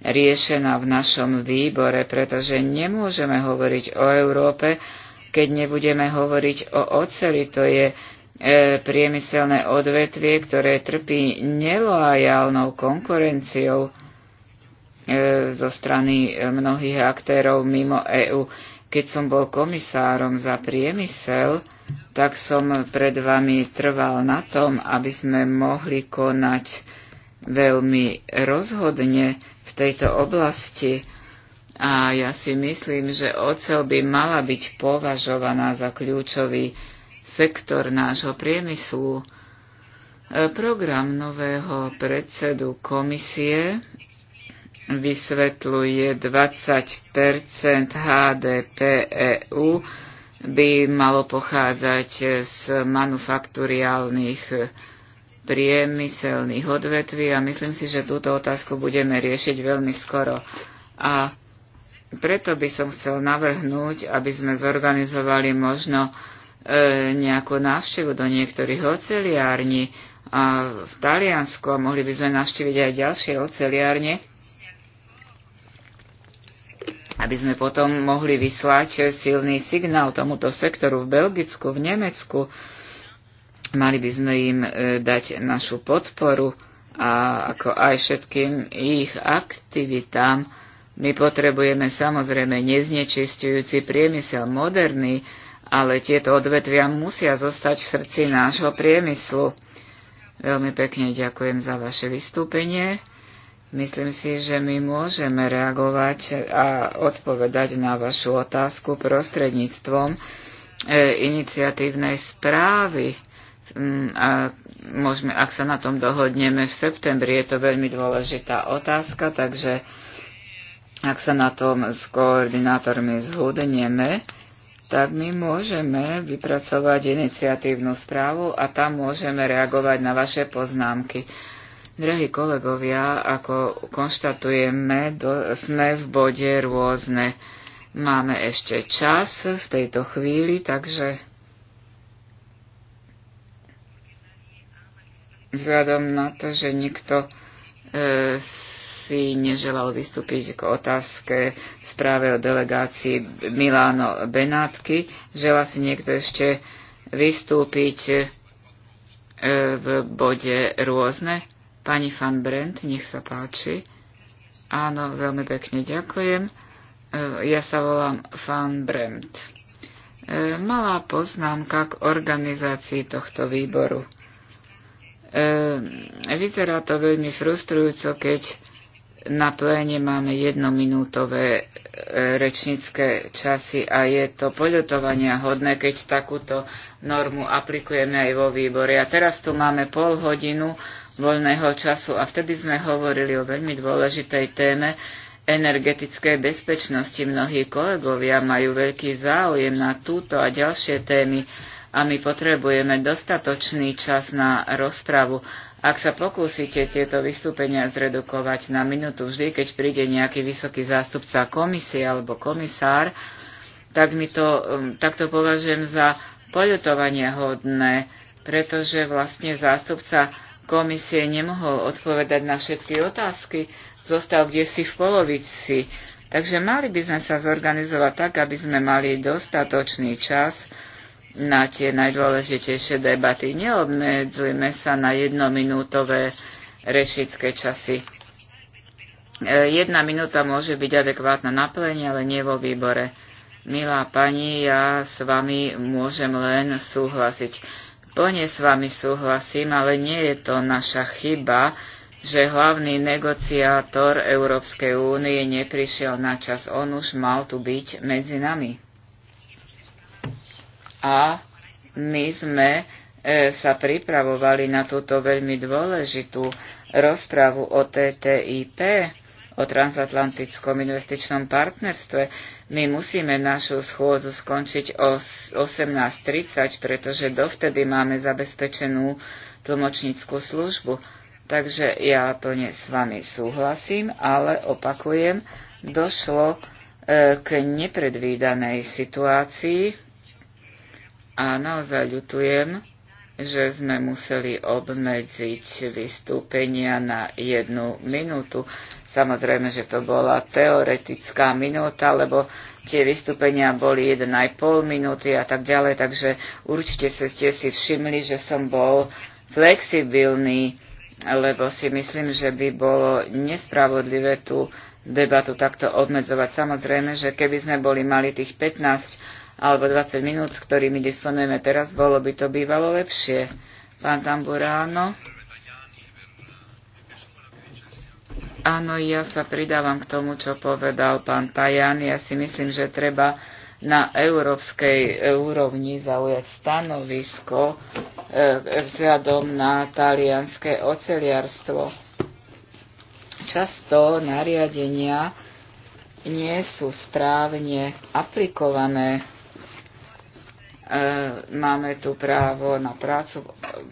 Speaker 3: riešená v našom výbore, pretože nemôžeme hovoriť o Európe, keď nebudeme hovoriť o oceli. To je E, priemyselné odvetvie, ktoré trpí nelojálnou konkurenciou e, zo strany mnohých aktérov mimo EÚ. Keď som bol komisárom za priemysel, tak som pred vami trval na tom, aby sme mohli konať veľmi rozhodne v tejto oblasti. A ja si myslím, že oceľ by mala byť považovaná za kľúčový sektor nášho priemyslu. E, program nového predsedu komisie vysvetľuje 20 HDP EU by malo pochádzať z manufakturiálnych priemyselných odvetví a myslím si, že túto otázku budeme riešiť veľmi skoro. A preto by som chcel navrhnúť, aby sme zorganizovali možno nejakú návštevu do niektorých oceliárni a v Taliansku a mohli by sme navštíviť aj ďalšie oceliárne, aby sme potom mohli vyslať silný signál tomuto sektoru v Belgicku, v Nemecku. Mali by sme im dať našu podporu a ako aj všetkým ich aktivitám. My potrebujeme samozrejme neznečistujúci priemysel, moderný, ale tieto odvetvia musia zostať v srdci nášho priemyslu. Veľmi pekne ďakujem za vaše vystúpenie. Myslím si, že my môžeme reagovať a odpovedať na vašu otázku prostredníctvom e, iniciatívnej správy. Mm, a môžeme, ak sa na tom dohodneme v septembri, je to veľmi dôležitá otázka, takže ak sa na tom s koordinátormi zhodneme, tak my môžeme vypracovať iniciatívnu správu a tam môžeme reagovať na vaše poznámky. Drahí kolegovia, ako konštatujeme, do, sme v bode rôzne. Máme ešte čas v tejto chvíli, takže vzhľadom na to, že nikto e, si neželal vystúpiť k otázke správe o delegácii Milano Benátky. Žela si niekto ešte vystúpiť e, v bode rôzne. Pani van Brent, nech sa páči. Áno, veľmi pekne ďakujem. E, ja sa volám van Brent. E, malá poznámka k organizácii tohto výboru vyzerá to veľmi frustrujúco, keď na pléne máme jednominútové e, rečnícke časy a je to poľutovania hodné, keď takúto normu aplikujeme aj vo výbore. A teraz tu máme pol hodinu voľného času a vtedy sme hovorili o veľmi dôležitej téme energetickej bezpečnosti. Mnohí kolegovia majú veľký záujem na túto a ďalšie témy a my potrebujeme dostatočný čas na rozpravu. Ak sa pokúsite tieto vystúpenia zredukovať na minútu vždy, keď príde nejaký vysoký zástupca komisie alebo komisár, tak, mi to, um, tak to považujem za poľutovanie hodné, pretože vlastne zástupca komisie nemohol odpovedať na všetky otázky, zostal kde si v polovici. Takže mali by sme sa zorganizovať tak, aby sme mali dostatočný čas, na tie najdôležitejšie debaty. Neobmedzujme sa na jednominútové rešické časy. E, jedna minúta môže byť adekvátna na plenie, ale nie vo výbore. Milá pani, ja s vami môžem len súhlasiť. Plne s vami súhlasím, ale nie je to naša chyba, že hlavný negociátor Európskej únie neprišiel na čas. On už mal tu byť medzi nami a my sme e, sa pripravovali na túto veľmi dôležitú rozpravu o TTIP, o transatlantickom investičnom partnerstve. My musíme našu schôdzu skončiť o 18.30, pretože dovtedy máme zabezpečenú tlmočníckú službu. Takže ja nie s vami súhlasím, ale opakujem, došlo e, k nepredvídanej situácii, a naozaj ľutujem, že sme museli obmedziť vystúpenia na jednu minútu. Samozrejme, že to bola teoretická minúta, lebo tie vystúpenia boli 1,5 minúty a tak ďalej, takže určite ste, ste si všimli, že som bol flexibilný, lebo si myslím, že by bolo nespravodlivé tú debatu takto obmedzovať. Samozrejme, že keby sme boli mali tých 15 alebo 20 minút, ktorými disponujeme teraz, bolo by to bývalo lepšie. Pán Tamburáno. Áno, ja sa pridávam k tomu, čo povedal pán Tajan. Ja si myslím, že treba na európskej e, úrovni zaujať stanovisko e, vzhľadom na talianské oceliarstvo. Často nariadenia nie sú správne aplikované E, máme tu právo na prácu,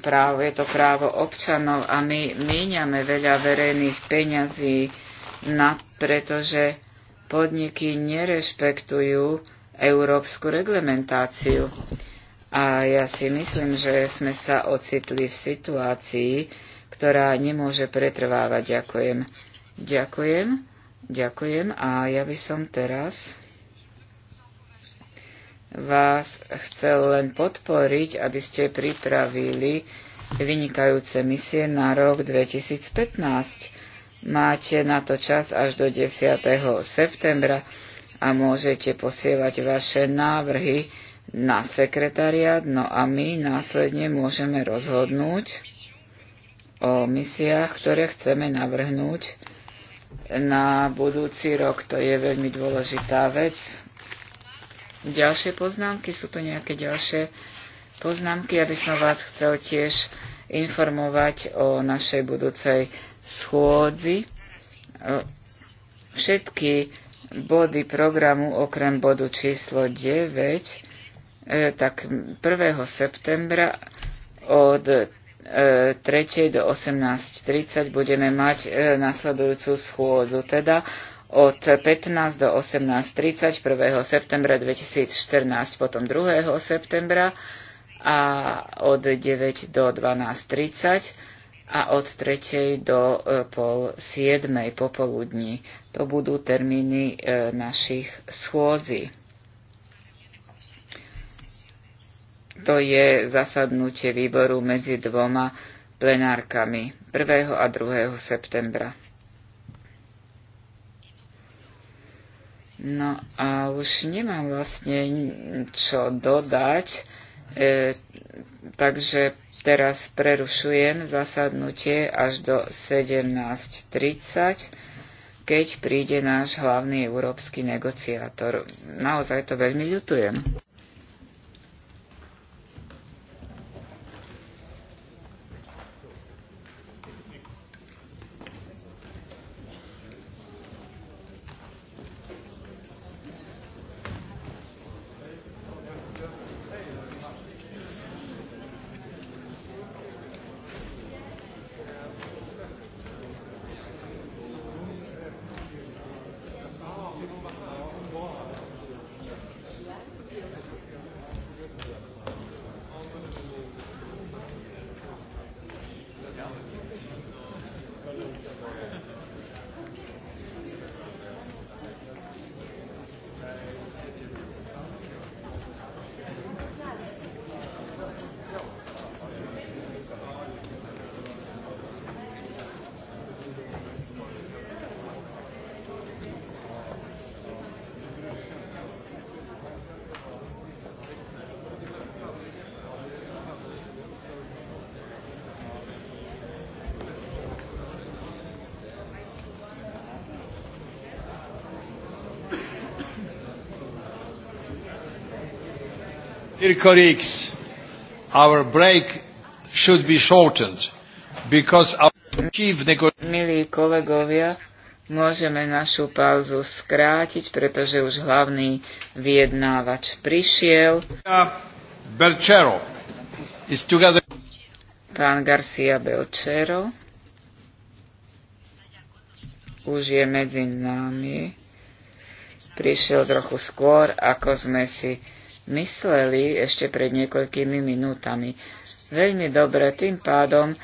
Speaker 3: právo, je to právo občanov a my míňame veľa verejných peňazí, na, pretože podniky nerešpektujú európsku reglementáciu. A ja si myslím, že sme sa ocitli v situácii, ktorá nemôže pretrvávať. Ďakujem. Ďakujem. Ďakujem. A ja by som teraz vás chcel len podporiť, aby ste pripravili vynikajúce misie na rok 2015. Máte na to čas až do 10. septembra a môžete posielať vaše návrhy na sekretariat, no a my následne môžeme rozhodnúť o misiách, ktoré chceme navrhnúť na budúci rok. To je veľmi dôležitá vec ďalšie poznámky? Sú tu nejaké ďalšie poznámky? Ja by som vás chcel tiež informovať o našej budúcej schôdzi. Všetky body programu, okrem bodu číslo 9, e, tak 1. septembra od 3. E, do 18.30 budeme mať e, nasledujúcu schôdzu. Teda od 15 do 18.30 1. septembra 2014, potom 2. septembra a od 9 do 12.30 a od 3. do e, pol 7. popoludní. To budú termíny e, našich schôdzi. To je zasadnutie výboru medzi dvoma plenárkami 1. a 2. septembra. No a už nemám vlastne čo dodať, e, takže teraz prerušujem zasadnutie až do 17.30, keď príde náš hlavný európsky negociátor. Naozaj to veľmi ľutujem.
Speaker 2: colleagues,
Speaker 3: our break should be shortened because our chief Milí kolegovia, môžeme našu pauzu skrátiť, pretože už hlavný vyjednávač prišiel. Belchero is together. Pán Garcia Belchero už je medzi nami. Prišiel trochu skôr, ako sme si mysleli ešte pred niekoľkými minútami. Veľmi dobre, tým pádom e,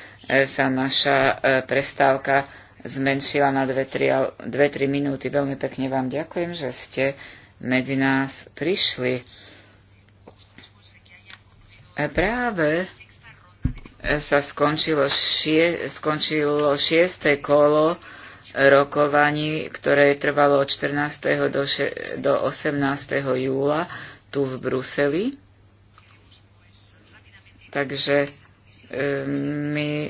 Speaker 3: sa naša e, prestávka zmenšila na 2-3 minúty. Veľmi pekne vám ďakujem, že ste medzi nás prišli. E, práve sa skončilo, šie, skončilo šieste kolo rokovaní, ktoré trvalo od 14. do, do 18. júla tu v Bruseli. Takže e, my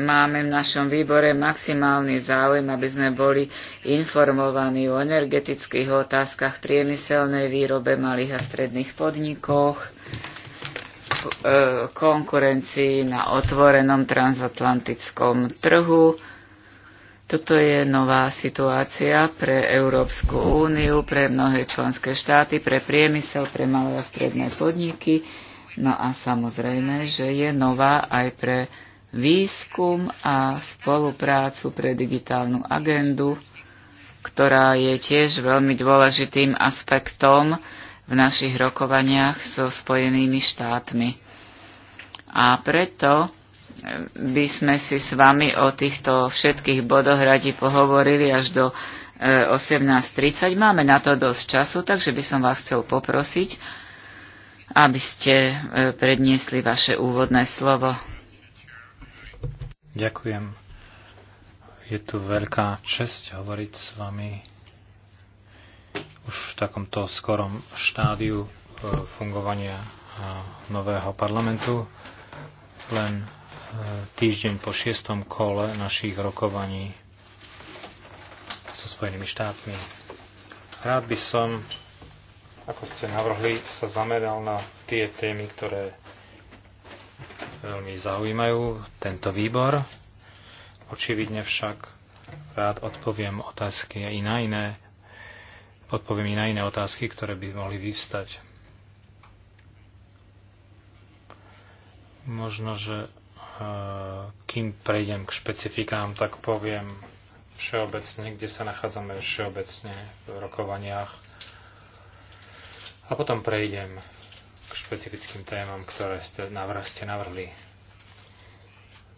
Speaker 3: máme v našom výbore maximálny záujem, aby sme boli informovaní o energetických otázkach, priemyselnej výrobe malých a stredných podnikoch, e, konkurencii na otvorenom transatlantickom trhu, toto je nová situácia pre Európsku úniu, pre mnohé členské štáty, pre priemysel, pre malé a stredné podniky. No a samozrejme, že je nová aj pre výskum a spoluprácu pre digitálnu agendu, ktorá je tiež veľmi dôležitým aspektom v našich rokovaniach so Spojenými štátmi. A preto by sme si s vami o týchto všetkých bodoch radi pohovorili až do 18.30. E, Máme na to dosť času, takže by som vás chcel poprosiť, aby ste e, predniesli vaše úvodné slovo.
Speaker 1: Ďakujem. Je tu veľká česť hovoriť s vami už v takomto skorom štádiu e, fungovania nového parlamentu. Len týždeň po šiestom kole našich rokovaní so Spojenými štátmi. Rád by som, ako ste navrhli, sa zameral na tie témy, ktoré veľmi zaujímajú tento výbor. Očividne však rád odpoviem otázky i na iné, odpoviem i na iné otázky, ktoré by mohli vyvstať. Možno, že Eh, kým prejdem k špecifikám, tak poviem všeobecne, kde sa nachádzame všeobecne v rokovaniach. A potom prejdem k špecifickým témam, ktoré ste, navrh, ste navrhli.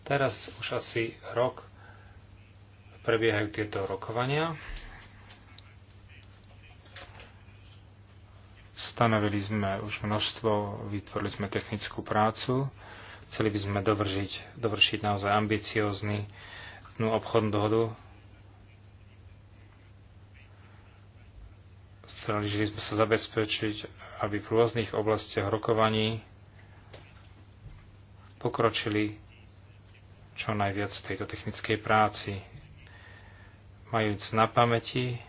Speaker 1: Teraz už asi rok prebiehajú tieto rokovania. Stanovili sme už množstvo, vytvorili sme technickú prácu Chceli by sme dovržiť, dovršiť naozaj ambiciózny no, obchodnú dohodu. Snažili sme sa zabezpečiť, aby v rôznych oblastiach rokovaní pokročili čo najviac v tejto technickej práci, majúc na pamäti,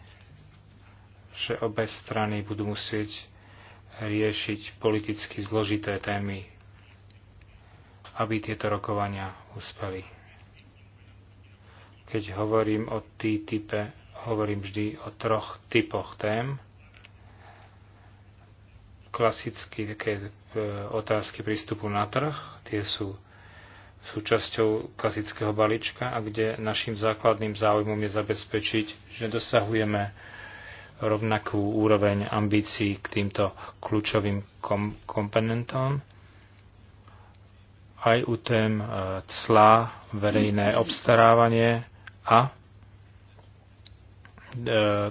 Speaker 1: že obe strany budú musieť riešiť politicky zložité témy aby tieto rokovania uspeli. Keď hovorím o T-type, hovorím vždy o troch typoch tém. klasicky také e, otázky prístupu na trh, tie sú súčasťou klasického balíčka a kde našim základným záujmom je zabezpečiť, že dosahujeme rovnakú úroveň ambícií k týmto kľúčovým kom- komponentom aj u tém e, clá, verejné obstarávanie a e,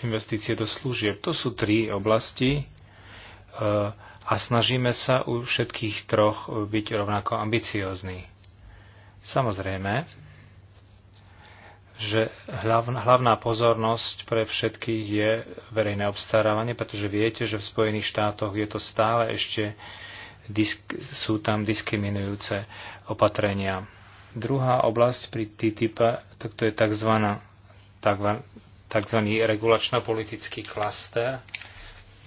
Speaker 1: investície do služieb. To sú tri oblasti e, a snažíme sa u všetkých troch byť rovnako ambiciózni. Samozrejme, že hlavná pozornosť pre všetkých je verejné obstarávanie, pretože viete, že v Spojených štátoch je to stále ešte disk, sú tam diskriminujúce opatrenia. Druhá oblasť pri TTIP, tak to je tzv. tzv. regulačno-politický klaster,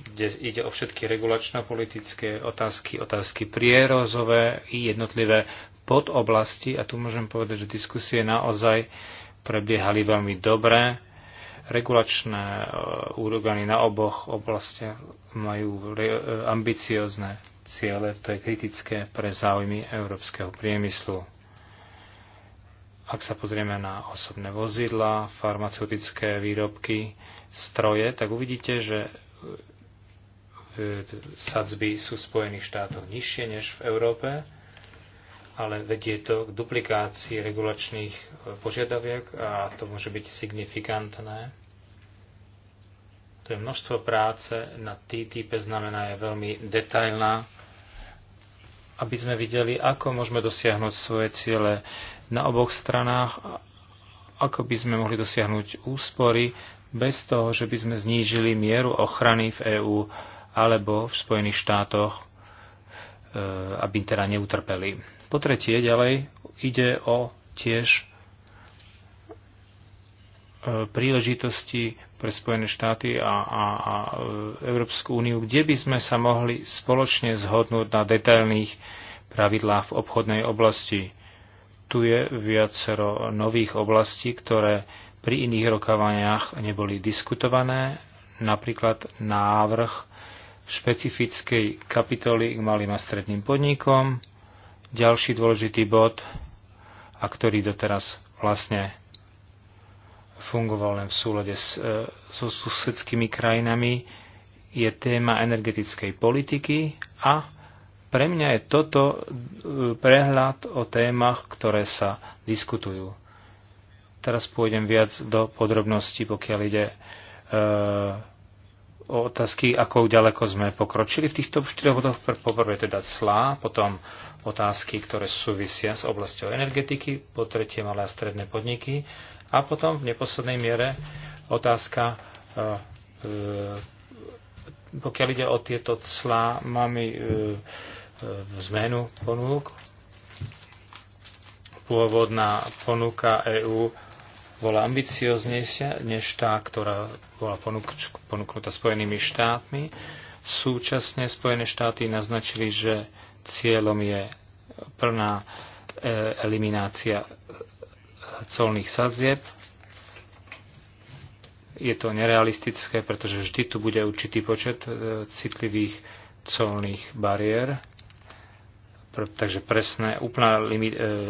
Speaker 1: kde ide o všetky regulačno-politické otázky, otázky prierozové i jednotlivé podoblasti. A tu môžem povedať, že diskusie naozaj prebiehali veľmi dobré regulačné úrogany e, na oboch oblastiach majú e, ambiciozne ciele, to je kritické pre záujmy európskeho priemyslu. Ak sa pozrieme na osobné vozidla, farmaceutické výrobky, stroje, tak uvidíte, že e, sadzby sú v Spojených štátoch nižšie než v Európe, ale vedie to k duplikácii regulačných e, požiadaviek a to môže byť signifikantné. To je množstvo práce na TTIP, znamená je veľmi detailná aby sme videli, ako môžeme dosiahnuť svoje ciele na oboch stranách, ako by sme mohli dosiahnuť úspory bez toho, že by sme znížili mieru ochrany v EÚ alebo v Spojených štátoch, e, aby teda neutrpeli. Po tretie, ďalej ide o tiež príležitosti pre Spojené štáty a, a, a Európsku úniu, kde by sme sa mohli spoločne zhodnúť na detailných pravidlách v obchodnej oblasti. Tu je viacero nových oblastí, ktoré pri iných rokovaniach neboli diskutované, napríklad návrh špecifickej kapitoly k malým a stredným podnikom, ďalší dôležitý bod, a ktorý doteraz vlastne fungoval len v súlade s, e, so susedskými krajinami, je téma energetickej politiky a pre mňa je toto e, prehľad o témach, ktoré sa diskutujú. Teraz pôjdem viac do podrobností, pokiaľ ide e, o otázky, ako ďaleko sme pokročili v týchto štyroch bodoch. Poprvé teda clá, potom otázky, ktoré súvisia s oblasťou energetiky, po tretie malé a stredné podniky, a potom v neposlednej miere otázka, e, e, pokiaľ ide o tieto clá, máme e, zmenu ponúk. Pôvodná ponuka EÚ bola ambicioznejšia než tá, ktorá bola ponúk, ponúknutá Spojenými štátmi. Súčasne Spojené štáty naznačili, že cieľom je plná eliminácia colných sadzieb. Je to nerealistické, pretože vždy tu bude určitý počet e, citlivých colných bariér, takže presné, úplná e,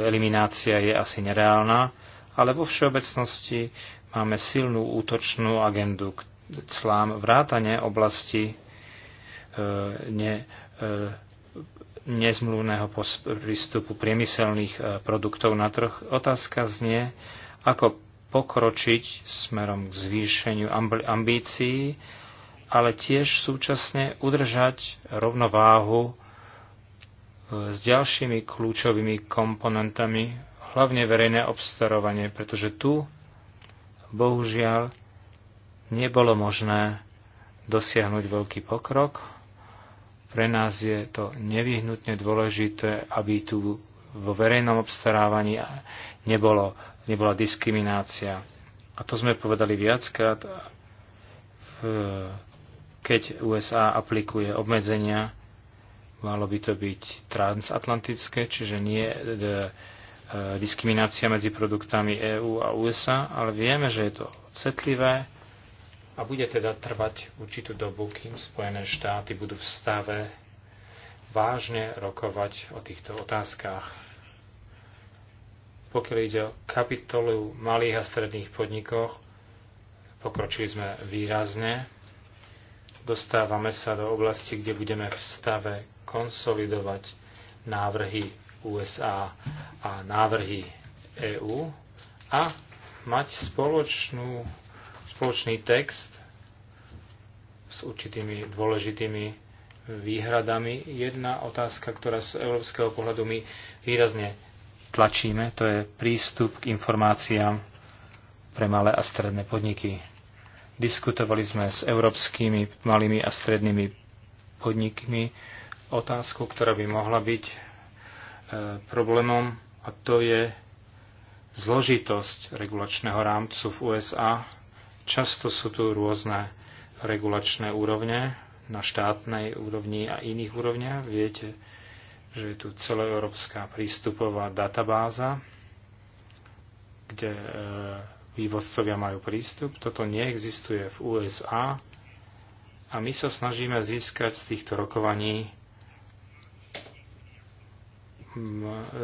Speaker 1: eliminácia je asi nereálna, ale vo všeobecnosti máme silnú útočnú agendu k clám vrátane oblasti e, ne, e, nezmluvného prístupu priemyselných e, produktov na trh. Otázka znie, ako pokročiť smerom k zvýšeniu ambícií, ale tiež súčasne udržať rovnováhu e, s ďalšími kľúčovými komponentami, hlavne verejné obstarovanie, pretože tu, bohužiaľ, nebolo možné dosiahnuť veľký pokrok pre nás je to nevyhnutne dôležité, aby tu vo verejnom obstarávaní nebolo, nebola diskriminácia. A to sme povedali viackrát, e, keď USA aplikuje obmedzenia, malo by to byť transatlantické, čiže nie e, e, diskriminácia medzi produktami EÚ a USA, ale vieme, že je to citlivé, a bude teda trvať určitú dobu, kým Spojené štáty budú v stave vážne rokovať o týchto otázkach. Pokiaľ ide o kapitolu malých a stredných podnikov, pokročili sme výrazne. Dostávame sa do oblasti, kde budeme v stave konsolidovať návrhy USA a návrhy EÚ a mať spoločnú spoločný text s určitými dôležitými výhradami. Jedna otázka, ktorá z európskeho pohľadu my výrazne tlačíme, to je prístup k informáciám pre malé a stredné podniky. Diskutovali sme s európskymi malými a strednými podnikmi otázku, ktorá by mohla byť e, problémom, a to je zložitosť regulačného rámcu v USA Často sú tu rôzne regulačné úrovne na štátnej úrovni a iných úrovniach. Viete, že je tu celoeurópska prístupová databáza, kde e, vývozcovia majú prístup. Toto neexistuje v USA a my sa snažíme získať z týchto rokovaní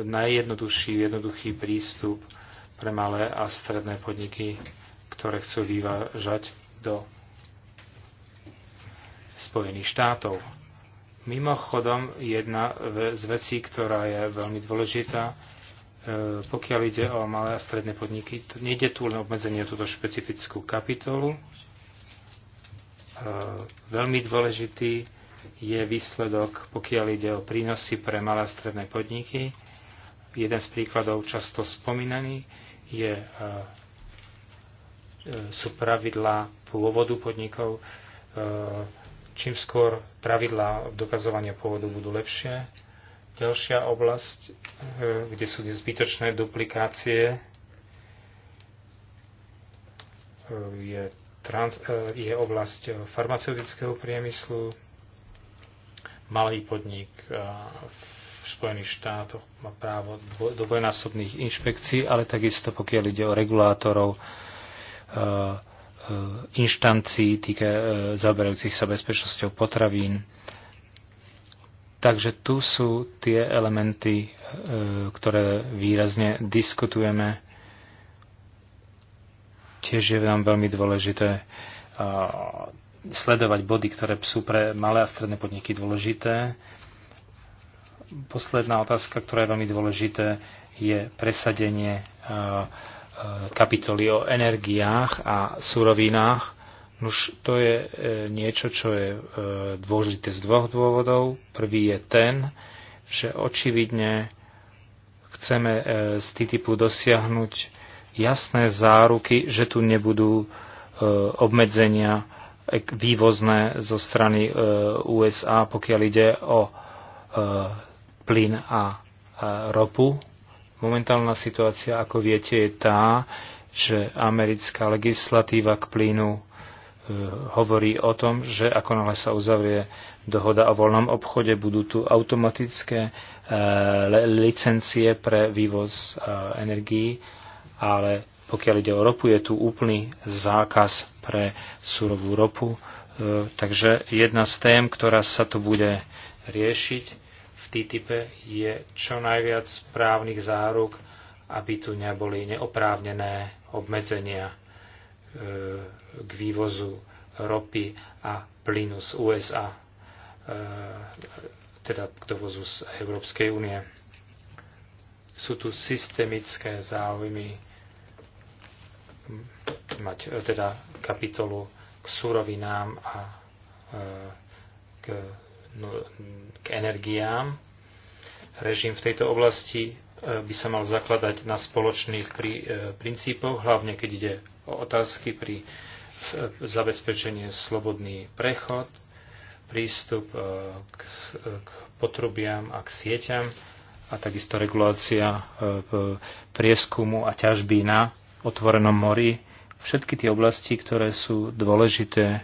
Speaker 1: najjednoduchší, jednoduchý prístup pre malé a stredné podniky ktoré chcú vyvážať do Spojených štátov. Mimochodom, jedna z vecí, ktorá je veľmi dôležitá, e, pokiaľ ide o malé a stredné podniky, to nejde tu len obmedzenie túto špecifickú kapitolu. E, veľmi dôležitý je výsledok, pokiaľ ide o prínosy pre malé a stredné podniky. Jeden z príkladov často spomínaný je e, E, sú pravidlá pôvodu podnikov. E, čím skôr pravidlá dokazovania pôvodu budú lepšie. Ďalšia oblasť, e, kde sú zbytočné duplikácie, je, trans, je oblasť farmaceutického priemyslu. Malý podnik v Spojených štátoch má právo dvojnásobných inšpekcií, ale takisto pokiaľ ide o regulátorov, Eh, eh, inštancií týka, eh, zaoberajúcich sa bezpečnosťou potravín. Takže tu sú tie elementy, ktoré výrazne diskutujeme. Tiež je nám veľmi dôležité sledovať body, ktoré sú pre malé a stredné podniky dôležité. Posledná otázka, ktorá je veľmi dôležité, je presadenie uh, E, kapitoly o energiách a surovinách. Už to je e, niečo, čo je e, dôležité z dvoch dôvodov. Prvý je ten, že očividne chceme z TTIPu dosiahnuť jasné záruky, že tu nebudú obmedzenia vývozné zo strany USA, pokiaľ ide o plyn a ropu. Momentálna situácia, ako viete, je tá, že americká legislatíva k plynu e, hovorí o tom, že ako náhle sa uzavrie dohoda o voľnom obchode, budú tu automatické e, licencie pre vývoz e, energií, ale pokiaľ ide o ropu, je tu úplný zákaz pre surovú ropu. Takže jedna z tém, ktorá sa tu bude riešiť, TTIP je čo najviac právnych záruk, aby tu neboli neoprávnené obmedzenia e, k vývozu ropy a plynu z USA, e, teda k dovozu z Európskej únie. Sú tu systemické záujmy mať e, teda kapitolu k surovinám a k No, k energiám. Režim v tejto oblasti e, by sa mal zakladať na spoločných e, princípoch, hlavne keď ide o otázky pri e, zabezpečenie slobodný prechod, prístup k, k potrubiam a k sieťam a takisto regulácia prieskumu a ťažby na otvorenom mori. Všetky tie oblasti, ktoré sú dôležité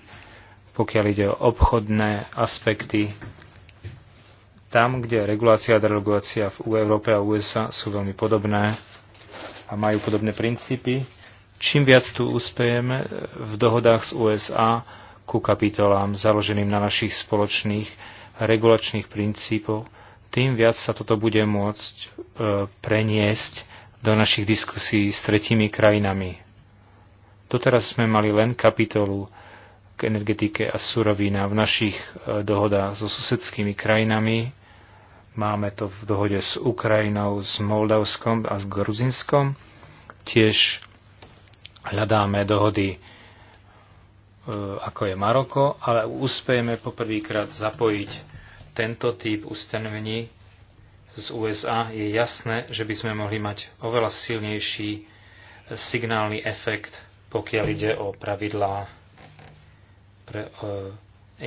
Speaker 1: pokiaľ ide o obchodné aspekty, tam, kde regulácia a deregulácia v Európe a USA sú veľmi podobné a majú podobné princípy, čím viac tu uspejeme v dohodách s USA ku kapitolám založeným na našich spoločných regulačných princípoch, tým viac sa toto bude môcť e, preniesť do našich diskusí s tretími krajinami. Doteraz sme mali len kapitolu k energetike a surovina V našich e, dohodách so susedskými krajinami máme to v dohode s Ukrajinou, s Moldavskom a s Gruzinskom. Tiež hľadáme dohody e, ako je Maroko, ale uspejeme poprvýkrát zapojiť tento typ ustanovení z USA, je jasné, že by sme mohli mať oveľa silnejší signálny efekt, pokiaľ ide o pravidlá pre e,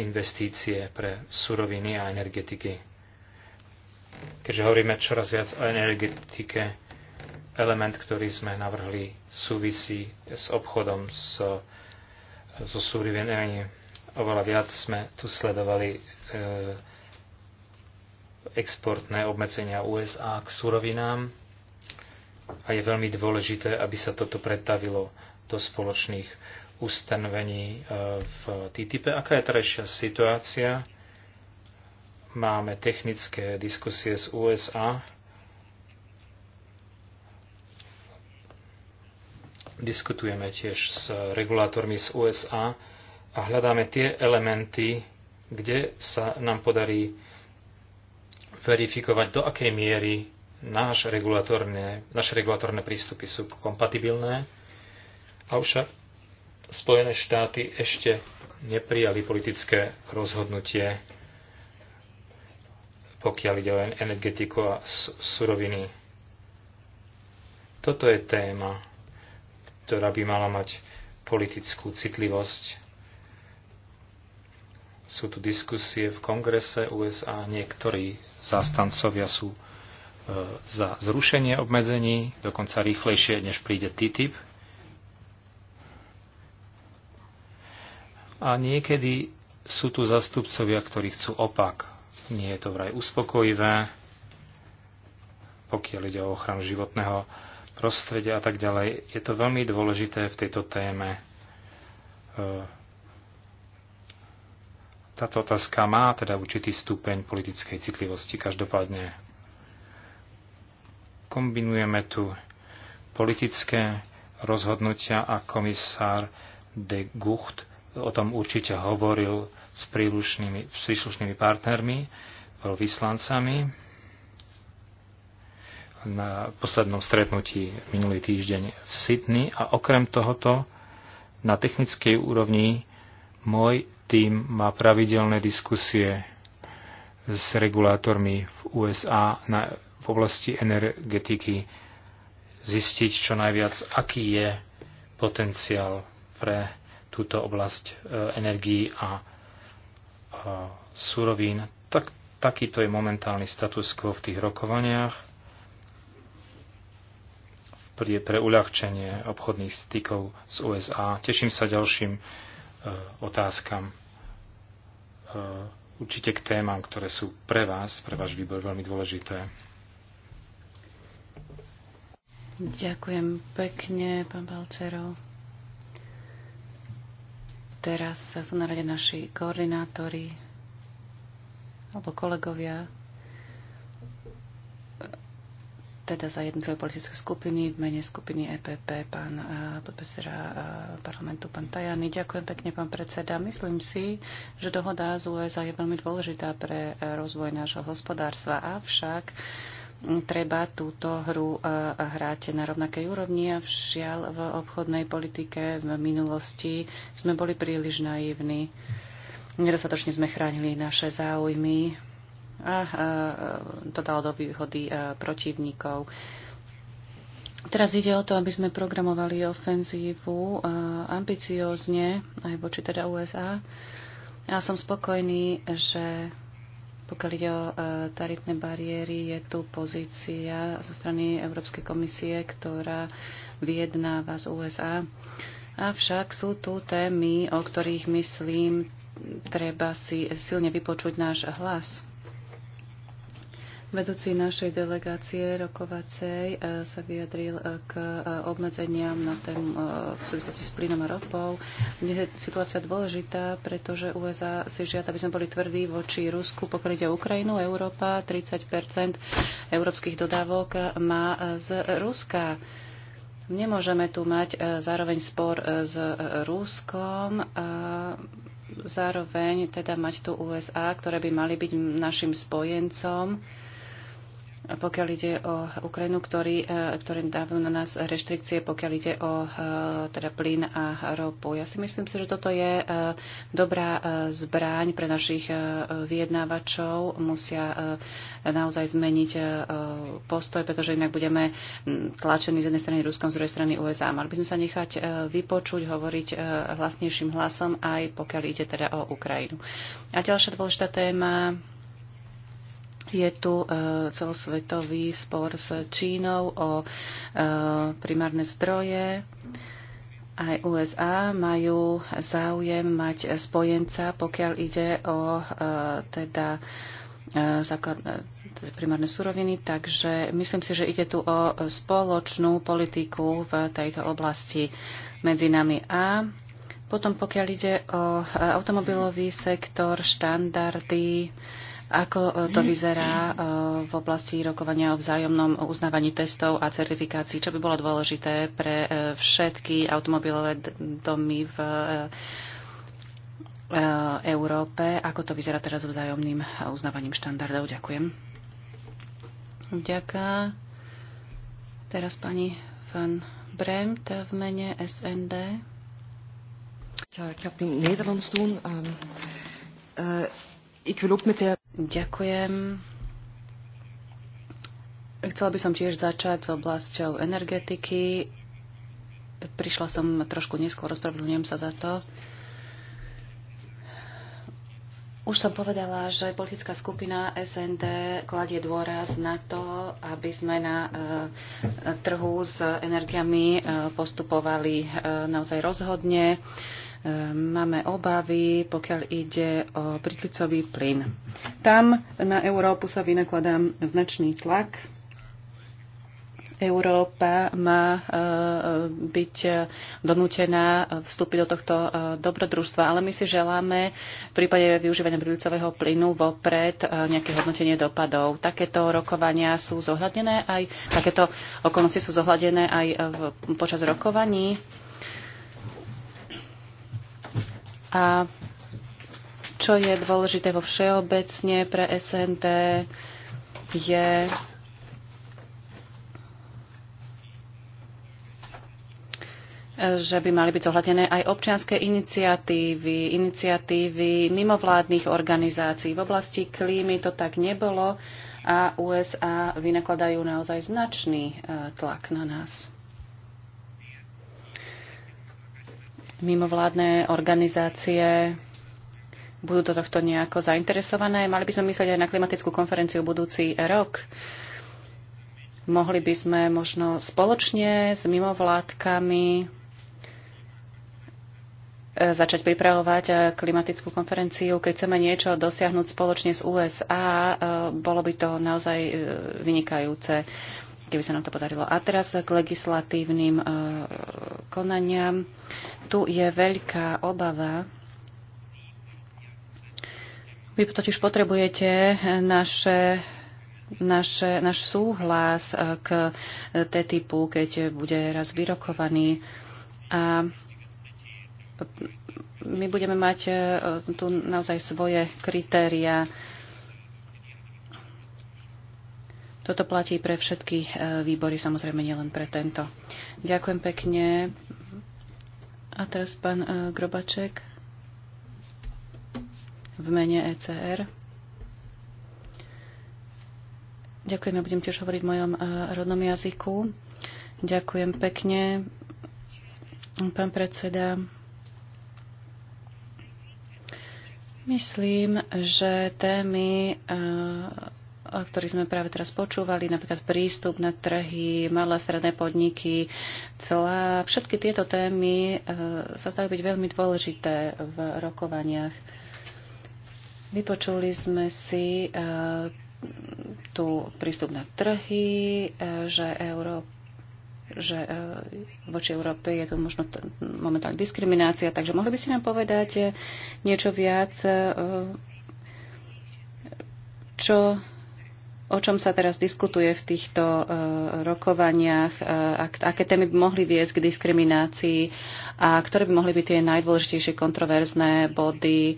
Speaker 1: investície pre suroviny a energetiky. Keďže hovoríme čoraz viac o energetike, element, ktorý sme navrhli, súvisí s obchodom so, so súrovinami. Oveľa viac sme tu sledovali e, exportné obmedzenia USA k surovinám a je veľmi dôležité, aby sa toto pretavilo do spoločných ustanovení e, v TTIP. Aká je terajšia situácia? Máme technické diskusie z USA. Diskutujeme tiež s regulátormi z USA a hľadáme tie elementy, kde sa nám podarí verifikovať, do akej miery naše regulatórne, naše regulatorné prístupy sú kompatibilné. Avšak Spojené štáty ešte neprijali politické rozhodnutie, pokiaľ ide o energetiku a suroviny. Toto je téma, ktorá by mala mať politickú citlivosť. Sú tu diskusie v kongrese USA, niektorí zástancovia sú e, za zrušenie obmedzení, dokonca rýchlejšie, než príde TTIP A niekedy sú tu zastupcovia, ktorí chcú opak. Nie je to vraj uspokojivé, pokiaľ ide o ochranu životného prostredia a tak ďalej. Je to veľmi dôležité v tejto téme. E, táto otázka má teda určitý stupeň politickej citlivosti. Každopádne kombinujeme tu politické rozhodnutia a komisár de Gucht o tom určite hovoril s príslušnými, s príslušnými partnermi, vyslancami. Na poslednom stretnutí minulý týždeň v Sydney a okrem tohoto na technickej úrovni môj tým má pravidelné diskusie s regulátormi v USA na, v oblasti energetiky zistiť čo najviac, aký je potenciál pre túto oblasť e, energií a e, surovín. Tak, takýto je momentálny status quo v tých rokovaniach pre, pre uľahčenie obchodných stykov z USA. Teším sa ďalším e, otázkam. E, určite k témam, ktoré sú pre vás, pre váš výbor veľmi dôležité.
Speaker 2: Ďakujem pekne, pán Balcerov. Teraz sú na rade naši koordinátori alebo kolegovia teda za jednotlivé politické skupiny v mene skupiny EPP pán e, podpredseda e, parlamentu pán Tajany. Ďakujem pekne, pán predseda. Myslím si, že dohoda z USA je veľmi dôležitá pre e, rozvoj nášho hospodárstva, avšak treba túto hru e, hrať na rovnakej úrovni a všiaľ v obchodnej politike v minulosti sme boli príliš naivní. Nedostatočne sme chránili naše záujmy a e, to dalo do výhody e, protivníkov. Teraz ide o to, aby sme programovali ofenzívu ambiciozne, aj voči teda USA. Ja som spokojný, že pokiaľ ide o e, tarifné bariéry, je tu pozícia zo strany Európskej komisie, ktorá vyjednáva z USA. Avšak sú tu témy, o ktorých myslím, treba si silne vypočuť náš hlas. Vedúci našej delegácie rokovacej e, sa vyjadril e, k e, obmedzeniam na tému v súvislosti s plynom a ropou. Dnes je situácia dôležitá, pretože USA si žiada, aby sme boli tvrdí voči Rusku, pokiaľ ide Ukrajinu. Európa 30 európskych dodávok má z Ruska. Nemôžeme tu mať zároveň spor s Ruskom zároveň teda mať tu USA, ktoré by mali byť našim spojencom pokiaľ ide o Ukrajinu, ktorý, e, ktorý dávajú na nás reštrikcie, pokiaľ ide o e, teda plyn a ropu. Ja si myslím si, že toto je e, dobrá zbraň pre našich vyjednávačov. Musia naozaj zmeniť postoj, pretože inak budeme tlačení z jednej strany Ruskom, z druhej strany USA. Mali by sme sa nechať vypočuť, hovoriť hlasnejším hlasom aj pokiaľ ide teda o Ukrajinu. A ďalšia dôležitá téma je tu e, celosvetový spor s Čínou o e, primárne zdroje. Aj USA majú záujem mať spojenca, pokiaľ ide o e, teda základ, teda primárne suroviny, takže myslím si, že ide tu o spoločnú politiku v tejto oblasti medzi nami a potom pokiaľ ide o automobilový sektor, štandardy, ako e, to vyzerá e, v oblasti rokovania o vzájomnom uznávaní testov a certifikácií? Čo by bolo dôležité pre e, všetky automobilové domy v Európe? Ako to vyzerá teraz s vzájomným uznávaním štandardov? Ďakujem. Ďaká. Teraz pani Van Bremt v mene SND. Ja, ja ga het in het Nederlands doen. Um, uh, Ďakujem. Chcela by som tiež začať s oblasťou energetiky. Prišla som trošku neskôr, rozpravdujem sa za to. Už som povedala, že politická skupina SND kladie dôraz na to, aby sme na eh, trhu s energiami eh, postupovali eh, naozaj rozhodne Ehm, máme obavy, pokiaľ ide o pritlicový plyn. Tam na Európu sa vynakladá značný tlak. Európa má ehm, byť eh, donútená vstúpiť do tohto eh, dobrodružstva, ale my si želáme v prípade využívania bridlicového plynu vopred eh, nejaké hodnotenie dopadov. Takéto rokovania sú zohľadené aj, takéto okolnosti sú zohľadené aj v, počas rokovaní. A čo je dôležité vo všeobecne pre SND je že by mali byť zohľadené aj občianské iniciatívy, iniciatívy mimovládnych organizácií. V oblasti klímy to tak nebolo a USA vynakladajú naozaj značný eh, tlak na nás. mimovládne organizácie budú do tohto nejako zainteresované. Mali by sme myslieť aj na klimatickú konferenciu budúci rok. Mohli by sme možno spoločne s mimovládkami e, začať pripravovať e, klimatickú konferenciu. Keď chceme niečo dosiahnuť spoločne s USA, e, bolo by to naozaj vynikajúce, keby sa nám to podarilo. A teraz k legislatívnym konania. Tu je veľká obava. Vy totiž potrebujete naše náš, náš súhlas k TTIPu, keď bude raz vyrokovaný. A my budeme mať e, tu naozaj svoje kritéria Toto platí pre všetky e, výbory, samozrejme nielen pre tento. Ďakujem pekne. A teraz pán e, Grobaček v mene ECR. Ďakujem, ja budem tiež hovoriť v mojom e, rodnom jazyku. Ďakujem pekne, pán predseda. Myslím, že témy ktorý sme práve teraz počúvali, napríklad prístup na trhy, malé a stredné podniky, celá, všetky tieto témy e, sa zdajú byť veľmi dôležité v rokovaniach. Vypočuli sme si e, tu prístup na trhy, e, že Európa že voči Európe je tu možno momentálne diskriminácia. Takže mohli by ste nám povedať niečo viac, čo o čom sa teraz diskutuje v týchto e, rokovaniach, e, aké témy by mohli viesť k diskriminácii a ktoré by mohli byť tie najdôležitejšie kontroverzné body e,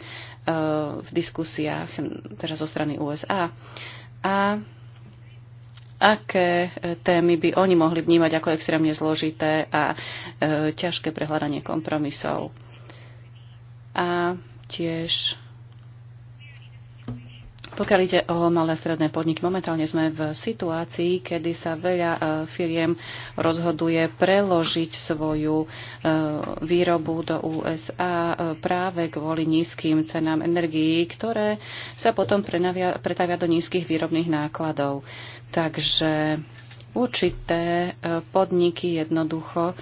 Speaker 2: v diskusiách teraz zo strany USA. A aké témy by oni mohli vnímať ako extrémne zložité a ťažké prehľadanie kompromisov. A tiež pokiaľ ide o malé stredné podniky, momentálne sme v situácii, kedy sa veľa e, firiem rozhoduje preložiť svoju e, výrobu do USA e, práve kvôli nízkym cenám energií, ktoré sa potom pretavia do nízkych výrobných nákladov. Takže určité podniky jednoducho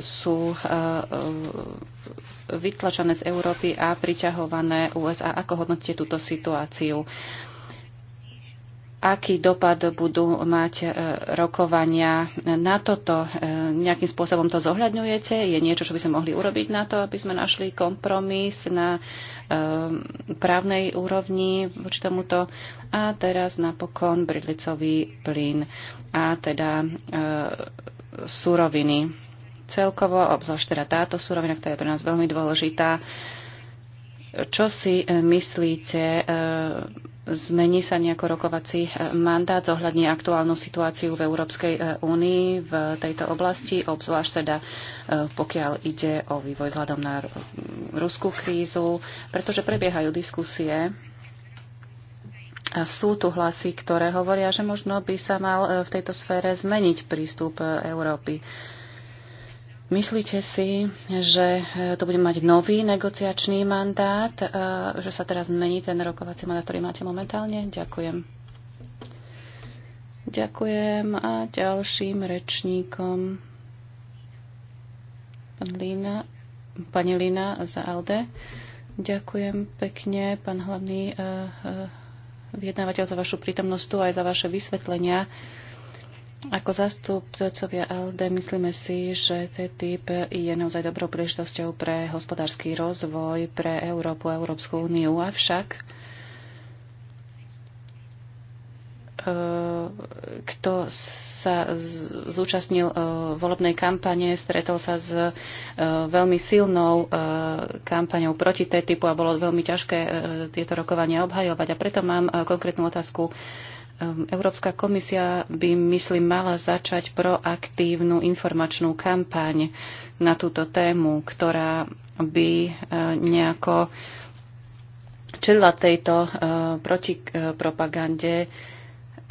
Speaker 2: sú vytlačané z Európy a priťahované USA. Ako hodnotíte túto situáciu? aký dopad budú mať e, rokovania na toto. E, nejakým spôsobom to zohľadňujete? Je niečo, čo by sme mohli urobiť na to, aby sme našli kompromis na e, právnej úrovni voči tomuto? A teraz napokon bridlicový plyn a teda suroviny celkovo, obzvlášť teda táto súrovina, ktorá je pre nás veľmi dôležitá. Čo si e, myslíte, e, zmení sa nejako rokovací e, mandát zohľadne aktuálnu situáciu v Európskej únii v tejto oblasti, obzvlášť teda pokiaľ ide o vývoj vzhľadom na ruskú krízu, pretože prebiehajú diskusie a sú tu hlasy, ktoré hovoria, že možno by sa mal v tejto sfére zmeniť prístup Európy Myslíte si, že eh, to bude mať nový negociačný mandát, eh, že sa teraz zmení ten rokovací mandát, ktorý máte momentálne? Ďakujem. Ďakujem a ďalším rečníkom pán Lina, pani Lina za ALDE. Ďakujem pekne, pán hlavný eh, vyjednávateľ, za vašu prítomnosť tu aj za vaše vysvetlenia. Ako zastupcovia LD myslíme si, že TTIP je naozaj dobrou príležitosťou pre hospodársky rozvoj, pre Európu a Európsku úniu. Avšak e, kto sa zúčastnil e, volebnej kampane, stretol sa s e, veľmi silnou kampaňou proti TTIPu a bolo veľmi ťažké tieto rokovania obhajovať. A preto mám konkrétnu otázku Ehm, Európska komisia by, myslím, mala začať proaktívnu informačnú kampaň na túto tému, ktorá by eh, nejako čelila tejto eh, protipropagande. Eh,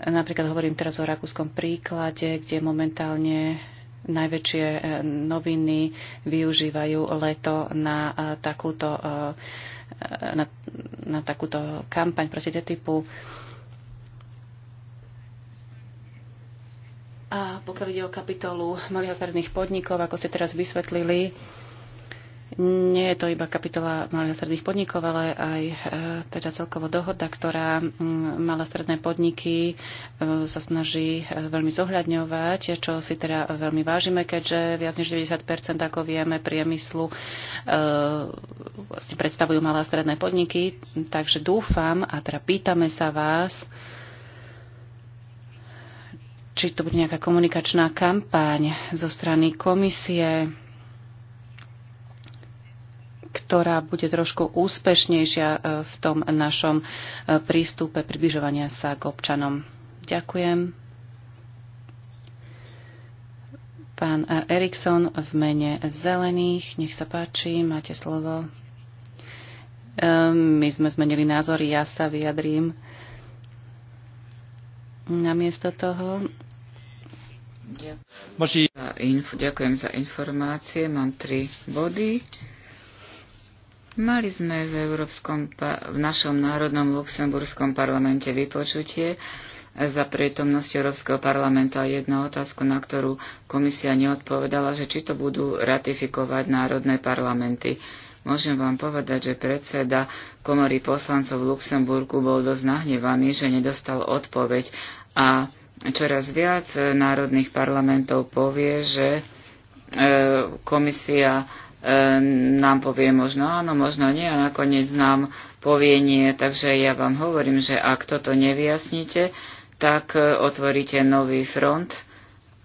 Speaker 2: Napríklad hovorím teraz o rakúskom príklade, kde momentálne najväčšie noviny využívajú leto na takúto, na, na takúto kampaň proti typu. A pokiaľ ide o kapitolu malých podnikov, ako ste teraz vysvetlili, nie je to iba kapitola malých a stredných podnikov, ale aj e, teda celkovo dohoda, ktorá e, malé stredné podniky e, sa snaží e, veľmi zohľadňovať, čo si teda veľmi vážime, keďže viac než 90 ako vieme, priemyslu e, vlastne predstavujú malé a stredné podniky. Takže dúfam a teda pýtame sa vás, e, či to bude nejaká komunikačná kampaň zo strany komisie, ktorá bude trošku úspešnejšia e, v tom našom e, prístupe približovania sa k občanom. Ďakujem. Pán e, Erikson v mene Zelených, nech sa páči, máte slovo. My sme zmenili názory, ja sa vyjadrím. Namiesto toho
Speaker 3: Ďakujem. Ďakujem za informácie. Mám tri body. Mali sme v, Európskom, v našom národnom luxemburskom parlamente vypočutie za prítomnosť Európskeho parlamentu a jednu otázku, na ktorú komisia neodpovedala, že či to budú ratifikovať národné parlamenty. Môžem vám povedať, že predseda komory poslancov v Luxemburgu bol dosť nahnevaný, že nedostal odpoveď a čoraz viac e, národných parlamentov povie, že e, komisia e, nám povie možno áno, možno nie a nakoniec nám povie nie. Takže ja vám hovorím, že ak toto nevyjasnite, tak otvoríte nový front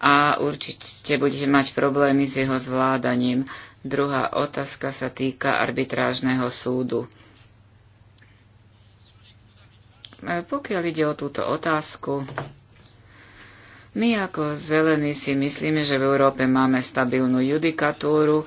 Speaker 3: a určite budete mať problémy s jeho zvládaním. Druhá otázka sa týka arbitrážneho súdu. Pokiaľ ide o túto otázku, my ako zelení si myslíme, že v Európe máme stabilnú judikatúru. E,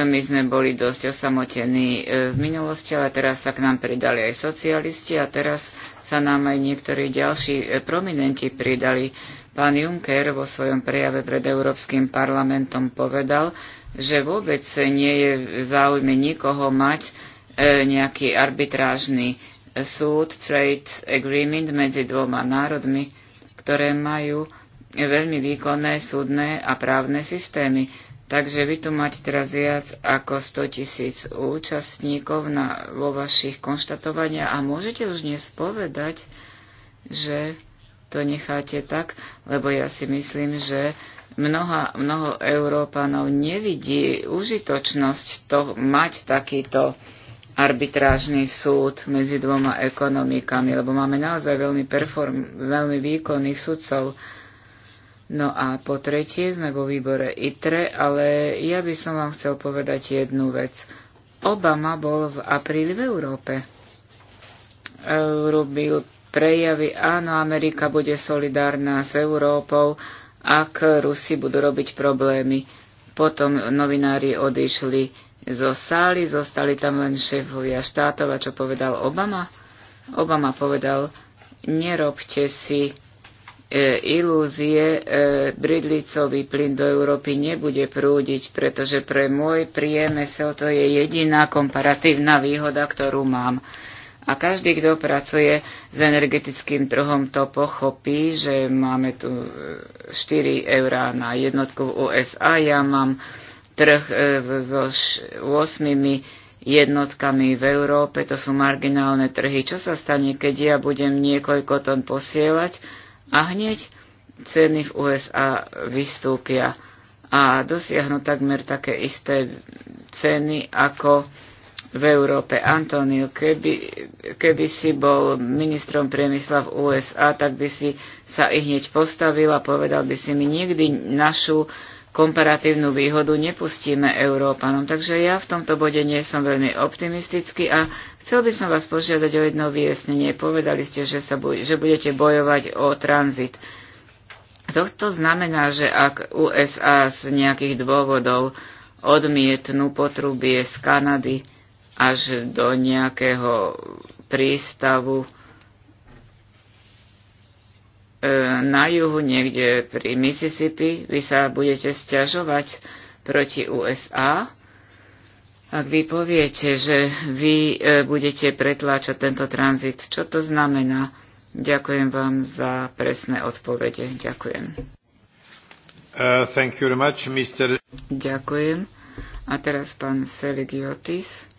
Speaker 3: my sme boli dosť osamotení e, v minulosti, ale teraz sa k nám pridali aj socialisti a teraz sa nám aj niektorí ďalší e, prominenti pridali. Pán Juncker vo svojom prejave pred Európskym parlamentom povedal, že vôbec nie je v záujme nikoho mať nejaký arbitrážny súd, trade agreement medzi dvoma národmi, ktoré majú veľmi výkonné súdne a právne systémy. Takže vy tu máte teraz viac ako 100 tisíc účastníkov na, vo vašich konštatovania a môžete už dnes povedať, že to necháte tak, lebo ja si myslím, že mnoha, mnoho Európanov nevidí užitočnosť to, mať takýto arbitrážny súd medzi dvoma ekonomikami, lebo máme naozaj veľmi, perform, veľmi výkonných sudcov. No a po tretie sme vo výbore ITRE, ale ja by som vám chcel povedať jednu vec. Obama bol v apríli v Európe. Robil prejavy, áno, Amerika bude solidárna s Európou, ak Rusi budú robiť problémy. Potom novinári odišli zo sály, zostali tam len šéfovia štátov a čo povedal Obama? Obama povedal, nerobte si e, ilúzie, e, bridlicový plyn do Európy nebude prúdiť, pretože pre môj priemysel to je jediná komparatívna výhoda, ktorú mám. A každý, kto pracuje s energetickým trhom, to pochopí, že máme tu 4 e, eurá na jednotku v USA, ja mám trh e, so 8 jednotkami v Európe, to sú marginálne trhy. Čo sa stane, keď ja budem niekoľko tón posielať a hneď ceny v USA vystúpia a dosiahnu takmer také isté ceny ako v Európe. Antonio, keby, keby si bol ministrom priemysla v USA, tak by si sa i hneď postavil a povedal by si mi nikdy našu komparatívnu výhodu nepustíme Európanom. Takže ja v tomto bode nie som veľmi optimistický a chcel by som vás požiadať o jedno vyjasnenie. Povedali ste, že, sa bude, že budete bojovať o tranzit. To znamená, že ak USA z nejakých dôvodov odmietnú potrubie z Kanady až do nejakého prístavu, na juhu, niekde pri Mississippi, vy sa budete stiažovať proti USA, ak vy poviete, že vy e, budete pretláčať tento tranzit. Čo to znamená? Ďakujem vám za presné odpovede. Ďakujem. Uh, thank you very much, Mr. Ďakujem. A teraz pán Seligiotis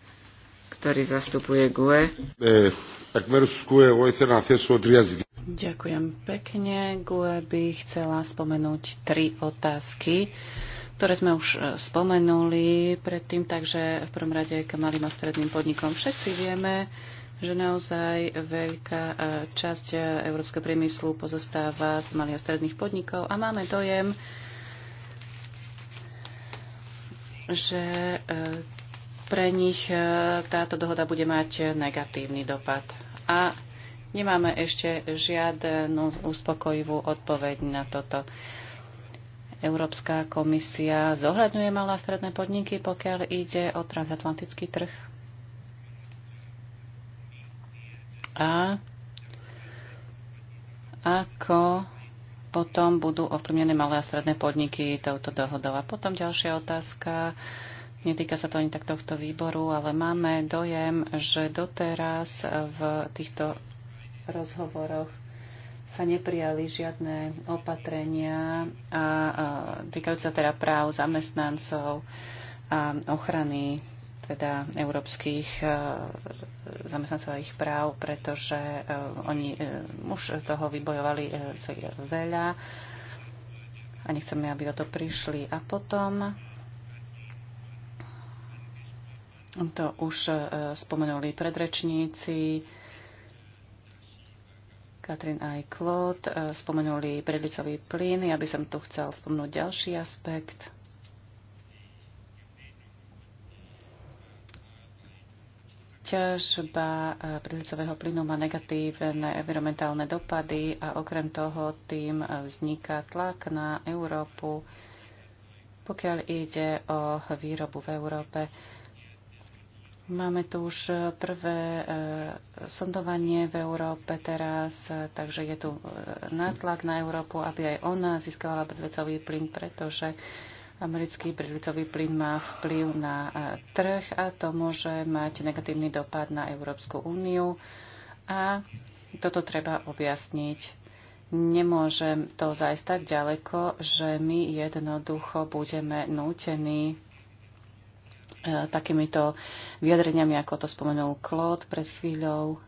Speaker 3: ktorý zastupuje GUE. E, Ďakujem
Speaker 2: pekne. GUE by chcela spomenúť tri otázky ktoré sme už e, spomenuli predtým, takže v prvom rade k malým a stredným podnikom. Všetci vieme, že naozaj veľká e, časť európskeho priemyslu pozostáva z malých a stredných podnikov a máme dojem, že pre nich e, táto dohoda bude mať negatívny dopad. A nemáme ešte žiadnu uspokojivú odpoveď na toto. Európska komisia zohľadňuje malé a stredné podniky, pokiaľ ide o transatlantický trh. A ako potom budú ovplyvnené malé a stredné podniky touto dohodou. A potom ďalšia otázka Netýka sa to ani tak tohto výboru, ale máme dojem, že doteraz v týchto rozhovoroch sa neprijali žiadne opatrenia a, a týkajúce teda práv zamestnancov a ochrany teda európskych e, zamestnancov ich práv, pretože e, oni e, už toho vybojovali veľa a nechceme, aby o to prišli. A potom to už e, spomenuli predrečníci. Katrin aj Klod e, spomenuli predlicový plyn. Ja by som tu chcel spomenúť ďalší aspekt. Ťažba predlicového e, plynu má negatívne environmentálne dopady a okrem toho tým vzniká tlak na Európu, pokiaľ ide o výrobu v Európe. Máme tu už e, prvé e, sondovanie v Európe teraz, e, takže je tu nátlak na Európu, aby aj ona získala predvecový plyn, pretože americký predvecový plyn má vplyv na trh a to môže mať negatívny dopad na Európsku úniu. A toto treba objasniť. Nemôžem to zajsť tak ďaleko, že my jednoducho budeme nútení Eh, takýmito vyjadreniami, ako to spomenul Claude pred chvíľou.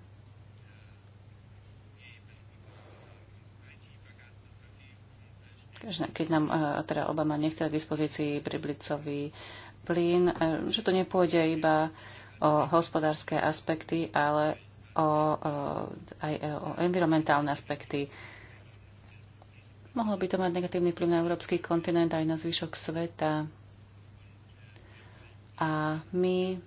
Speaker 2: Keď nám eh, teda Obama nechce k dispozícii priblicový plyn, eh, že to nepôjde iba o hospodárske aspekty, ale o, o, aj o environmentálne aspekty. Mohlo by to mať negatívny vplyv na európsky kontinent aj na zvyšok sveta. A my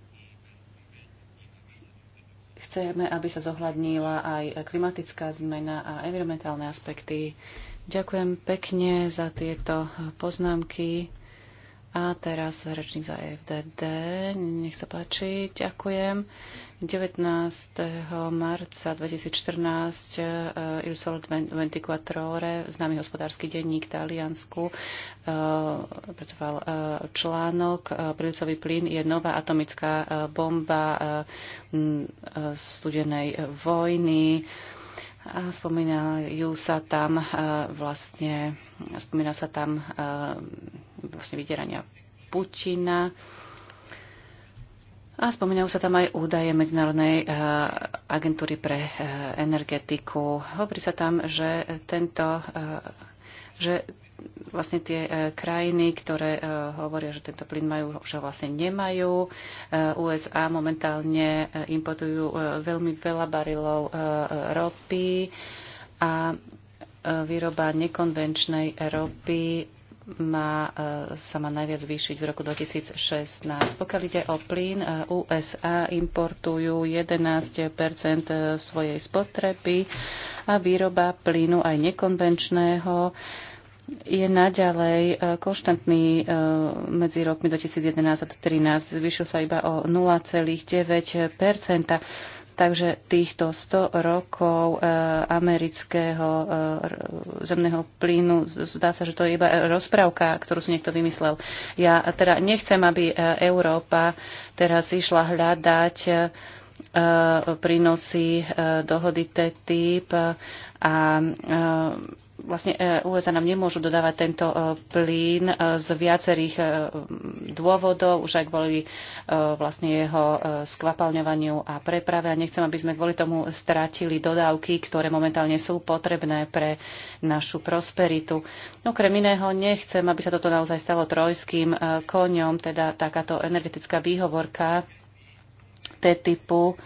Speaker 2: chceme, aby sa zohľadnila aj klimatická zmena a environmentálne aspekty. Ďakujem pekne za tieto poznámky. A teraz rečník za EFDD. Nech sa páči, ďakujem. 19. marca 2014 Il Sol 24 Ore, známy hospodársky denník v Taliansku, eh, pracoval eh, článok eh, Prilicový plyn je nová atomická bomba studenej vojny Spomínajú sa tam e, vlastne, spomína sa tam e, vlastne vydierania Putina a spomínajú sa tam aj údaje Medzinárodnej e, agentúry pre energetiku. Hovorí sa tam, že tento že vlastne tie e, krajiny, ktoré e, hovoria, že tento plyn majú, že ho vlastne nemajú. E, USA momentálne importujú veľmi veľa barilov ropy a výroba nekonvenčnej ropy má, sa má najviac zvýšiť v roku 2016. Pokiaľ ide o plyn, USA importujú 11 svojej spotreby a výroba plynu aj nekonvenčného je naďalej e, konštantný e, medzi rokmi 2011 a 2013. Zvyšil sa iba o 0,9 Takže týchto 100 rokov e, amerického zemného plynu, zdá sa, že to je iba rozprávka, ktorú si niekto vymyslel. Ja teda nechcem, aby Európa teraz išla hľadať prínosy dohody TTIP a vlastne e, USA nám nemôžu dodávať tento e, plyn e, z viacerých dôvodov, už aj kvôli vlastne jeho skvapalňovaniu a preprave. A nechcem, aby sme kvôli tomu strátili dodávky, ktoré momentálne sú potrebné pre našu prosperitu. Okrem iného nechcem, aby sa toto naozaj stalo trojským koňom, teda takáto energetická výhovorka T-typu,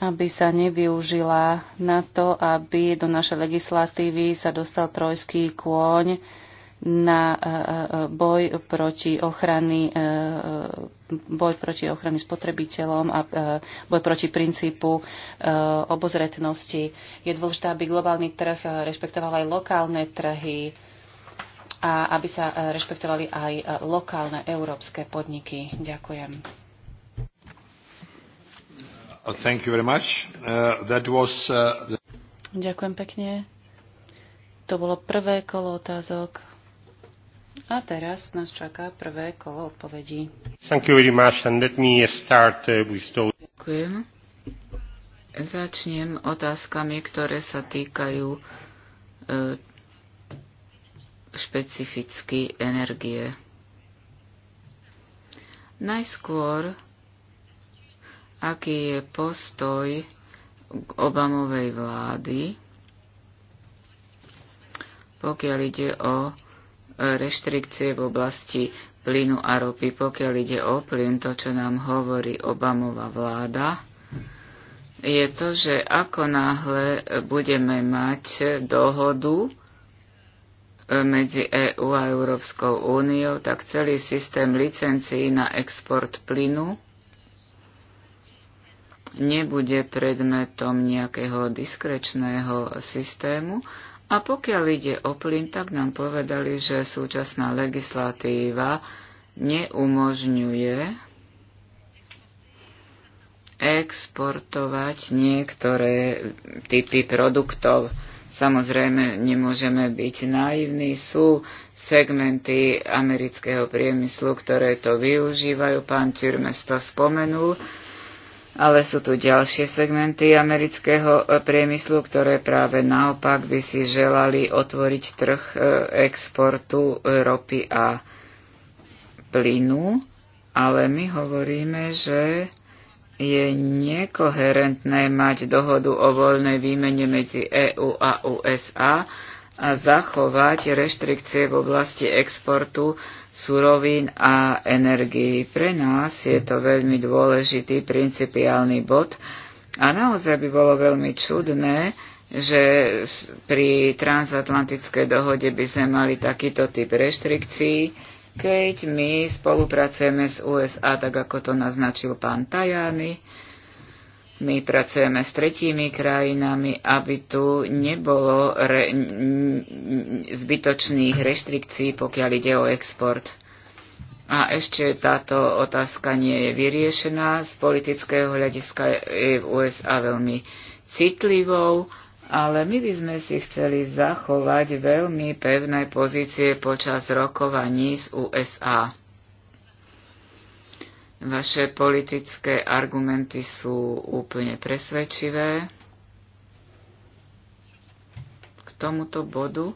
Speaker 2: aby sa nevyužila na to, aby do našej legislatívy sa dostal trojský kôň na e, e, e, boj proti ochrany, boj proti ochrany spotrebiteľom a boj proti princípu obozretnosti. Je dôležité, aby globálny trh rešpektoval aj lokálne trhy a aby sa rešpektovali aj lokálne európske podniky. Ďakujem.
Speaker 1: Uh, thank you very much. Uh, that was, uh, the...
Speaker 2: Ďakujem pekne. To bolo prvé kolo otázok. A teraz nás čaká prvé kolo odpovedí.
Speaker 1: Thank you very much and let me start uh, with those...
Speaker 3: Ďakujem. Začnem otázkami, ktoré sa týkajú e, špecificky energie. Najskôr aký je postoj k Obamovej vlády, pokiaľ ide o reštrikcie v oblasti plynu a ropy. Pokiaľ ide o plyn, to, čo nám hovorí Obamová vláda, je to, že ako náhle budeme mať dohodu e, medzi EÚ EU a Európskou úniou, tak celý systém licencií na export plynu nebude predmetom nejakého diskrečného systému. A pokiaľ ide o plyn, tak nám povedali, že súčasná legislatíva neumožňuje exportovať niektoré typy produktov. Samozrejme, nemôžeme byť naivní. Sú segmenty amerického priemyslu, ktoré to využívajú. Pán Tyrmes to spomenul ale sú tu ďalšie segmenty amerického e, priemyslu, ktoré práve naopak by si želali otvoriť trh e, exportu ropy a plynu, ale my hovoríme, že je nekoherentné mať dohodu o voľnej výmene medzi EÚ a USA a zachovať reštrikcie v oblasti exportu surovín a energií. Pre nás je to veľmi dôležitý principiálny bod a naozaj by bolo veľmi čudné, že pri transatlantickej dohode by sme mali takýto typ reštrikcií, keď my spolupracujeme s USA, tak ako to naznačil pán Tajani, my pracujeme s tretími krajinami, aby tu nebolo re, zbytočných reštrikcií, pokiaľ ide o export. A ešte táto otázka nie je vyriešená. Z politického hľadiska je v USA veľmi citlivou, ale my by sme si chceli zachovať veľmi pevné pozície počas rokovaní z USA. Vaše politické argumenty sú úplne presvedčivé k tomuto bodu.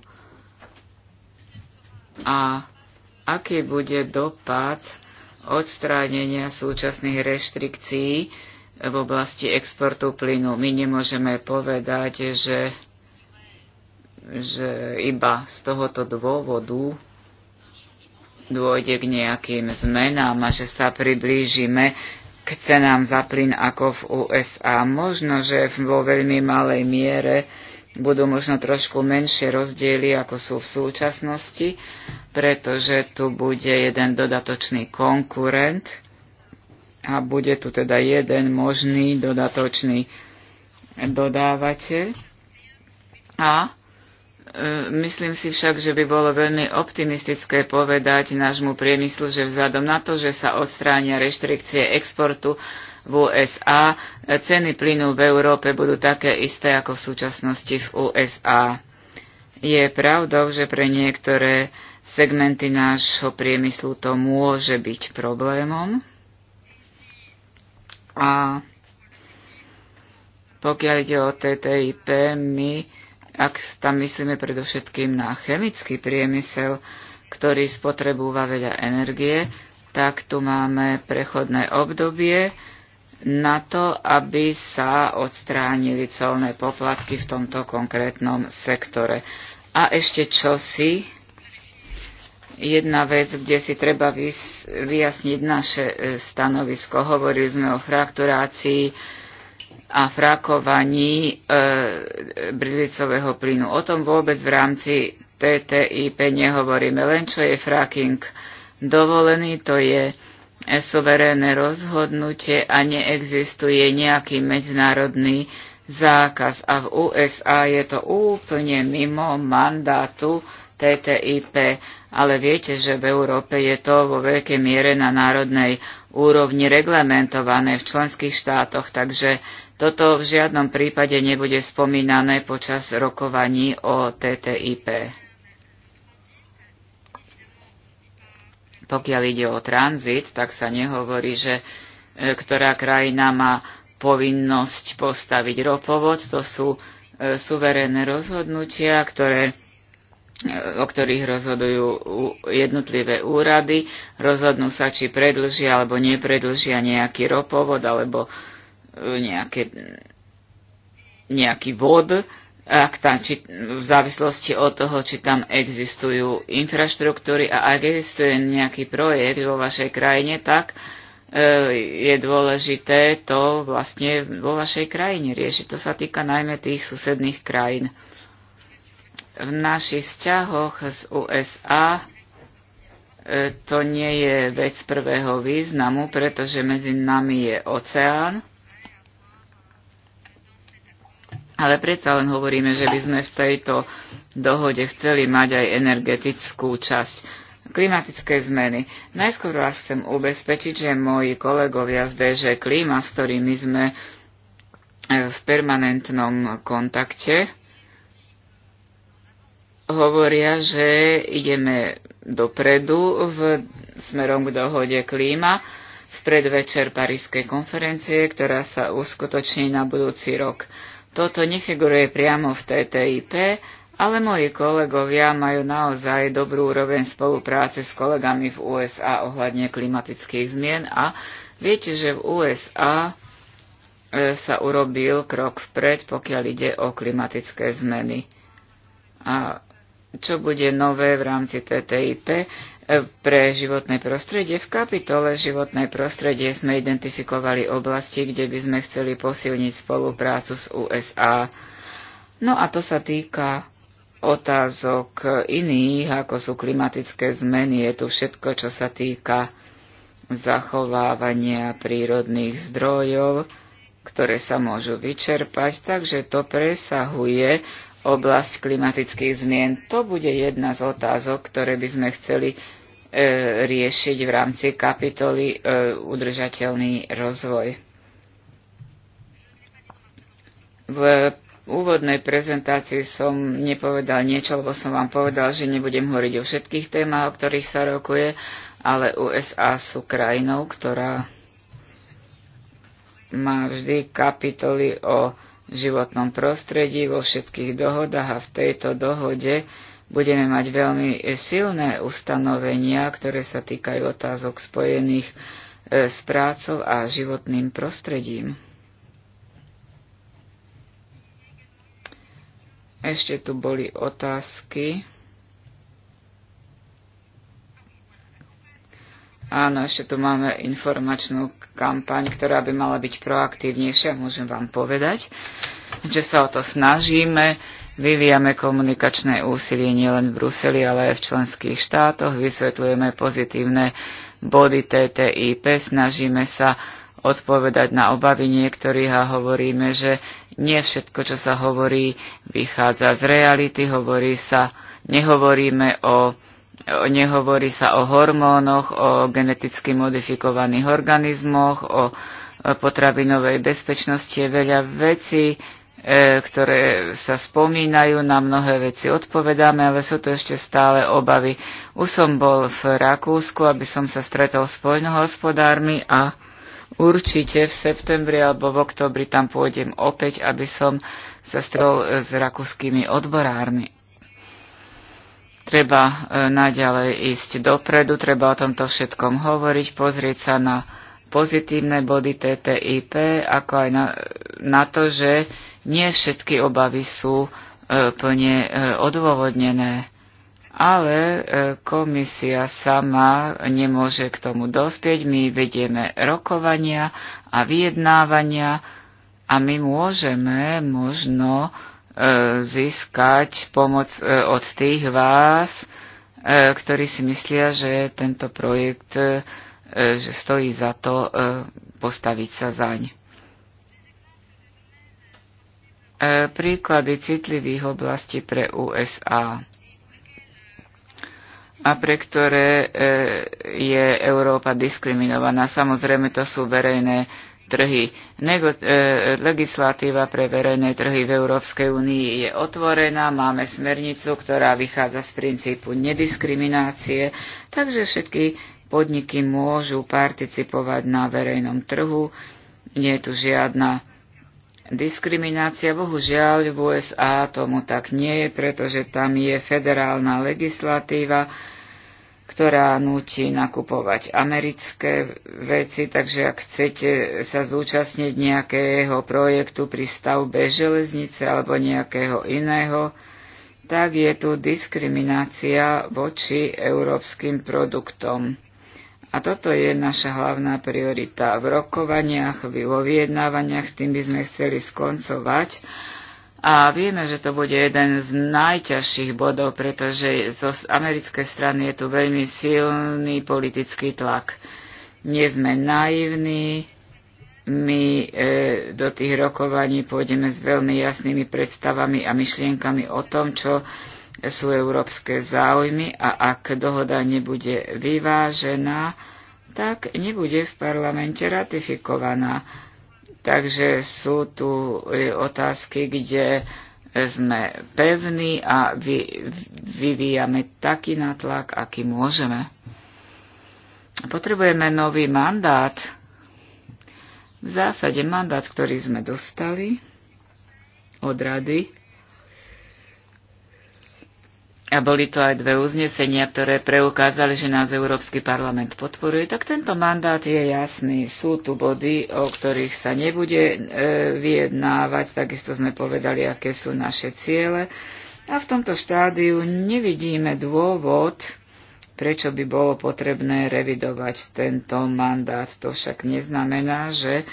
Speaker 3: A aký bude dopad odstránenia súčasných reštrikcií v oblasti exportu plynu. My nemôžeme povedať, že, že iba z tohoto dôvodu dôjde k nejakým zmenám a že sa priblížime k cenám za plyn ako v USA. Možno, že vo veľmi malej miere budú možno trošku menšie rozdiely, ako sú v súčasnosti, pretože tu bude jeden dodatočný konkurent a bude tu teda jeden možný dodatočný dodávateľ. A Myslím si však, že by bolo veľmi optimistické povedať nášmu priemyslu, že vzhľadom na to, že sa odstránia reštrikcie exportu v USA, ceny plynu v Európe budú také isté ako v súčasnosti v USA. Je pravdou, že pre niektoré segmenty nášho priemyslu to môže byť problémom. A pokiaľ ide o TTIP, my ak tam myslíme predovšetkým na chemický priemysel, ktorý spotrebúva veľa energie, tak tu máme prechodné obdobie na to, aby sa odstránili colné poplatky v tomto konkrétnom sektore. A ešte čosi, jedna vec, kde si treba vyjasniť naše e, stanovisko. Hovorili sme o frakturácii, a frakovaní e, brzlicového plynu. O tom vôbec v rámci TTIP nehovoríme. Len čo je fracking dovolený, to je suverénne rozhodnutie a neexistuje nejaký medzinárodný zákaz. A v USA je to úplne mimo mandátu TTIP. Ale viete, že v Európe je to vo veľkej miere na národnej úrovni reglementované v členských štátoch, takže toto v žiadnom prípade nebude spomínané počas rokovaní o TTIP. Pokiaľ ide o tranzit, tak sa nehovorí, že e, ktorá krajina má povinnosť postaviť ropovod. To sú e, suverénne rozhodnutia, ktoré e, o ktorých rozhodujú jednotlivé úrady, rozhodnú sa, či predlžia alebo nepredlžia nejaký ropovod alebo nejaké, nejaký vod, ak tam, či, v závislosti od toho, či tam existujú infraštruktúry a ak existuje nejaký projekt vo vašej krajine, tak e, je dôležité to vlastne vo vašej krajine riešiť. To sa týka najmä tých susedných krajín. V našich vzťahoch z USA e, to nie je vec prvého významu, pretože medzi nami je oceán ale predsa len hovoríme, že by sme v tejto dohode chceli mať aj energetickú časť klimatické zmeny. Najskôr vás chcem ubezpečiť, že moji kolegovia z DŽ Klima, s ktorými sme e, v permanentnom kontakte, hovoria, že ideme dopredu v smerom k dohode klíma v predvečer Parískej konferencie, ktorá sa uskutoční na budúci rok. Toto nefiguruje priamo v TTIP, ale moji kolegovia majú naozaj dobrú úroveň spolupráce s kolegami v USA ohľadne klimatických zmien a viete, že v USA e, sa urobil krok vpred, pokiaľ ide o klimatické zmeny. A čo bude nové v rámci TTIP? pre životné prostredie. V kapitole životné prostredie sme identifikovali oblasti, kde by sme chceli posilniť spoluprácu s USA. No a to sa týka otázok iných, ako sú klimatické zmeny. Je tu všetko, čo sa týka zachovávania prírodných zdrojov, ktoré sa môžu vyčerpať, takže to presahuje oblasť klimatických zmien. To bude jedna z otázok, ktoré by sme chceli E, riešiť v rámci kapitoly e, udržateľný rozvoj. V úvodnej prezentácii som nepovedal niečo, lebo som vám povedal, že nebudem hovoriť o všetkých témach, o ktorých sa rokuje, ale USA sú krajinou, ktorá má vždy kapitoly o životnom prostredí vo všetkých dohodách a v tejto dohode budeme mať veľmi e, silné ustanovenia, ktoré sa týkajú otázok spojených e, s prácou a životným prostredím. Ešte tu boli otázky. Áno, ešte tu máme informačnú kampaň, ktorá by mala byť proaktívnejšia, môžem vám povedať, že sa o to snažíme Vyvíjame komunikačné úsilie nielen v Bruseli, ale aj v členských štátoch, vysvetľujeme pozitívne body TTIP, snažíme sa odpovedať na obavy niektorých a hovoríme, že nie všetko, čo sa hovorí, vychádza z reality, hovorí sa, nehovoríme o nehovorí sa o hormónoch, o geneticky modifikovaných organizmoch, o potravinovej bezpečnosti je veľa vecí, E, ktoré sa spomínajú, na mnohé veci odpovedáme, ale sú tu ešte stále obavy. Už som bol v Rakúsku, aby som sa stretol s poľnohospodármi a určite v septembri alebo v oktobri tam pôjdem opäť, aby som sa stretol e, s rakúskymi odborármi. Treba e, naďalej ísť dopredu, treba o tomto všetkom hovoriť, pozrieť sa na pozitívne body TTIP, ako aj na, na to, že nie všetky obavy sú e, plne e, odôvodnené. Ale e, komisia sama nemôže k tomu dospieť. My vedieme rokovania a vyjednávania a my môžeme možno e, získať pomoc e, od tých vás, e, ktorí si myslia, že tento projekt e, E, že stojí za to e, postaviť sa zaň. E, príklady citlivých oblastí pre USA a pre ktoré je Európa diskriminovaná. Samozrejme, to sú verejné trhy. Nego, e, legislatíva pre verejné trhy v Európskej únii je otvorená, máme smernicu, ktorá vychádza z princípu nediskriminácie, takže všetky Podniky môžu participovať na verejnom trhu, nie je tu žiadna diskriminácia. Bohužiaľ v USA tomu tak nie je, pretože tam je federálna legislatíva, ktorá núti nakupovať americké veci, takže ak chcete sa zúčastniť nejakého projektu pri stavbe železnice alebo nejakého iného, tak je tu diskriminácia voči európskym produktom. A toto je naša hlavná priorita. V rokovaniach, vo vyjednávaniach s tým by sme chceli skoncovať. A vieme, že to bude jeden z najťažších bodov, pretože zo americkej strany je tu veľmi silný politický tlak. Nie sme naivní, my e, do tých rokovaní pôjdeme s veľmi jasnými predstavami a myšlienkami o tom, čo sú európske záujmy a ak dohoda nebude vyvážená, tak nebude v parlamente ratifikovaná. Takže sú tu e, otázky, kde sme pevní a vy, vyvíjame taký natlak, aký môžeme. Potrebujeme nový mandát. V zásade mandát, ktorý sme dostali od rady, a boli to aj dve uznesenia, ktoré preukázali, že nás Európsky parlament podporuje, tak tento mandát je jasný. Sú tu body, o ktorých sa nebude e, vyjednávať, takisto sme povedali, aké sú naše ciele. A v tomto štádiu nevidíme dôvod, prečo by bolo potrebné revidovať tento mandát. To však neznamená, že,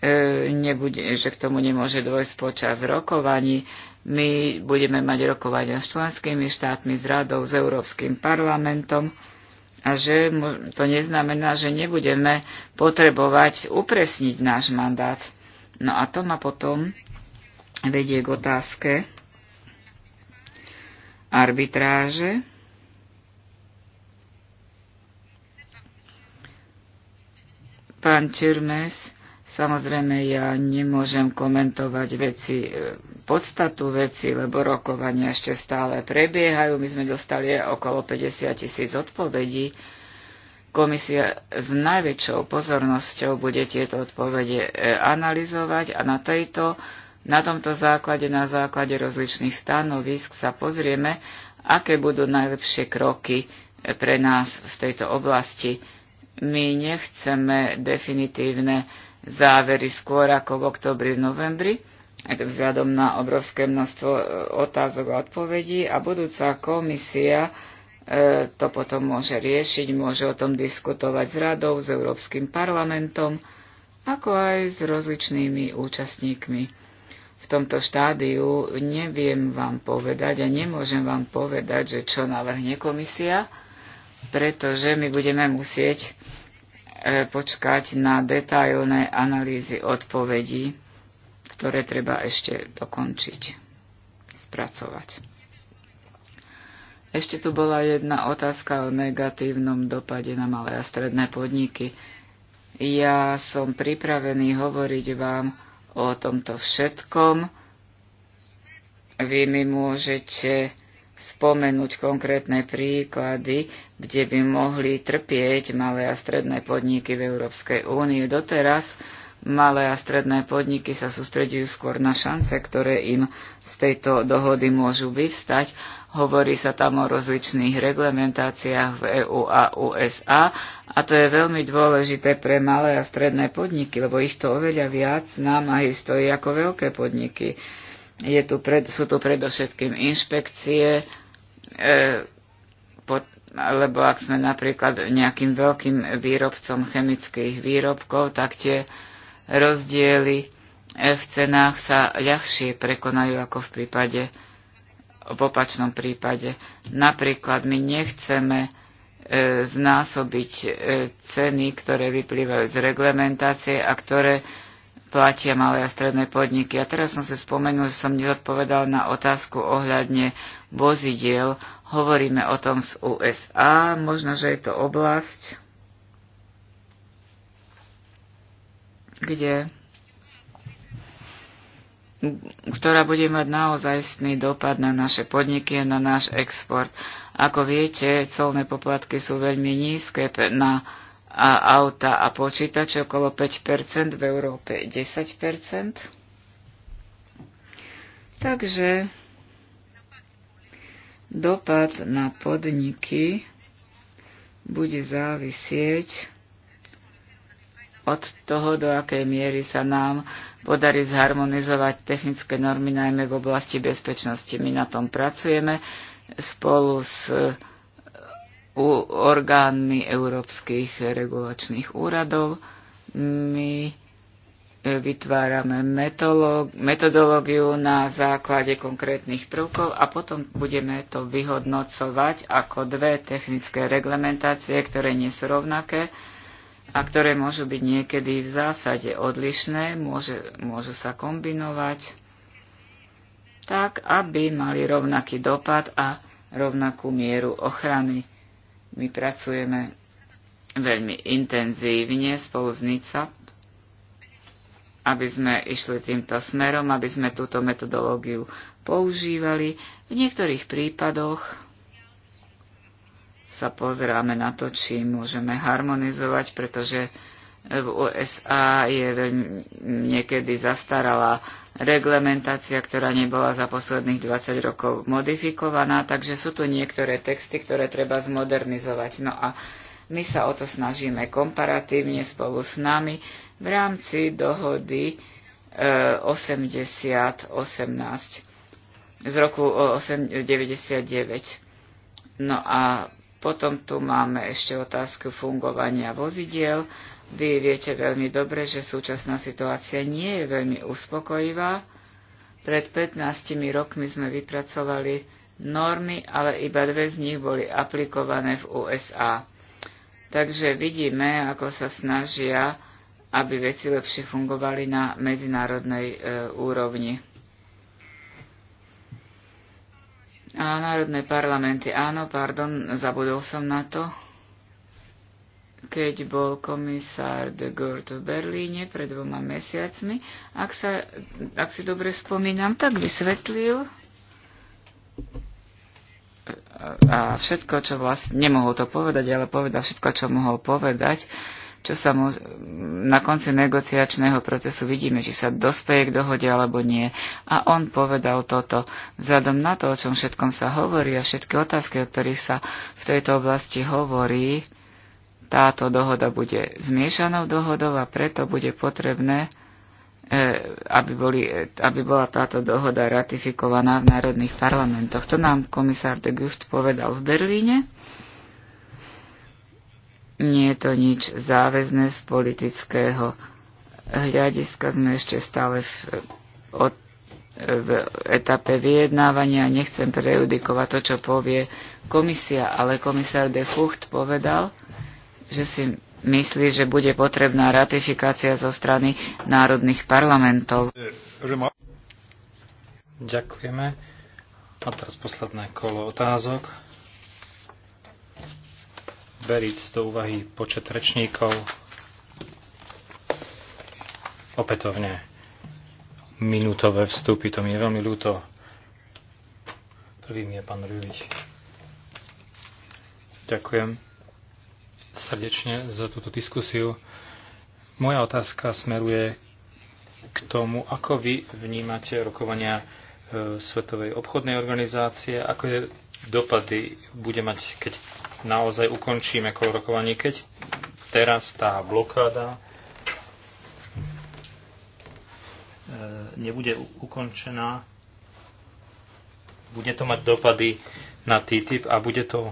Speaker 3: e, nebude, že k tomu nemôže dôjsť počas rokovaní my budeme mať rokovania s členskými štátmi, s radou, s Európskym parlamentom a že to neznamená, že nebudeme potrebovať upresniť náš mandát. No a to ma potom vedie k otázke arbitráže. Pán Čirmes, Samozrejme, ja nemôžem komentovať veci, e, podstatu veci, lebo rokovania ešte stále prebiehajú. My sme dostali okolo 50 tisíc odpovedí. Komisia s najväčšou pozornosťou bude tieto odpovede e, analyzovať a na, tejto, na tomto základe, na základe rozličných stanovisk sa pozrieme, aké budú najlepšie kroky e, pre nás v tejto oblasti. My nechceme definitívne závery skôr ako v oktobri, v novembri, vzhľadom na obrovské množstvo e, otázok a odpovedí a budúca komisia e, to potom môže riešiť, môže o tom diskutovať s radou, s Európskym parlamentom, ako aj s rozličnými účastníkmi. V tomto štádiu neviem vám povedať a nemôžem vám povedať, že čo navrhne komisia, pretože my budeme musieť E, počkať na detailné analýzy odpovedí, ktoré treba ešte dokončiť, spracovať. Ešte tu bola jedna otázka o negatívnom dopade na malé a stredné podniky. Ja som pripravený hovoriť vám o tomto všetkom. Vy mi môžete spomenúť konkrétne príklady, kde by mohli trpieť malé a stredné podniky v Európskej únii. Doteraz malé a stredné podniky sa sústredujú skôr na šance, ktoré im z tejto dohody môžu vyvstať. Hovorí sa tam o rozličných reglementáciách v EÚ a USA a to je veľmi dôležité pre malé a stredné podniky, lebo ich to oveľa viac námahy stojí ako veľké podniky. Je tu pred, sú tu predovšetkým inšpekcie, e, pod, lebo ak sme napríklad nejakým veľkým výrobcom chemických výrobkov, tak tie rozdiely e, v cenách sa ľahšie prekonajú ako v prípade v opačnom prípade. Napríklad my nechceme e, znásobiť e, ceny, ktoré vyplývajú z reglementácie a ktoré platia malé a stredné podniky. A teraz som sa spomenul, že som nezodpovedal na otázku ohľadne vozidiel. Hovoríme o tom z USA, možno, že je to oblasť, kde ktorá bude mať naozajstný dopad na naše podniky a na náš export. Ako viete, colné poplatky sú veľmi nízke na a auta a počítače okolo 5%, v Európe 10%. Takže dopad na podniky bude závisieť od toho, do akej miery sa nám podarí zharmonizovať technické normy, najmä v oblasti bezpečnosti. My na tom pracujeme spolu s orgánmi európskych regulačných úradov. My e, vytvárame metodológiu na základe konkrétnych prvkov a potom budeme to vyhodnocovať ako dve technické reglementácie, ktoré nie sú rovnaké a ktoré môžu byť niekedy v zásade odlišné, môže, môžu sa kombinovať tak, aby mali rovnaký dopad a rovnakú mieru ochrany. My pracujeme veľmi intenzívne spolu s NICAP, aby sme išli týmto smerom, aby sme túto metodológiu používali. V niektorých prípadoch sa pozeráme na to, či môžeme harmonizovať, pretože v USA je veľmi niekedy zastaralá reglementácia, ktorá nebola za posledných 20 rokov modifikovaná, takže sú tu niektoré texty, ktoré treba zmodernizovať. No a my sa o to snažíme komparatívne spolu s nami v rámci dohody 80-18 e, z roku 99. No a potom tu máme ešte otázku fungovania vozidiel vy viete veľmi dobre, že súčasná situácia nie je veľmi uspokojivá. Pred 15 rokmi sme vypracovali normy, ale iba dve z nich boli aplikované v USA. Takže vidíme, ako sa snažia, aby veci lepšie fungovali na medzinárodnej e, úrovni. A národné parlamenty, áno, pardon, zabudol som na to keď bol komisár de Gort v Berlíne pred dvoma mesiacmi. Ak, sa, ak si dobre spomínam, tak vysvetlil a všetko, čo vlastne, nemohol to povedať, ale povedal všetko, čo mohol povedať, čo sa mu na konci negociačného procesu vidíme, či sa dospeje k dohode alebo nie. A on povedal toto. Vzhľadom na to, o čom všetkom sa hovorí a všetky otázky, o ktorých sa v tejto oblasti hovorí, táto dohoda bude zmiešanou dohodou a preto bude potrebné, e, aby, boli, e, aby bola táto dohoda ratifikovaná v národných parlamentoch. To nám komisár de Gucht povedal v Berlíne. Nie je to nič záväzné z politického hľadiska. Sme ešte stále v, od, v etape vyjednávania. Nechcem prejudikovať to, čo povie komisia, ale komisár de Fucht povedal, že si myslí, že bude potrebná ratifikácia zo strany národných parlamentov.
Speaker 1: Ďakujeme. A teraz posledné kolo otázok. Beriť do úvahy počet rečníkov opätovne minútové vstupy. To mi je veľmi ľúto. Prvým je pán Rubich. Ďakujem srdečne za túto diskusiu. Moja otázka smeruje k tomu, ako vy vnímate rokovania e, Svetovej obchodnej organizácie, ako je dopady bude mať, keď naozaj ukončíme kolo rokovanie, keď teraz tá blokáda e, nebude ukončená, bude to mať dopady na TTIP a bude to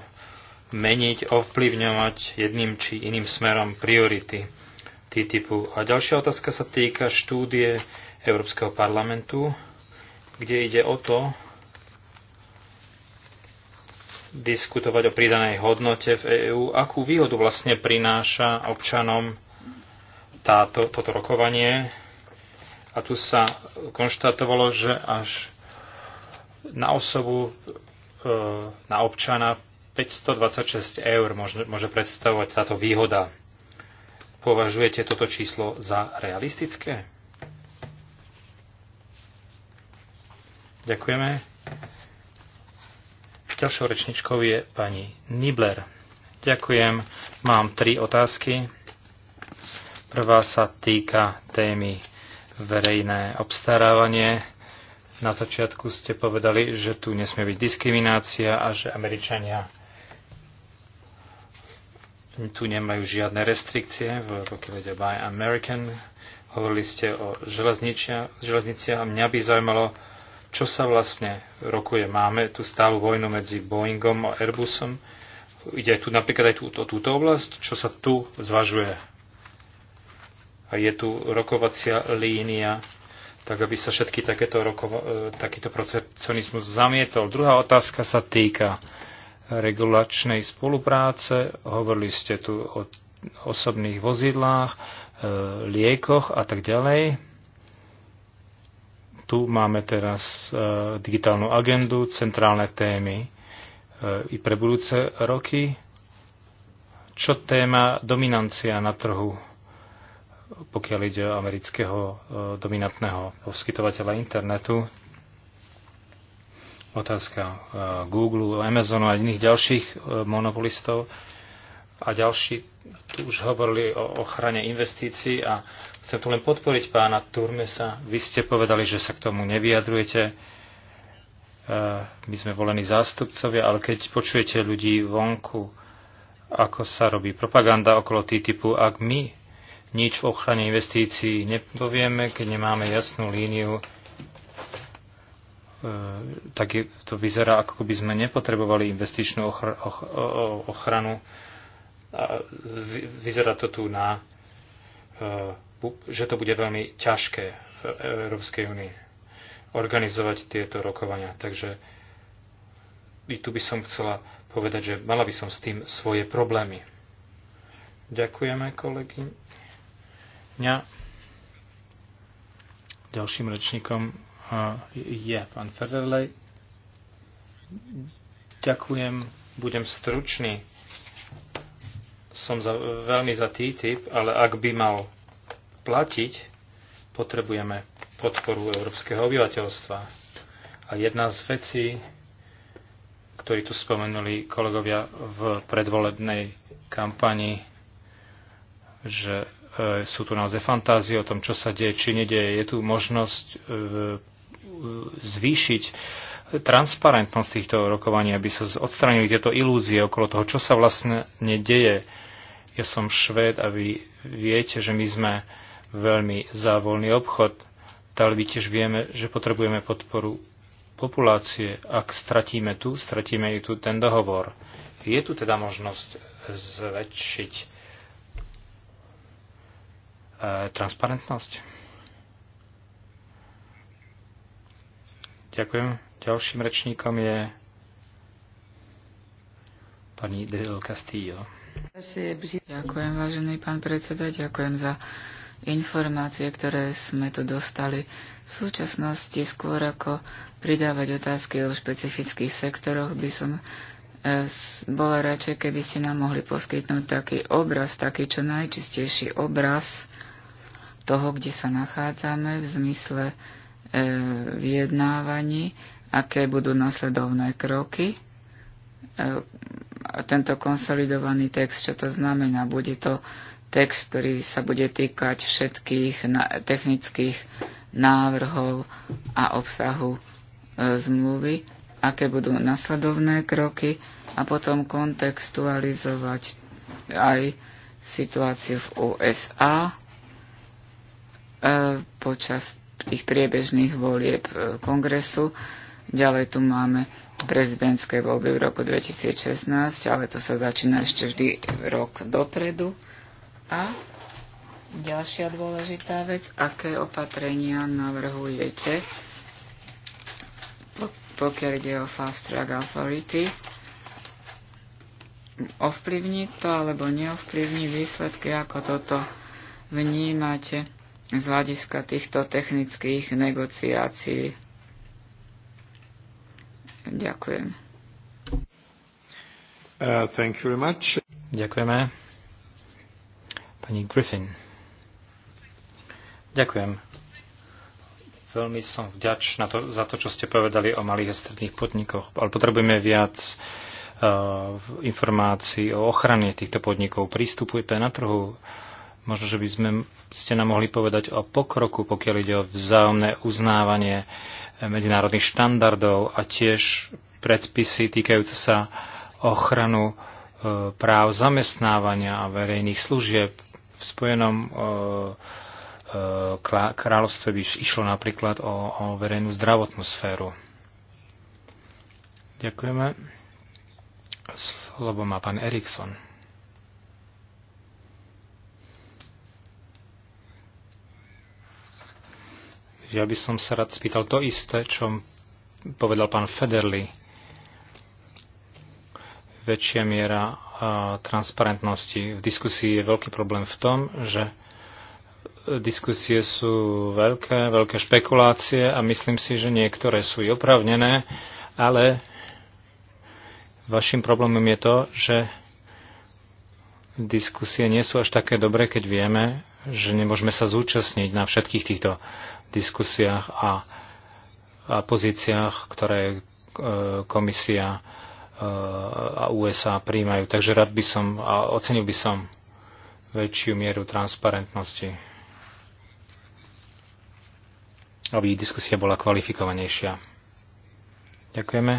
Speaker 1: meniť, ovplyvňovať jedným či iným smerom priority TTIPu. A ďalšia otázka sa týka štúdie Európskeho parlamentu, kde ide o to diskutovať o pridanej hodnote v EÚ, akú výhodu vlastne prináša občanom táto, toto rokovanie. A tu sa konštatovalo, že až na osobu, e, na občana 526 eur môže, predstavovať táto výhoda. Považujete toto číslo za realistické? Ďakujeme. Ďalšou rečničkou je pani Nibler. Ďakujem. Mám tri otázky. Prvá sa týka témy verejné obstarávanie. Na začiatku ste povedali, že tu nesmie byť diskriminácia a že Američania tu nemajú žiadne restrikcie, pokiaľ ide Buy American. Hovorili ste o železnici a mňa by zaujímalo, čo sa vlastne rokuje. Máme tu stálu vojnu medzi Boeingom a Airbusom. Ide tu napríklad aj tú, o túto oblasť, čo sa tu zvažuje. A je tu rokovacia línia, tak aby sa všetky takéto rokova, e, takýto protekcionizmus zamietol. Druhá otázka sa týka regulačnej spolupráce, hovorili ste tu o osobných vozidlách, e, liekoch a tak ďalej. Tu máme teraz e, digitálnu agendu, centrálne témy e, i pre budúce roky. Čo téma dominancia na trhu, pokiaľ ide o amerického dominantného poskytovateľa internetu, otázka e, Google, Amazonu a iných ďalších e, monopolistov. A ďalší tu už hovorili o ochrane investícií a chcem tu len podporiť pána Turmesa. Vy ste povedali, že sa k tomu nevyjadrujete. E, my sme volení zástupcovia, ale keď počujete ľudí vonku, ako sa robí propaganda okolo TTIPu, ak my nič v ochrane investícií nepovieme, keď nemáme jasnú líniu, E, tak je, to vyzerá, ako by sme nepotrebovali investičnú ochr- och- ochranu. A vyzerá to tu na, e, že to bude veľmi ťažké v Európskej únii organizovať tieto rokovania. Takže i tu by som chcela povedať, že mala by som s tým svoje problémy. Ďakujeme, kolegyňa. Ďalším rečníkom je pán Federlej. Ďakujem, budem stručný. Som za, veľmi za TTIP, ale ak by mal platiť, potrebujeme podporu európskeho obyvateľstva. A jedna z vecí, ktorý tu spomenuli kolegovia v predvolebnej kampani, že e, sú tu naozaj fantázie o tom, čo sa deje, či nedieje. Je tu možnosť e, zvýšiť transparentnosť týchto rokovaní, aby sa odstranili tieto ilúzie okolo toho, čo sa vlastne deje. Ja som švéd a vy viete, že my sme veľmi za voľný obchod, ale my tiež vieme, že potrebujeme podporu populácie. Ak stratíme tu, stratíme i tu ten dohovor. Je tu teda možnosť zväčšiť eh, transparentnosť? Ďakujem. Ďalším rečníkom je pani Del Castillo.
Speaker 3: Ďakujem, vážený pán predseda, ďakujem za informácie, ktoré sme tu dostali. V súčasnosti skôr ako pridávať otázky o špecifických sektoroch, by som e, bola radšej, keby ste nám mohli poskytnúť taký obraz, taký čo najčistejší obraz toho, kde sa nachádzame v zmysle E, vyjednávaní, aké budú nasledovné kroky. E, tento konsolidovaný text, čo to znamená? Bude to text, ktorý sa bude týkať všetkých technických návrhov a obsahu e, zmluvy, aké budú nasledovné kroky a potom kontextualizovať aj situáciu v USA počas tých priebežných volieb e, kongresu. Ďalej tu máme prezidentské voľby v roku 2016, ale to sa začína ešte vždy rok dopredu. A ďalšia dôležitá vec, aké opatrenia navrhujete, pokiaľ ide o Fast Track Authority, ovplyvní to alebo neovplyvní výsledky, ako toto vnímate z hľadiska týchto technických negociácií. Ďakujem.
Speaker 1: Uh, thank you very much. Ďakujeme. Pani Griffin. Ďakujem. Veľmi som vďačná to, za to, čo ste povedali o malých a stredných podnikoch, ale potrebujeme viac uh, informácií o ochrane týchto podnikov, Prístupujte na trhu, uh, Možno, že by sme, ste nám mohli povedať o pokroku, pokiaľ ide o vzájomné uznávanie eh, medzinárodných štandardov a tiež predpisy týkajúce sa ochranu eh, práv zamestnávania a verejných služieb. V Spojenom eh, kráľovstve by išlo napríklad o, o verejnú zdravotnú sféru. Ďakujeme. Slovo má pán Erikson. Ja by som sa rád spýtal to isté, čo povedal pán Federli. Väčšia miera transparentnosti. V diskusii je veľký problém v tom, že diskusie sú veľké, veľké špekulácie a myslím si, že niektoré sú i opravnené, ale vašim problémom je to, že diskusie nie sú až také dobré, keď vieme, že nemôžeme sa zúčastniť na všetkých týchto diskusiách a, a pozíciách, ktoré e, komisia e, a USA príjmajú. Takže rád by som a ocenil by som väčšiu mieru transparentnosti, aby diskusia bola kvalifikovanejšia. Ďakujeme.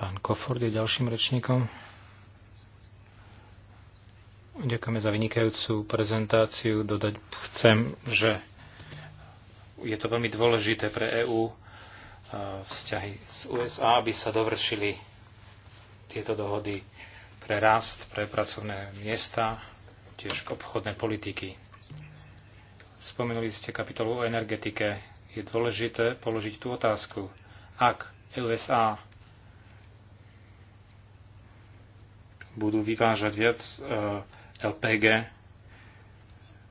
Speaker 1: Pán Kofford je ďalším rečníkom. Ďakujeme za vynikajúcu prezentáciu. Dodať chcem, že je to veľmi dôležité pre EÚ e, vzťahy z USA, aby sa dovršili tieto dohody pre rast, pre pracovné miesta, tiež obchodné politiky. Spomenuli ste kapitolu o energetike. Je dôležité položiť tú otázku. Ak e USA budú vyvážať viac uh, LPG.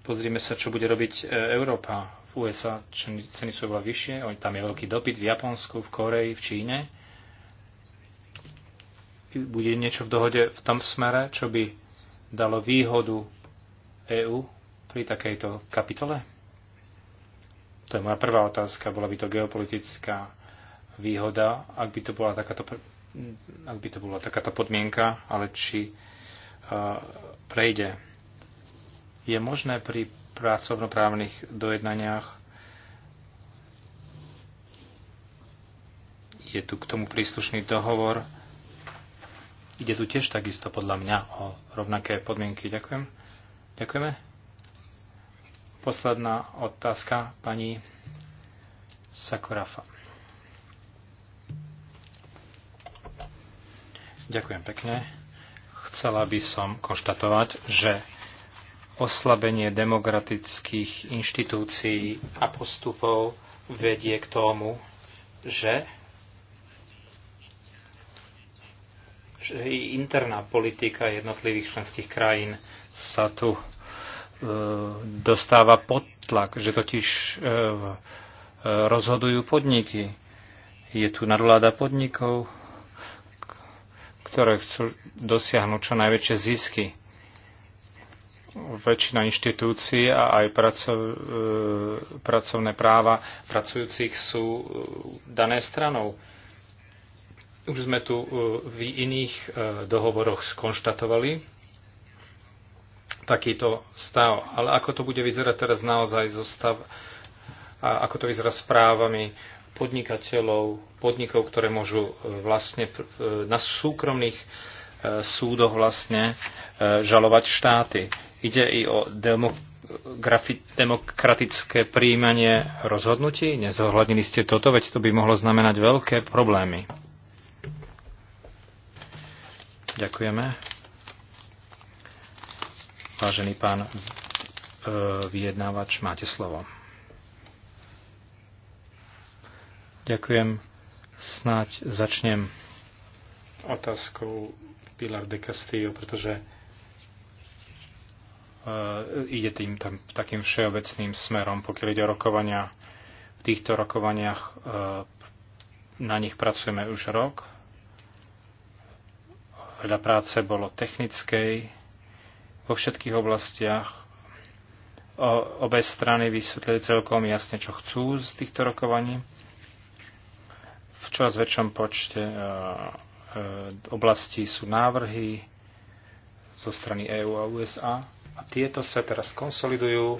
Speaker 1: Pozrime sa, čo bude robiť e, Európa. V USA ceny sú oveľa vyššie, tam je veľký dopyt v Japonsku, v Koreji, v Číne. Bude niečo v dohode v tom smere, čo by dalo výhodu EÚ pri takejto kapitole? To je moja prvá otázka. Bola by to geopolitická výhoda, ak by to bola takáto, ak by to bola takáto podmienka, ale či prejde. Je možné pri pracovnoprávnych dojednaniach je tu k tomu príslušný dohovor. Ide tu tiež takisto podľa mňa o rovnaké podmienky. Ďakujem. Ďakujeme. Posledná otázka pani Sakorafa. Ďakujem pekne. Chcela by som konštatovať, že oslabenie demokratických inštitúcií a postupov vedie k tomu, že, že interná politika jednotlivých členských krajín sa tu e, dostáva pod tlak, že totiž e, e rozhodujú podniky. Je tu nadvláda podnikov, ktoré chcú dosiahnuť čo najväčšie zisky. Väčšina inštitúcií a aj pracov, e, pracovné práva pracujúcich sú e, dané stranou. Už sme tu e, v iných dohovoroch skonštatovali takýto stav. Ale ako to bude vyzerať teraz naozaj zo stav, a ako to vyzerá s právami podnikateľov, podnikov, ktoré môžu e, vlastne e, na súkromných e, súdoch vlastne žalovať štáty. Ide i o demokratické príjmanie rozhodnutí. Nezohľadnili ste toto, veď to by mohlo znamenať veľké problémy. Ďakujeme. Vážený pán vyjednávač, máte slovo. Ďakujem. Snáď začnem otázkou Pilar de Castillo, pretože eh, ide tým tam, takým všeobecným smerom, pokiaľ ide o rokovania. V týchto rokovaniach eh, na nich pracujeme už rok. Veľa práce bolo technickej vo všetkých oblastiach. O, eh, obe strany vysvetlili celkom jasne, čo chcú z týchto rokovaní čoraz väčšom počte e, e, oblastí sú návrhy zo strany EÚ a USA a tieto sa teraz konsolidujú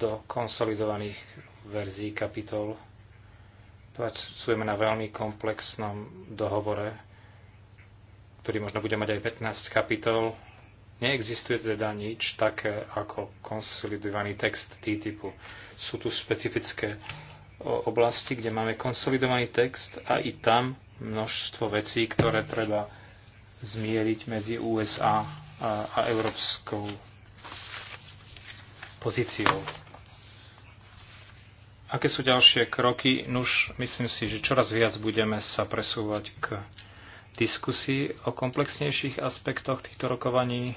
Speaker 1: do konsolidovaných verzií kapitol. Pracujeme na veľmi komplexnom dohovore, ktorý možno bude mať aj 15 kapitol. Neexistuje teda nič také ako konsolidovaný text T-typu. Sú tu špecifické oblasti, kde máme konsolidovaný text a i tam množstvo vecí, ktoré treba zmieriť medzi USA a, a európskou pozíciou. Aké sú ďalšie kroky? Nuž, myslím si, že čoraz viac budeme sa presúvať k diskusii o komplexnejších aspektoch týchto rokovaní,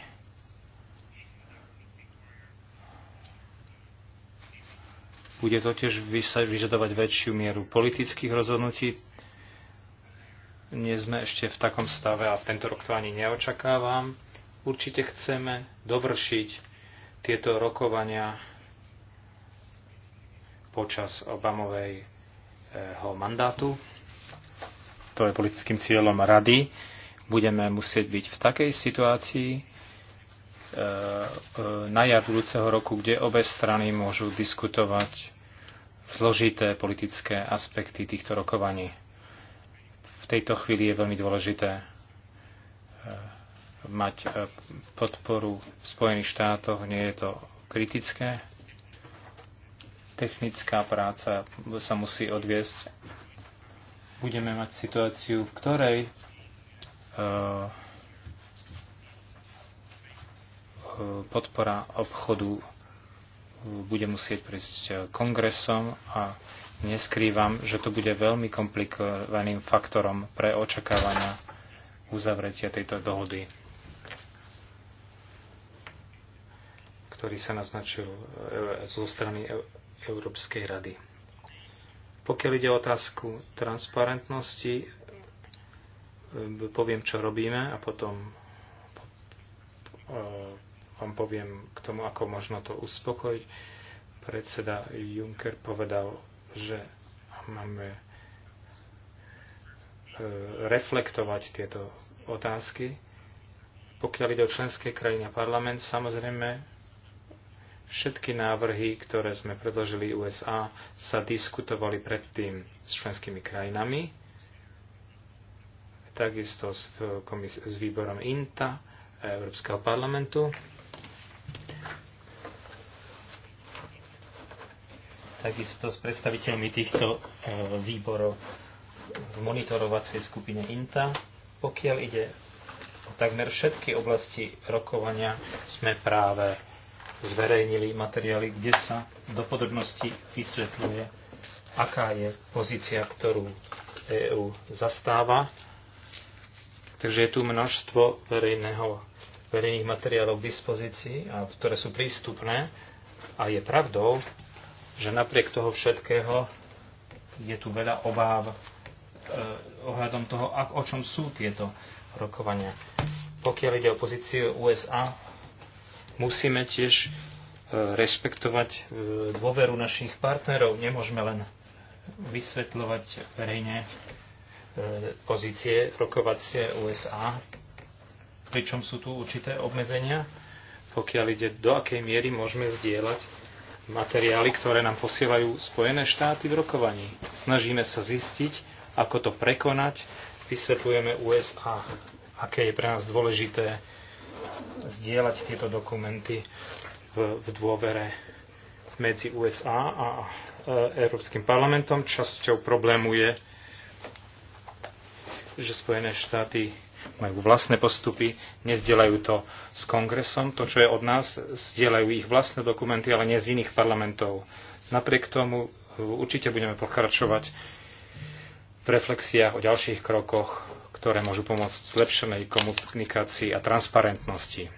Speaker 1: Bude to tiež vyžadovať väčšiu mieru politických rozhodnutí. Nie sme ešte v takom stave a v tento rok to ani neočakávam. Určite chceme dovršiť tieto rokovania počas Obamovejho mandátu. To je politickým cieľom rady. Budeme musieť byť v takej situácii, E, e, na jar budúceho roku, kde obe strany môžu diskutovať zložité politické aspekty týchto rokovaní. V tejto chvíli je veľmi dôležité e, mať podporu v Spojených štátoch, nie je to kritické. Technická práca sa musí odviesť. Budeme mať situáciu, v ktorej E, podpora obchodu e, bude musieť prísť e, kongresom a neskrývam, že to bude veľmi komplikovaným faktorom pre očakávania uzavretia tejto dohody, ktorý sa naznačil zo strany Európskej rady. Pokiaľ ide o otázku transparentnosti, poviem, čo robíme a potom vám poviem k tomu, ako možno to uspokojiť. Predseda Juncker povedal, že máme e, reflektovať tieto otázky. Pokiaľ ide o členské krajiny a parlament, samozrejme všetky návrhy, ktoré sme predložili USA, sa diskutovali predtým s členskými krajinami, takisto s, e, s výborom INTA Európskeho parlamentu. takisto s predstaviteľmi týchto e, výborov v monitorovacej skupine INTA. Pokiaľ ide o takmer všetky oblasti rokovania, sme práve zverejnili materiály, kde sa do podrobnosti vysvetľuje, aká je pozícia, ktorú EÚ zastáva. Takže je tu množstvo verejného, verejných materiálov k dispozícii, a ktoré sú prístupné. A je pravdou, že napriek toho všetkého je tu veľa obáv e, ohľadom toho, o čom sú tieto rokovania. Pokiaľ ide o pozíciu USA, musíme tiež e, rešpektovať e, dôveru našich partnerov. Nemôžeme len vysvetľovať verejne pozície rokovacie USA, pričom sú tu určité obmedzenia, pokiaľ ide do akej miery môžeme zdieľať materiály, ktoré nám posielajú Spojené štáty v rokovaní. Snažíme sa zistiť, ako to prekonať, vysvetľujeme USA, aké je pre nás dôležité zdieľať tieto dokumenty v, v dôvere medzi USA a e, Európskym parlamentom. Časťou problému je, že Spojené štáty majú vlastné postupy, nezdielajú to s kongresom, to, čo je od nás, zdieľajú ich vlastné dokumenty, ale nie z iných parlamentov. Napriek tomu e, určite budeme pokračovať v reflexiách o ďalších krokoch, ktoré môžu pomôcť zlepšenej komunikácii a transparentnosti.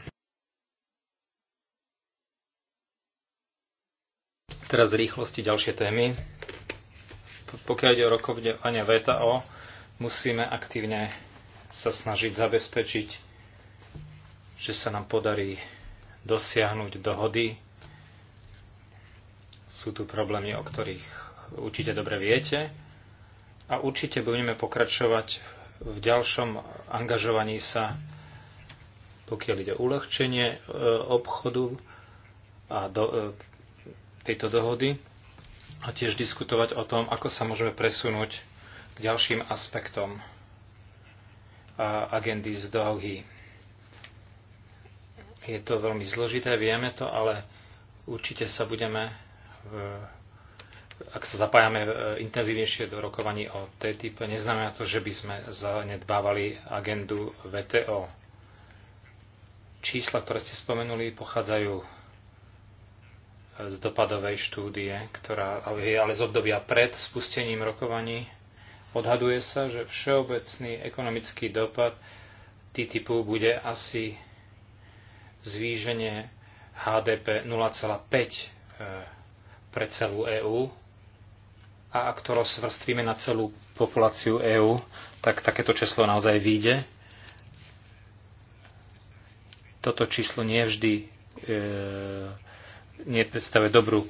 Speaker 1: Teraz v rýchlosti ďalšie témy. Pokiaľ ide o rokovania VTO, musíme aktívne sa snažiť zabezpečiť, že sa nám podarí dosiahnuť dohody. Sú tu problémy, o ktorých určite dobre viete. A určite budeme pokračovať v ďalšom angažovaní sa, pokiaľ ide o uľahčenie e, obchodu a do, e, tejto dohody a tiež diskutovať o tom, ako sa môžeme presunúť k ďalším aspektom a agendy z Dohy. Je to veľmi zložité, vieme to, ale určite sa budeme, ak sa zapájame e, intenzívnejšie do rokovaní o TTIP, neznamená to, že by sme zanedbávali agendu VTO. Čísla, ktoré ste spomenuli, pochádzajú e, z dopadovej štúdie, ktorá je ale z obdobia pred spustením rokovaní Odhaduje sa, že všeobecný ekonomický dopad TTIPu bude asi zvýženie HDP 0,5 e, pre celú EÚ. A ak to rozvrstvíme na celú populáciu EÚ, tak takéto číslo naozaj vyjde. Toto číslo nie vždy e, nie dobrú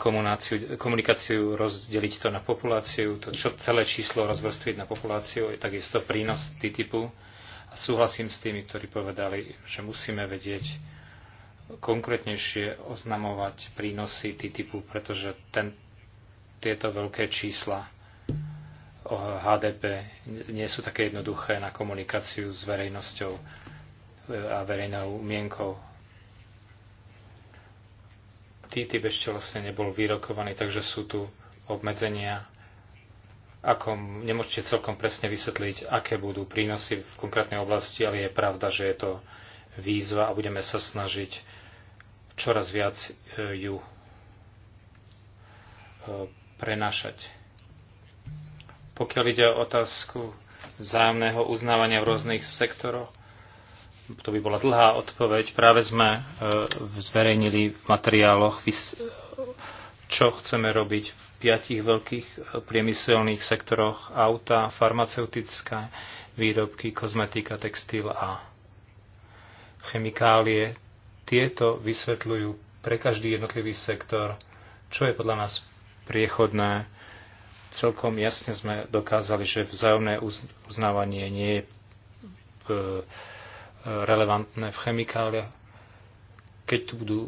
Speaker 1: komunikáciu, rozdeliť to na populáciu, to čo, celé číslo rozvrstviť na populáciu, je takisto prínos TTIPu. A súhlasím s tými, ktorí povedali, že musíme vedieť konkrétnejšie oznamovať prínosy TTIPu, pretože ten, tieto veľké čísla o HDP nie sú také jednoduché na komunikáciu s verejnosťou e, a verejnou mienkou TTIP ešte vlastne nebol vyrokovaný, takže sú tu obmedzenia. Ako nemôžete celkom presne vysvetliť, aké budú prínosy v konkrétnej oblasti, ale je pravda, že je to výzva a budeme sa snažiť čoraz viac e, ju e, prenášať. Pokiaľ ide o otázku vzájomného uznávania v rôznych sektoroch, to by bola dlhá odpoveď. Práve sme e, zverejnili v materiáloch, čo chceme robiť v piatich veľkých e, priemyselných sektoroch auta, farmaceutické výrobky, kozmetika, textil a chemikálie. Tieto vysvetľujú pre každý jednotlivý sektor, čo je podľa nás priechodné. Celkom jasne sme dokázali, že vzájomné uznávanie nie je e, relevantné v chemikáliach, keď tu budú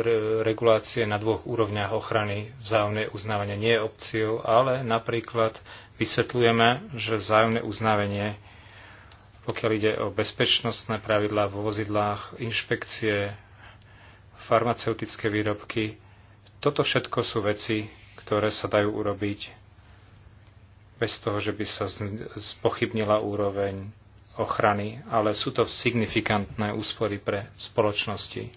Speaker 1: re- regulácie na dvoch úrovniach ochrany, vzájomné uznávanie nie je opciou, ale napríklad vysvetľujeme, že vzájomné uznávanie, pokiaľ ide o bezpečnostné pravidlá vo vozidlách, inšpekcie, farmaceutické výrobky, toto všetko sú veci, ktoré sa dajú urobiť bez toho, že by sa spochybnila úroveň ochrany, ale sú to signifikantné úspory pre spoločnosti.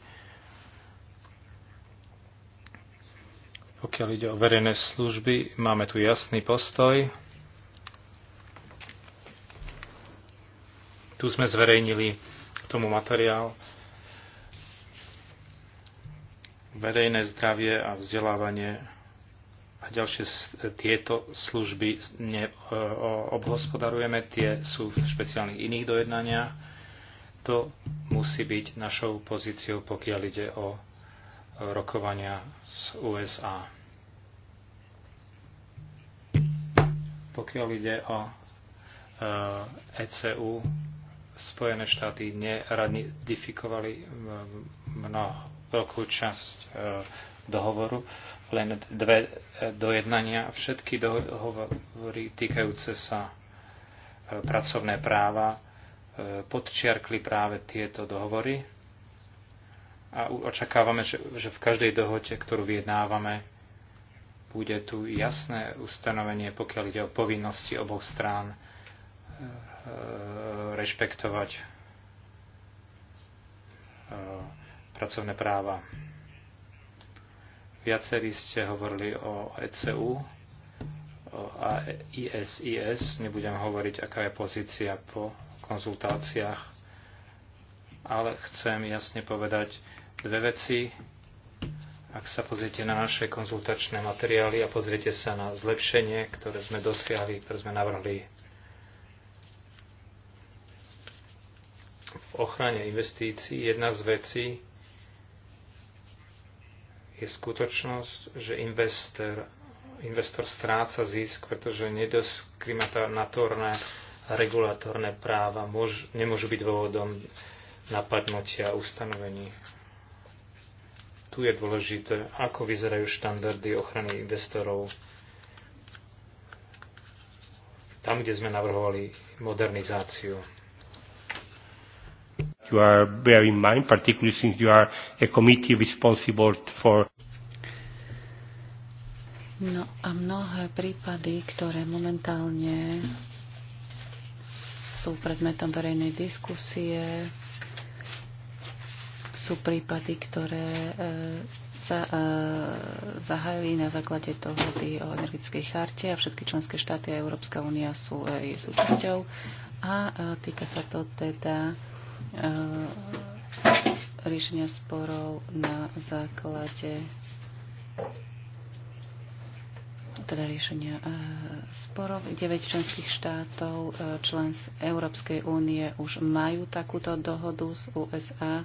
Speaker 1: Pokiaľ ide o verejné služby, máme tu jasný postoj. Tu sme zverejnili k tomu materiál verejné zdravie a vzdelávanie a ďalšie tieto služby ne, e, obhospodarujeme, tie sú v špeciálnych iných dojednaniach. To musí byť našou pozíciou, pokiaľ ide o e, rokovania z USA. Pokiaľ ide o ECU, e Spojené štáty neradifikovali mnoho veľkú časť dohovoru len dve e, dojednania. Všetky dohovory týkajúce sa e, pracovné práva e, podčiarkli práve tieto dohovory a očakávame, že, v každej dohode, ktorú vyjednávame, bude tu jasné ustanovenie, pokiaľ ide o povinnosti oboch strán rešpektovať pracovné práva. Viacerí ste hovorili o ECU a ISIS. Nebudem hovoriť, aká je pozícia po konzultáciách, ale chcem jasne povedať dve veci. Ak sa pozriete na naše konzultačné materiály a pozriete sa na zlepšenie, ktoré sme dosiahli, ktoré sme navrhli v ochrane investícií, jedna z vecí, je skutočnosť, že investor, investor stráca zisk, pretože nedoskriminatorné regulatórne práva môž, nemôžu byť dôvodom napadnutia ustanovení. Tu je dôležité, ako vyzerajú štandardy ochrany investorov. Tam, kde sme navrhovali modernizáciu you are bear in mind, particularly since you are a committee responsible for
Speaker 2: No a mnohé prípady, ktoré momentálne sú predmetom verejnej diskusie, sú prípady, ktoré e, sa e, zahájili na základe dohody o energetickej charte a všetky členské štáty a Európska únia sú e, jej súčasťou. A e, týka sa to teda e, E, riešenia sporov na základe teda riešenia e, sporov. 9 členských štátov e, člen z Európskej únie už majú takúto dohodu z USA,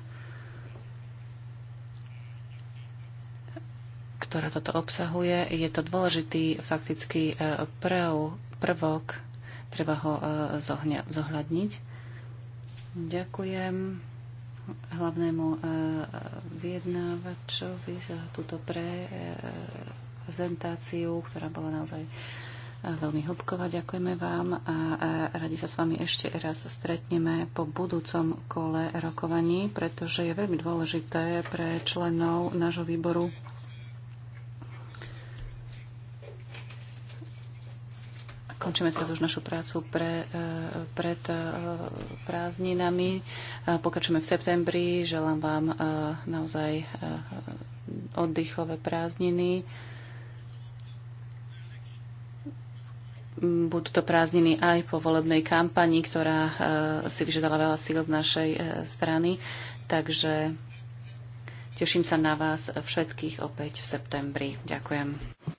Speaker 2: ktorá toto obsahuje. Je to dôležitý faktický prv, prvok, treba ho zohľadniť. Ďakujem hlavnému e, vyjednávačovi za túto prezentáciu, ktorá bola naozaj e, veľmi hlbková. Ďakujeme vám a e, radi sa s vami ešte raz stretneme po budúcom kole rokovaní, pretože je veľmi dôležité pre členov nášho výboru Končíme teraz už našu prácu pre, e, pred e, prázdninami. E, pokračujeme v septembri. Želám vám naozaj oddychové prázdniny. Budú to prázdniny aj po volebnej kampani, ktorá si vyžadala veľa síl z našej strany. Takže teším sa na vás všetkých opäť v septembri. Ďakujem.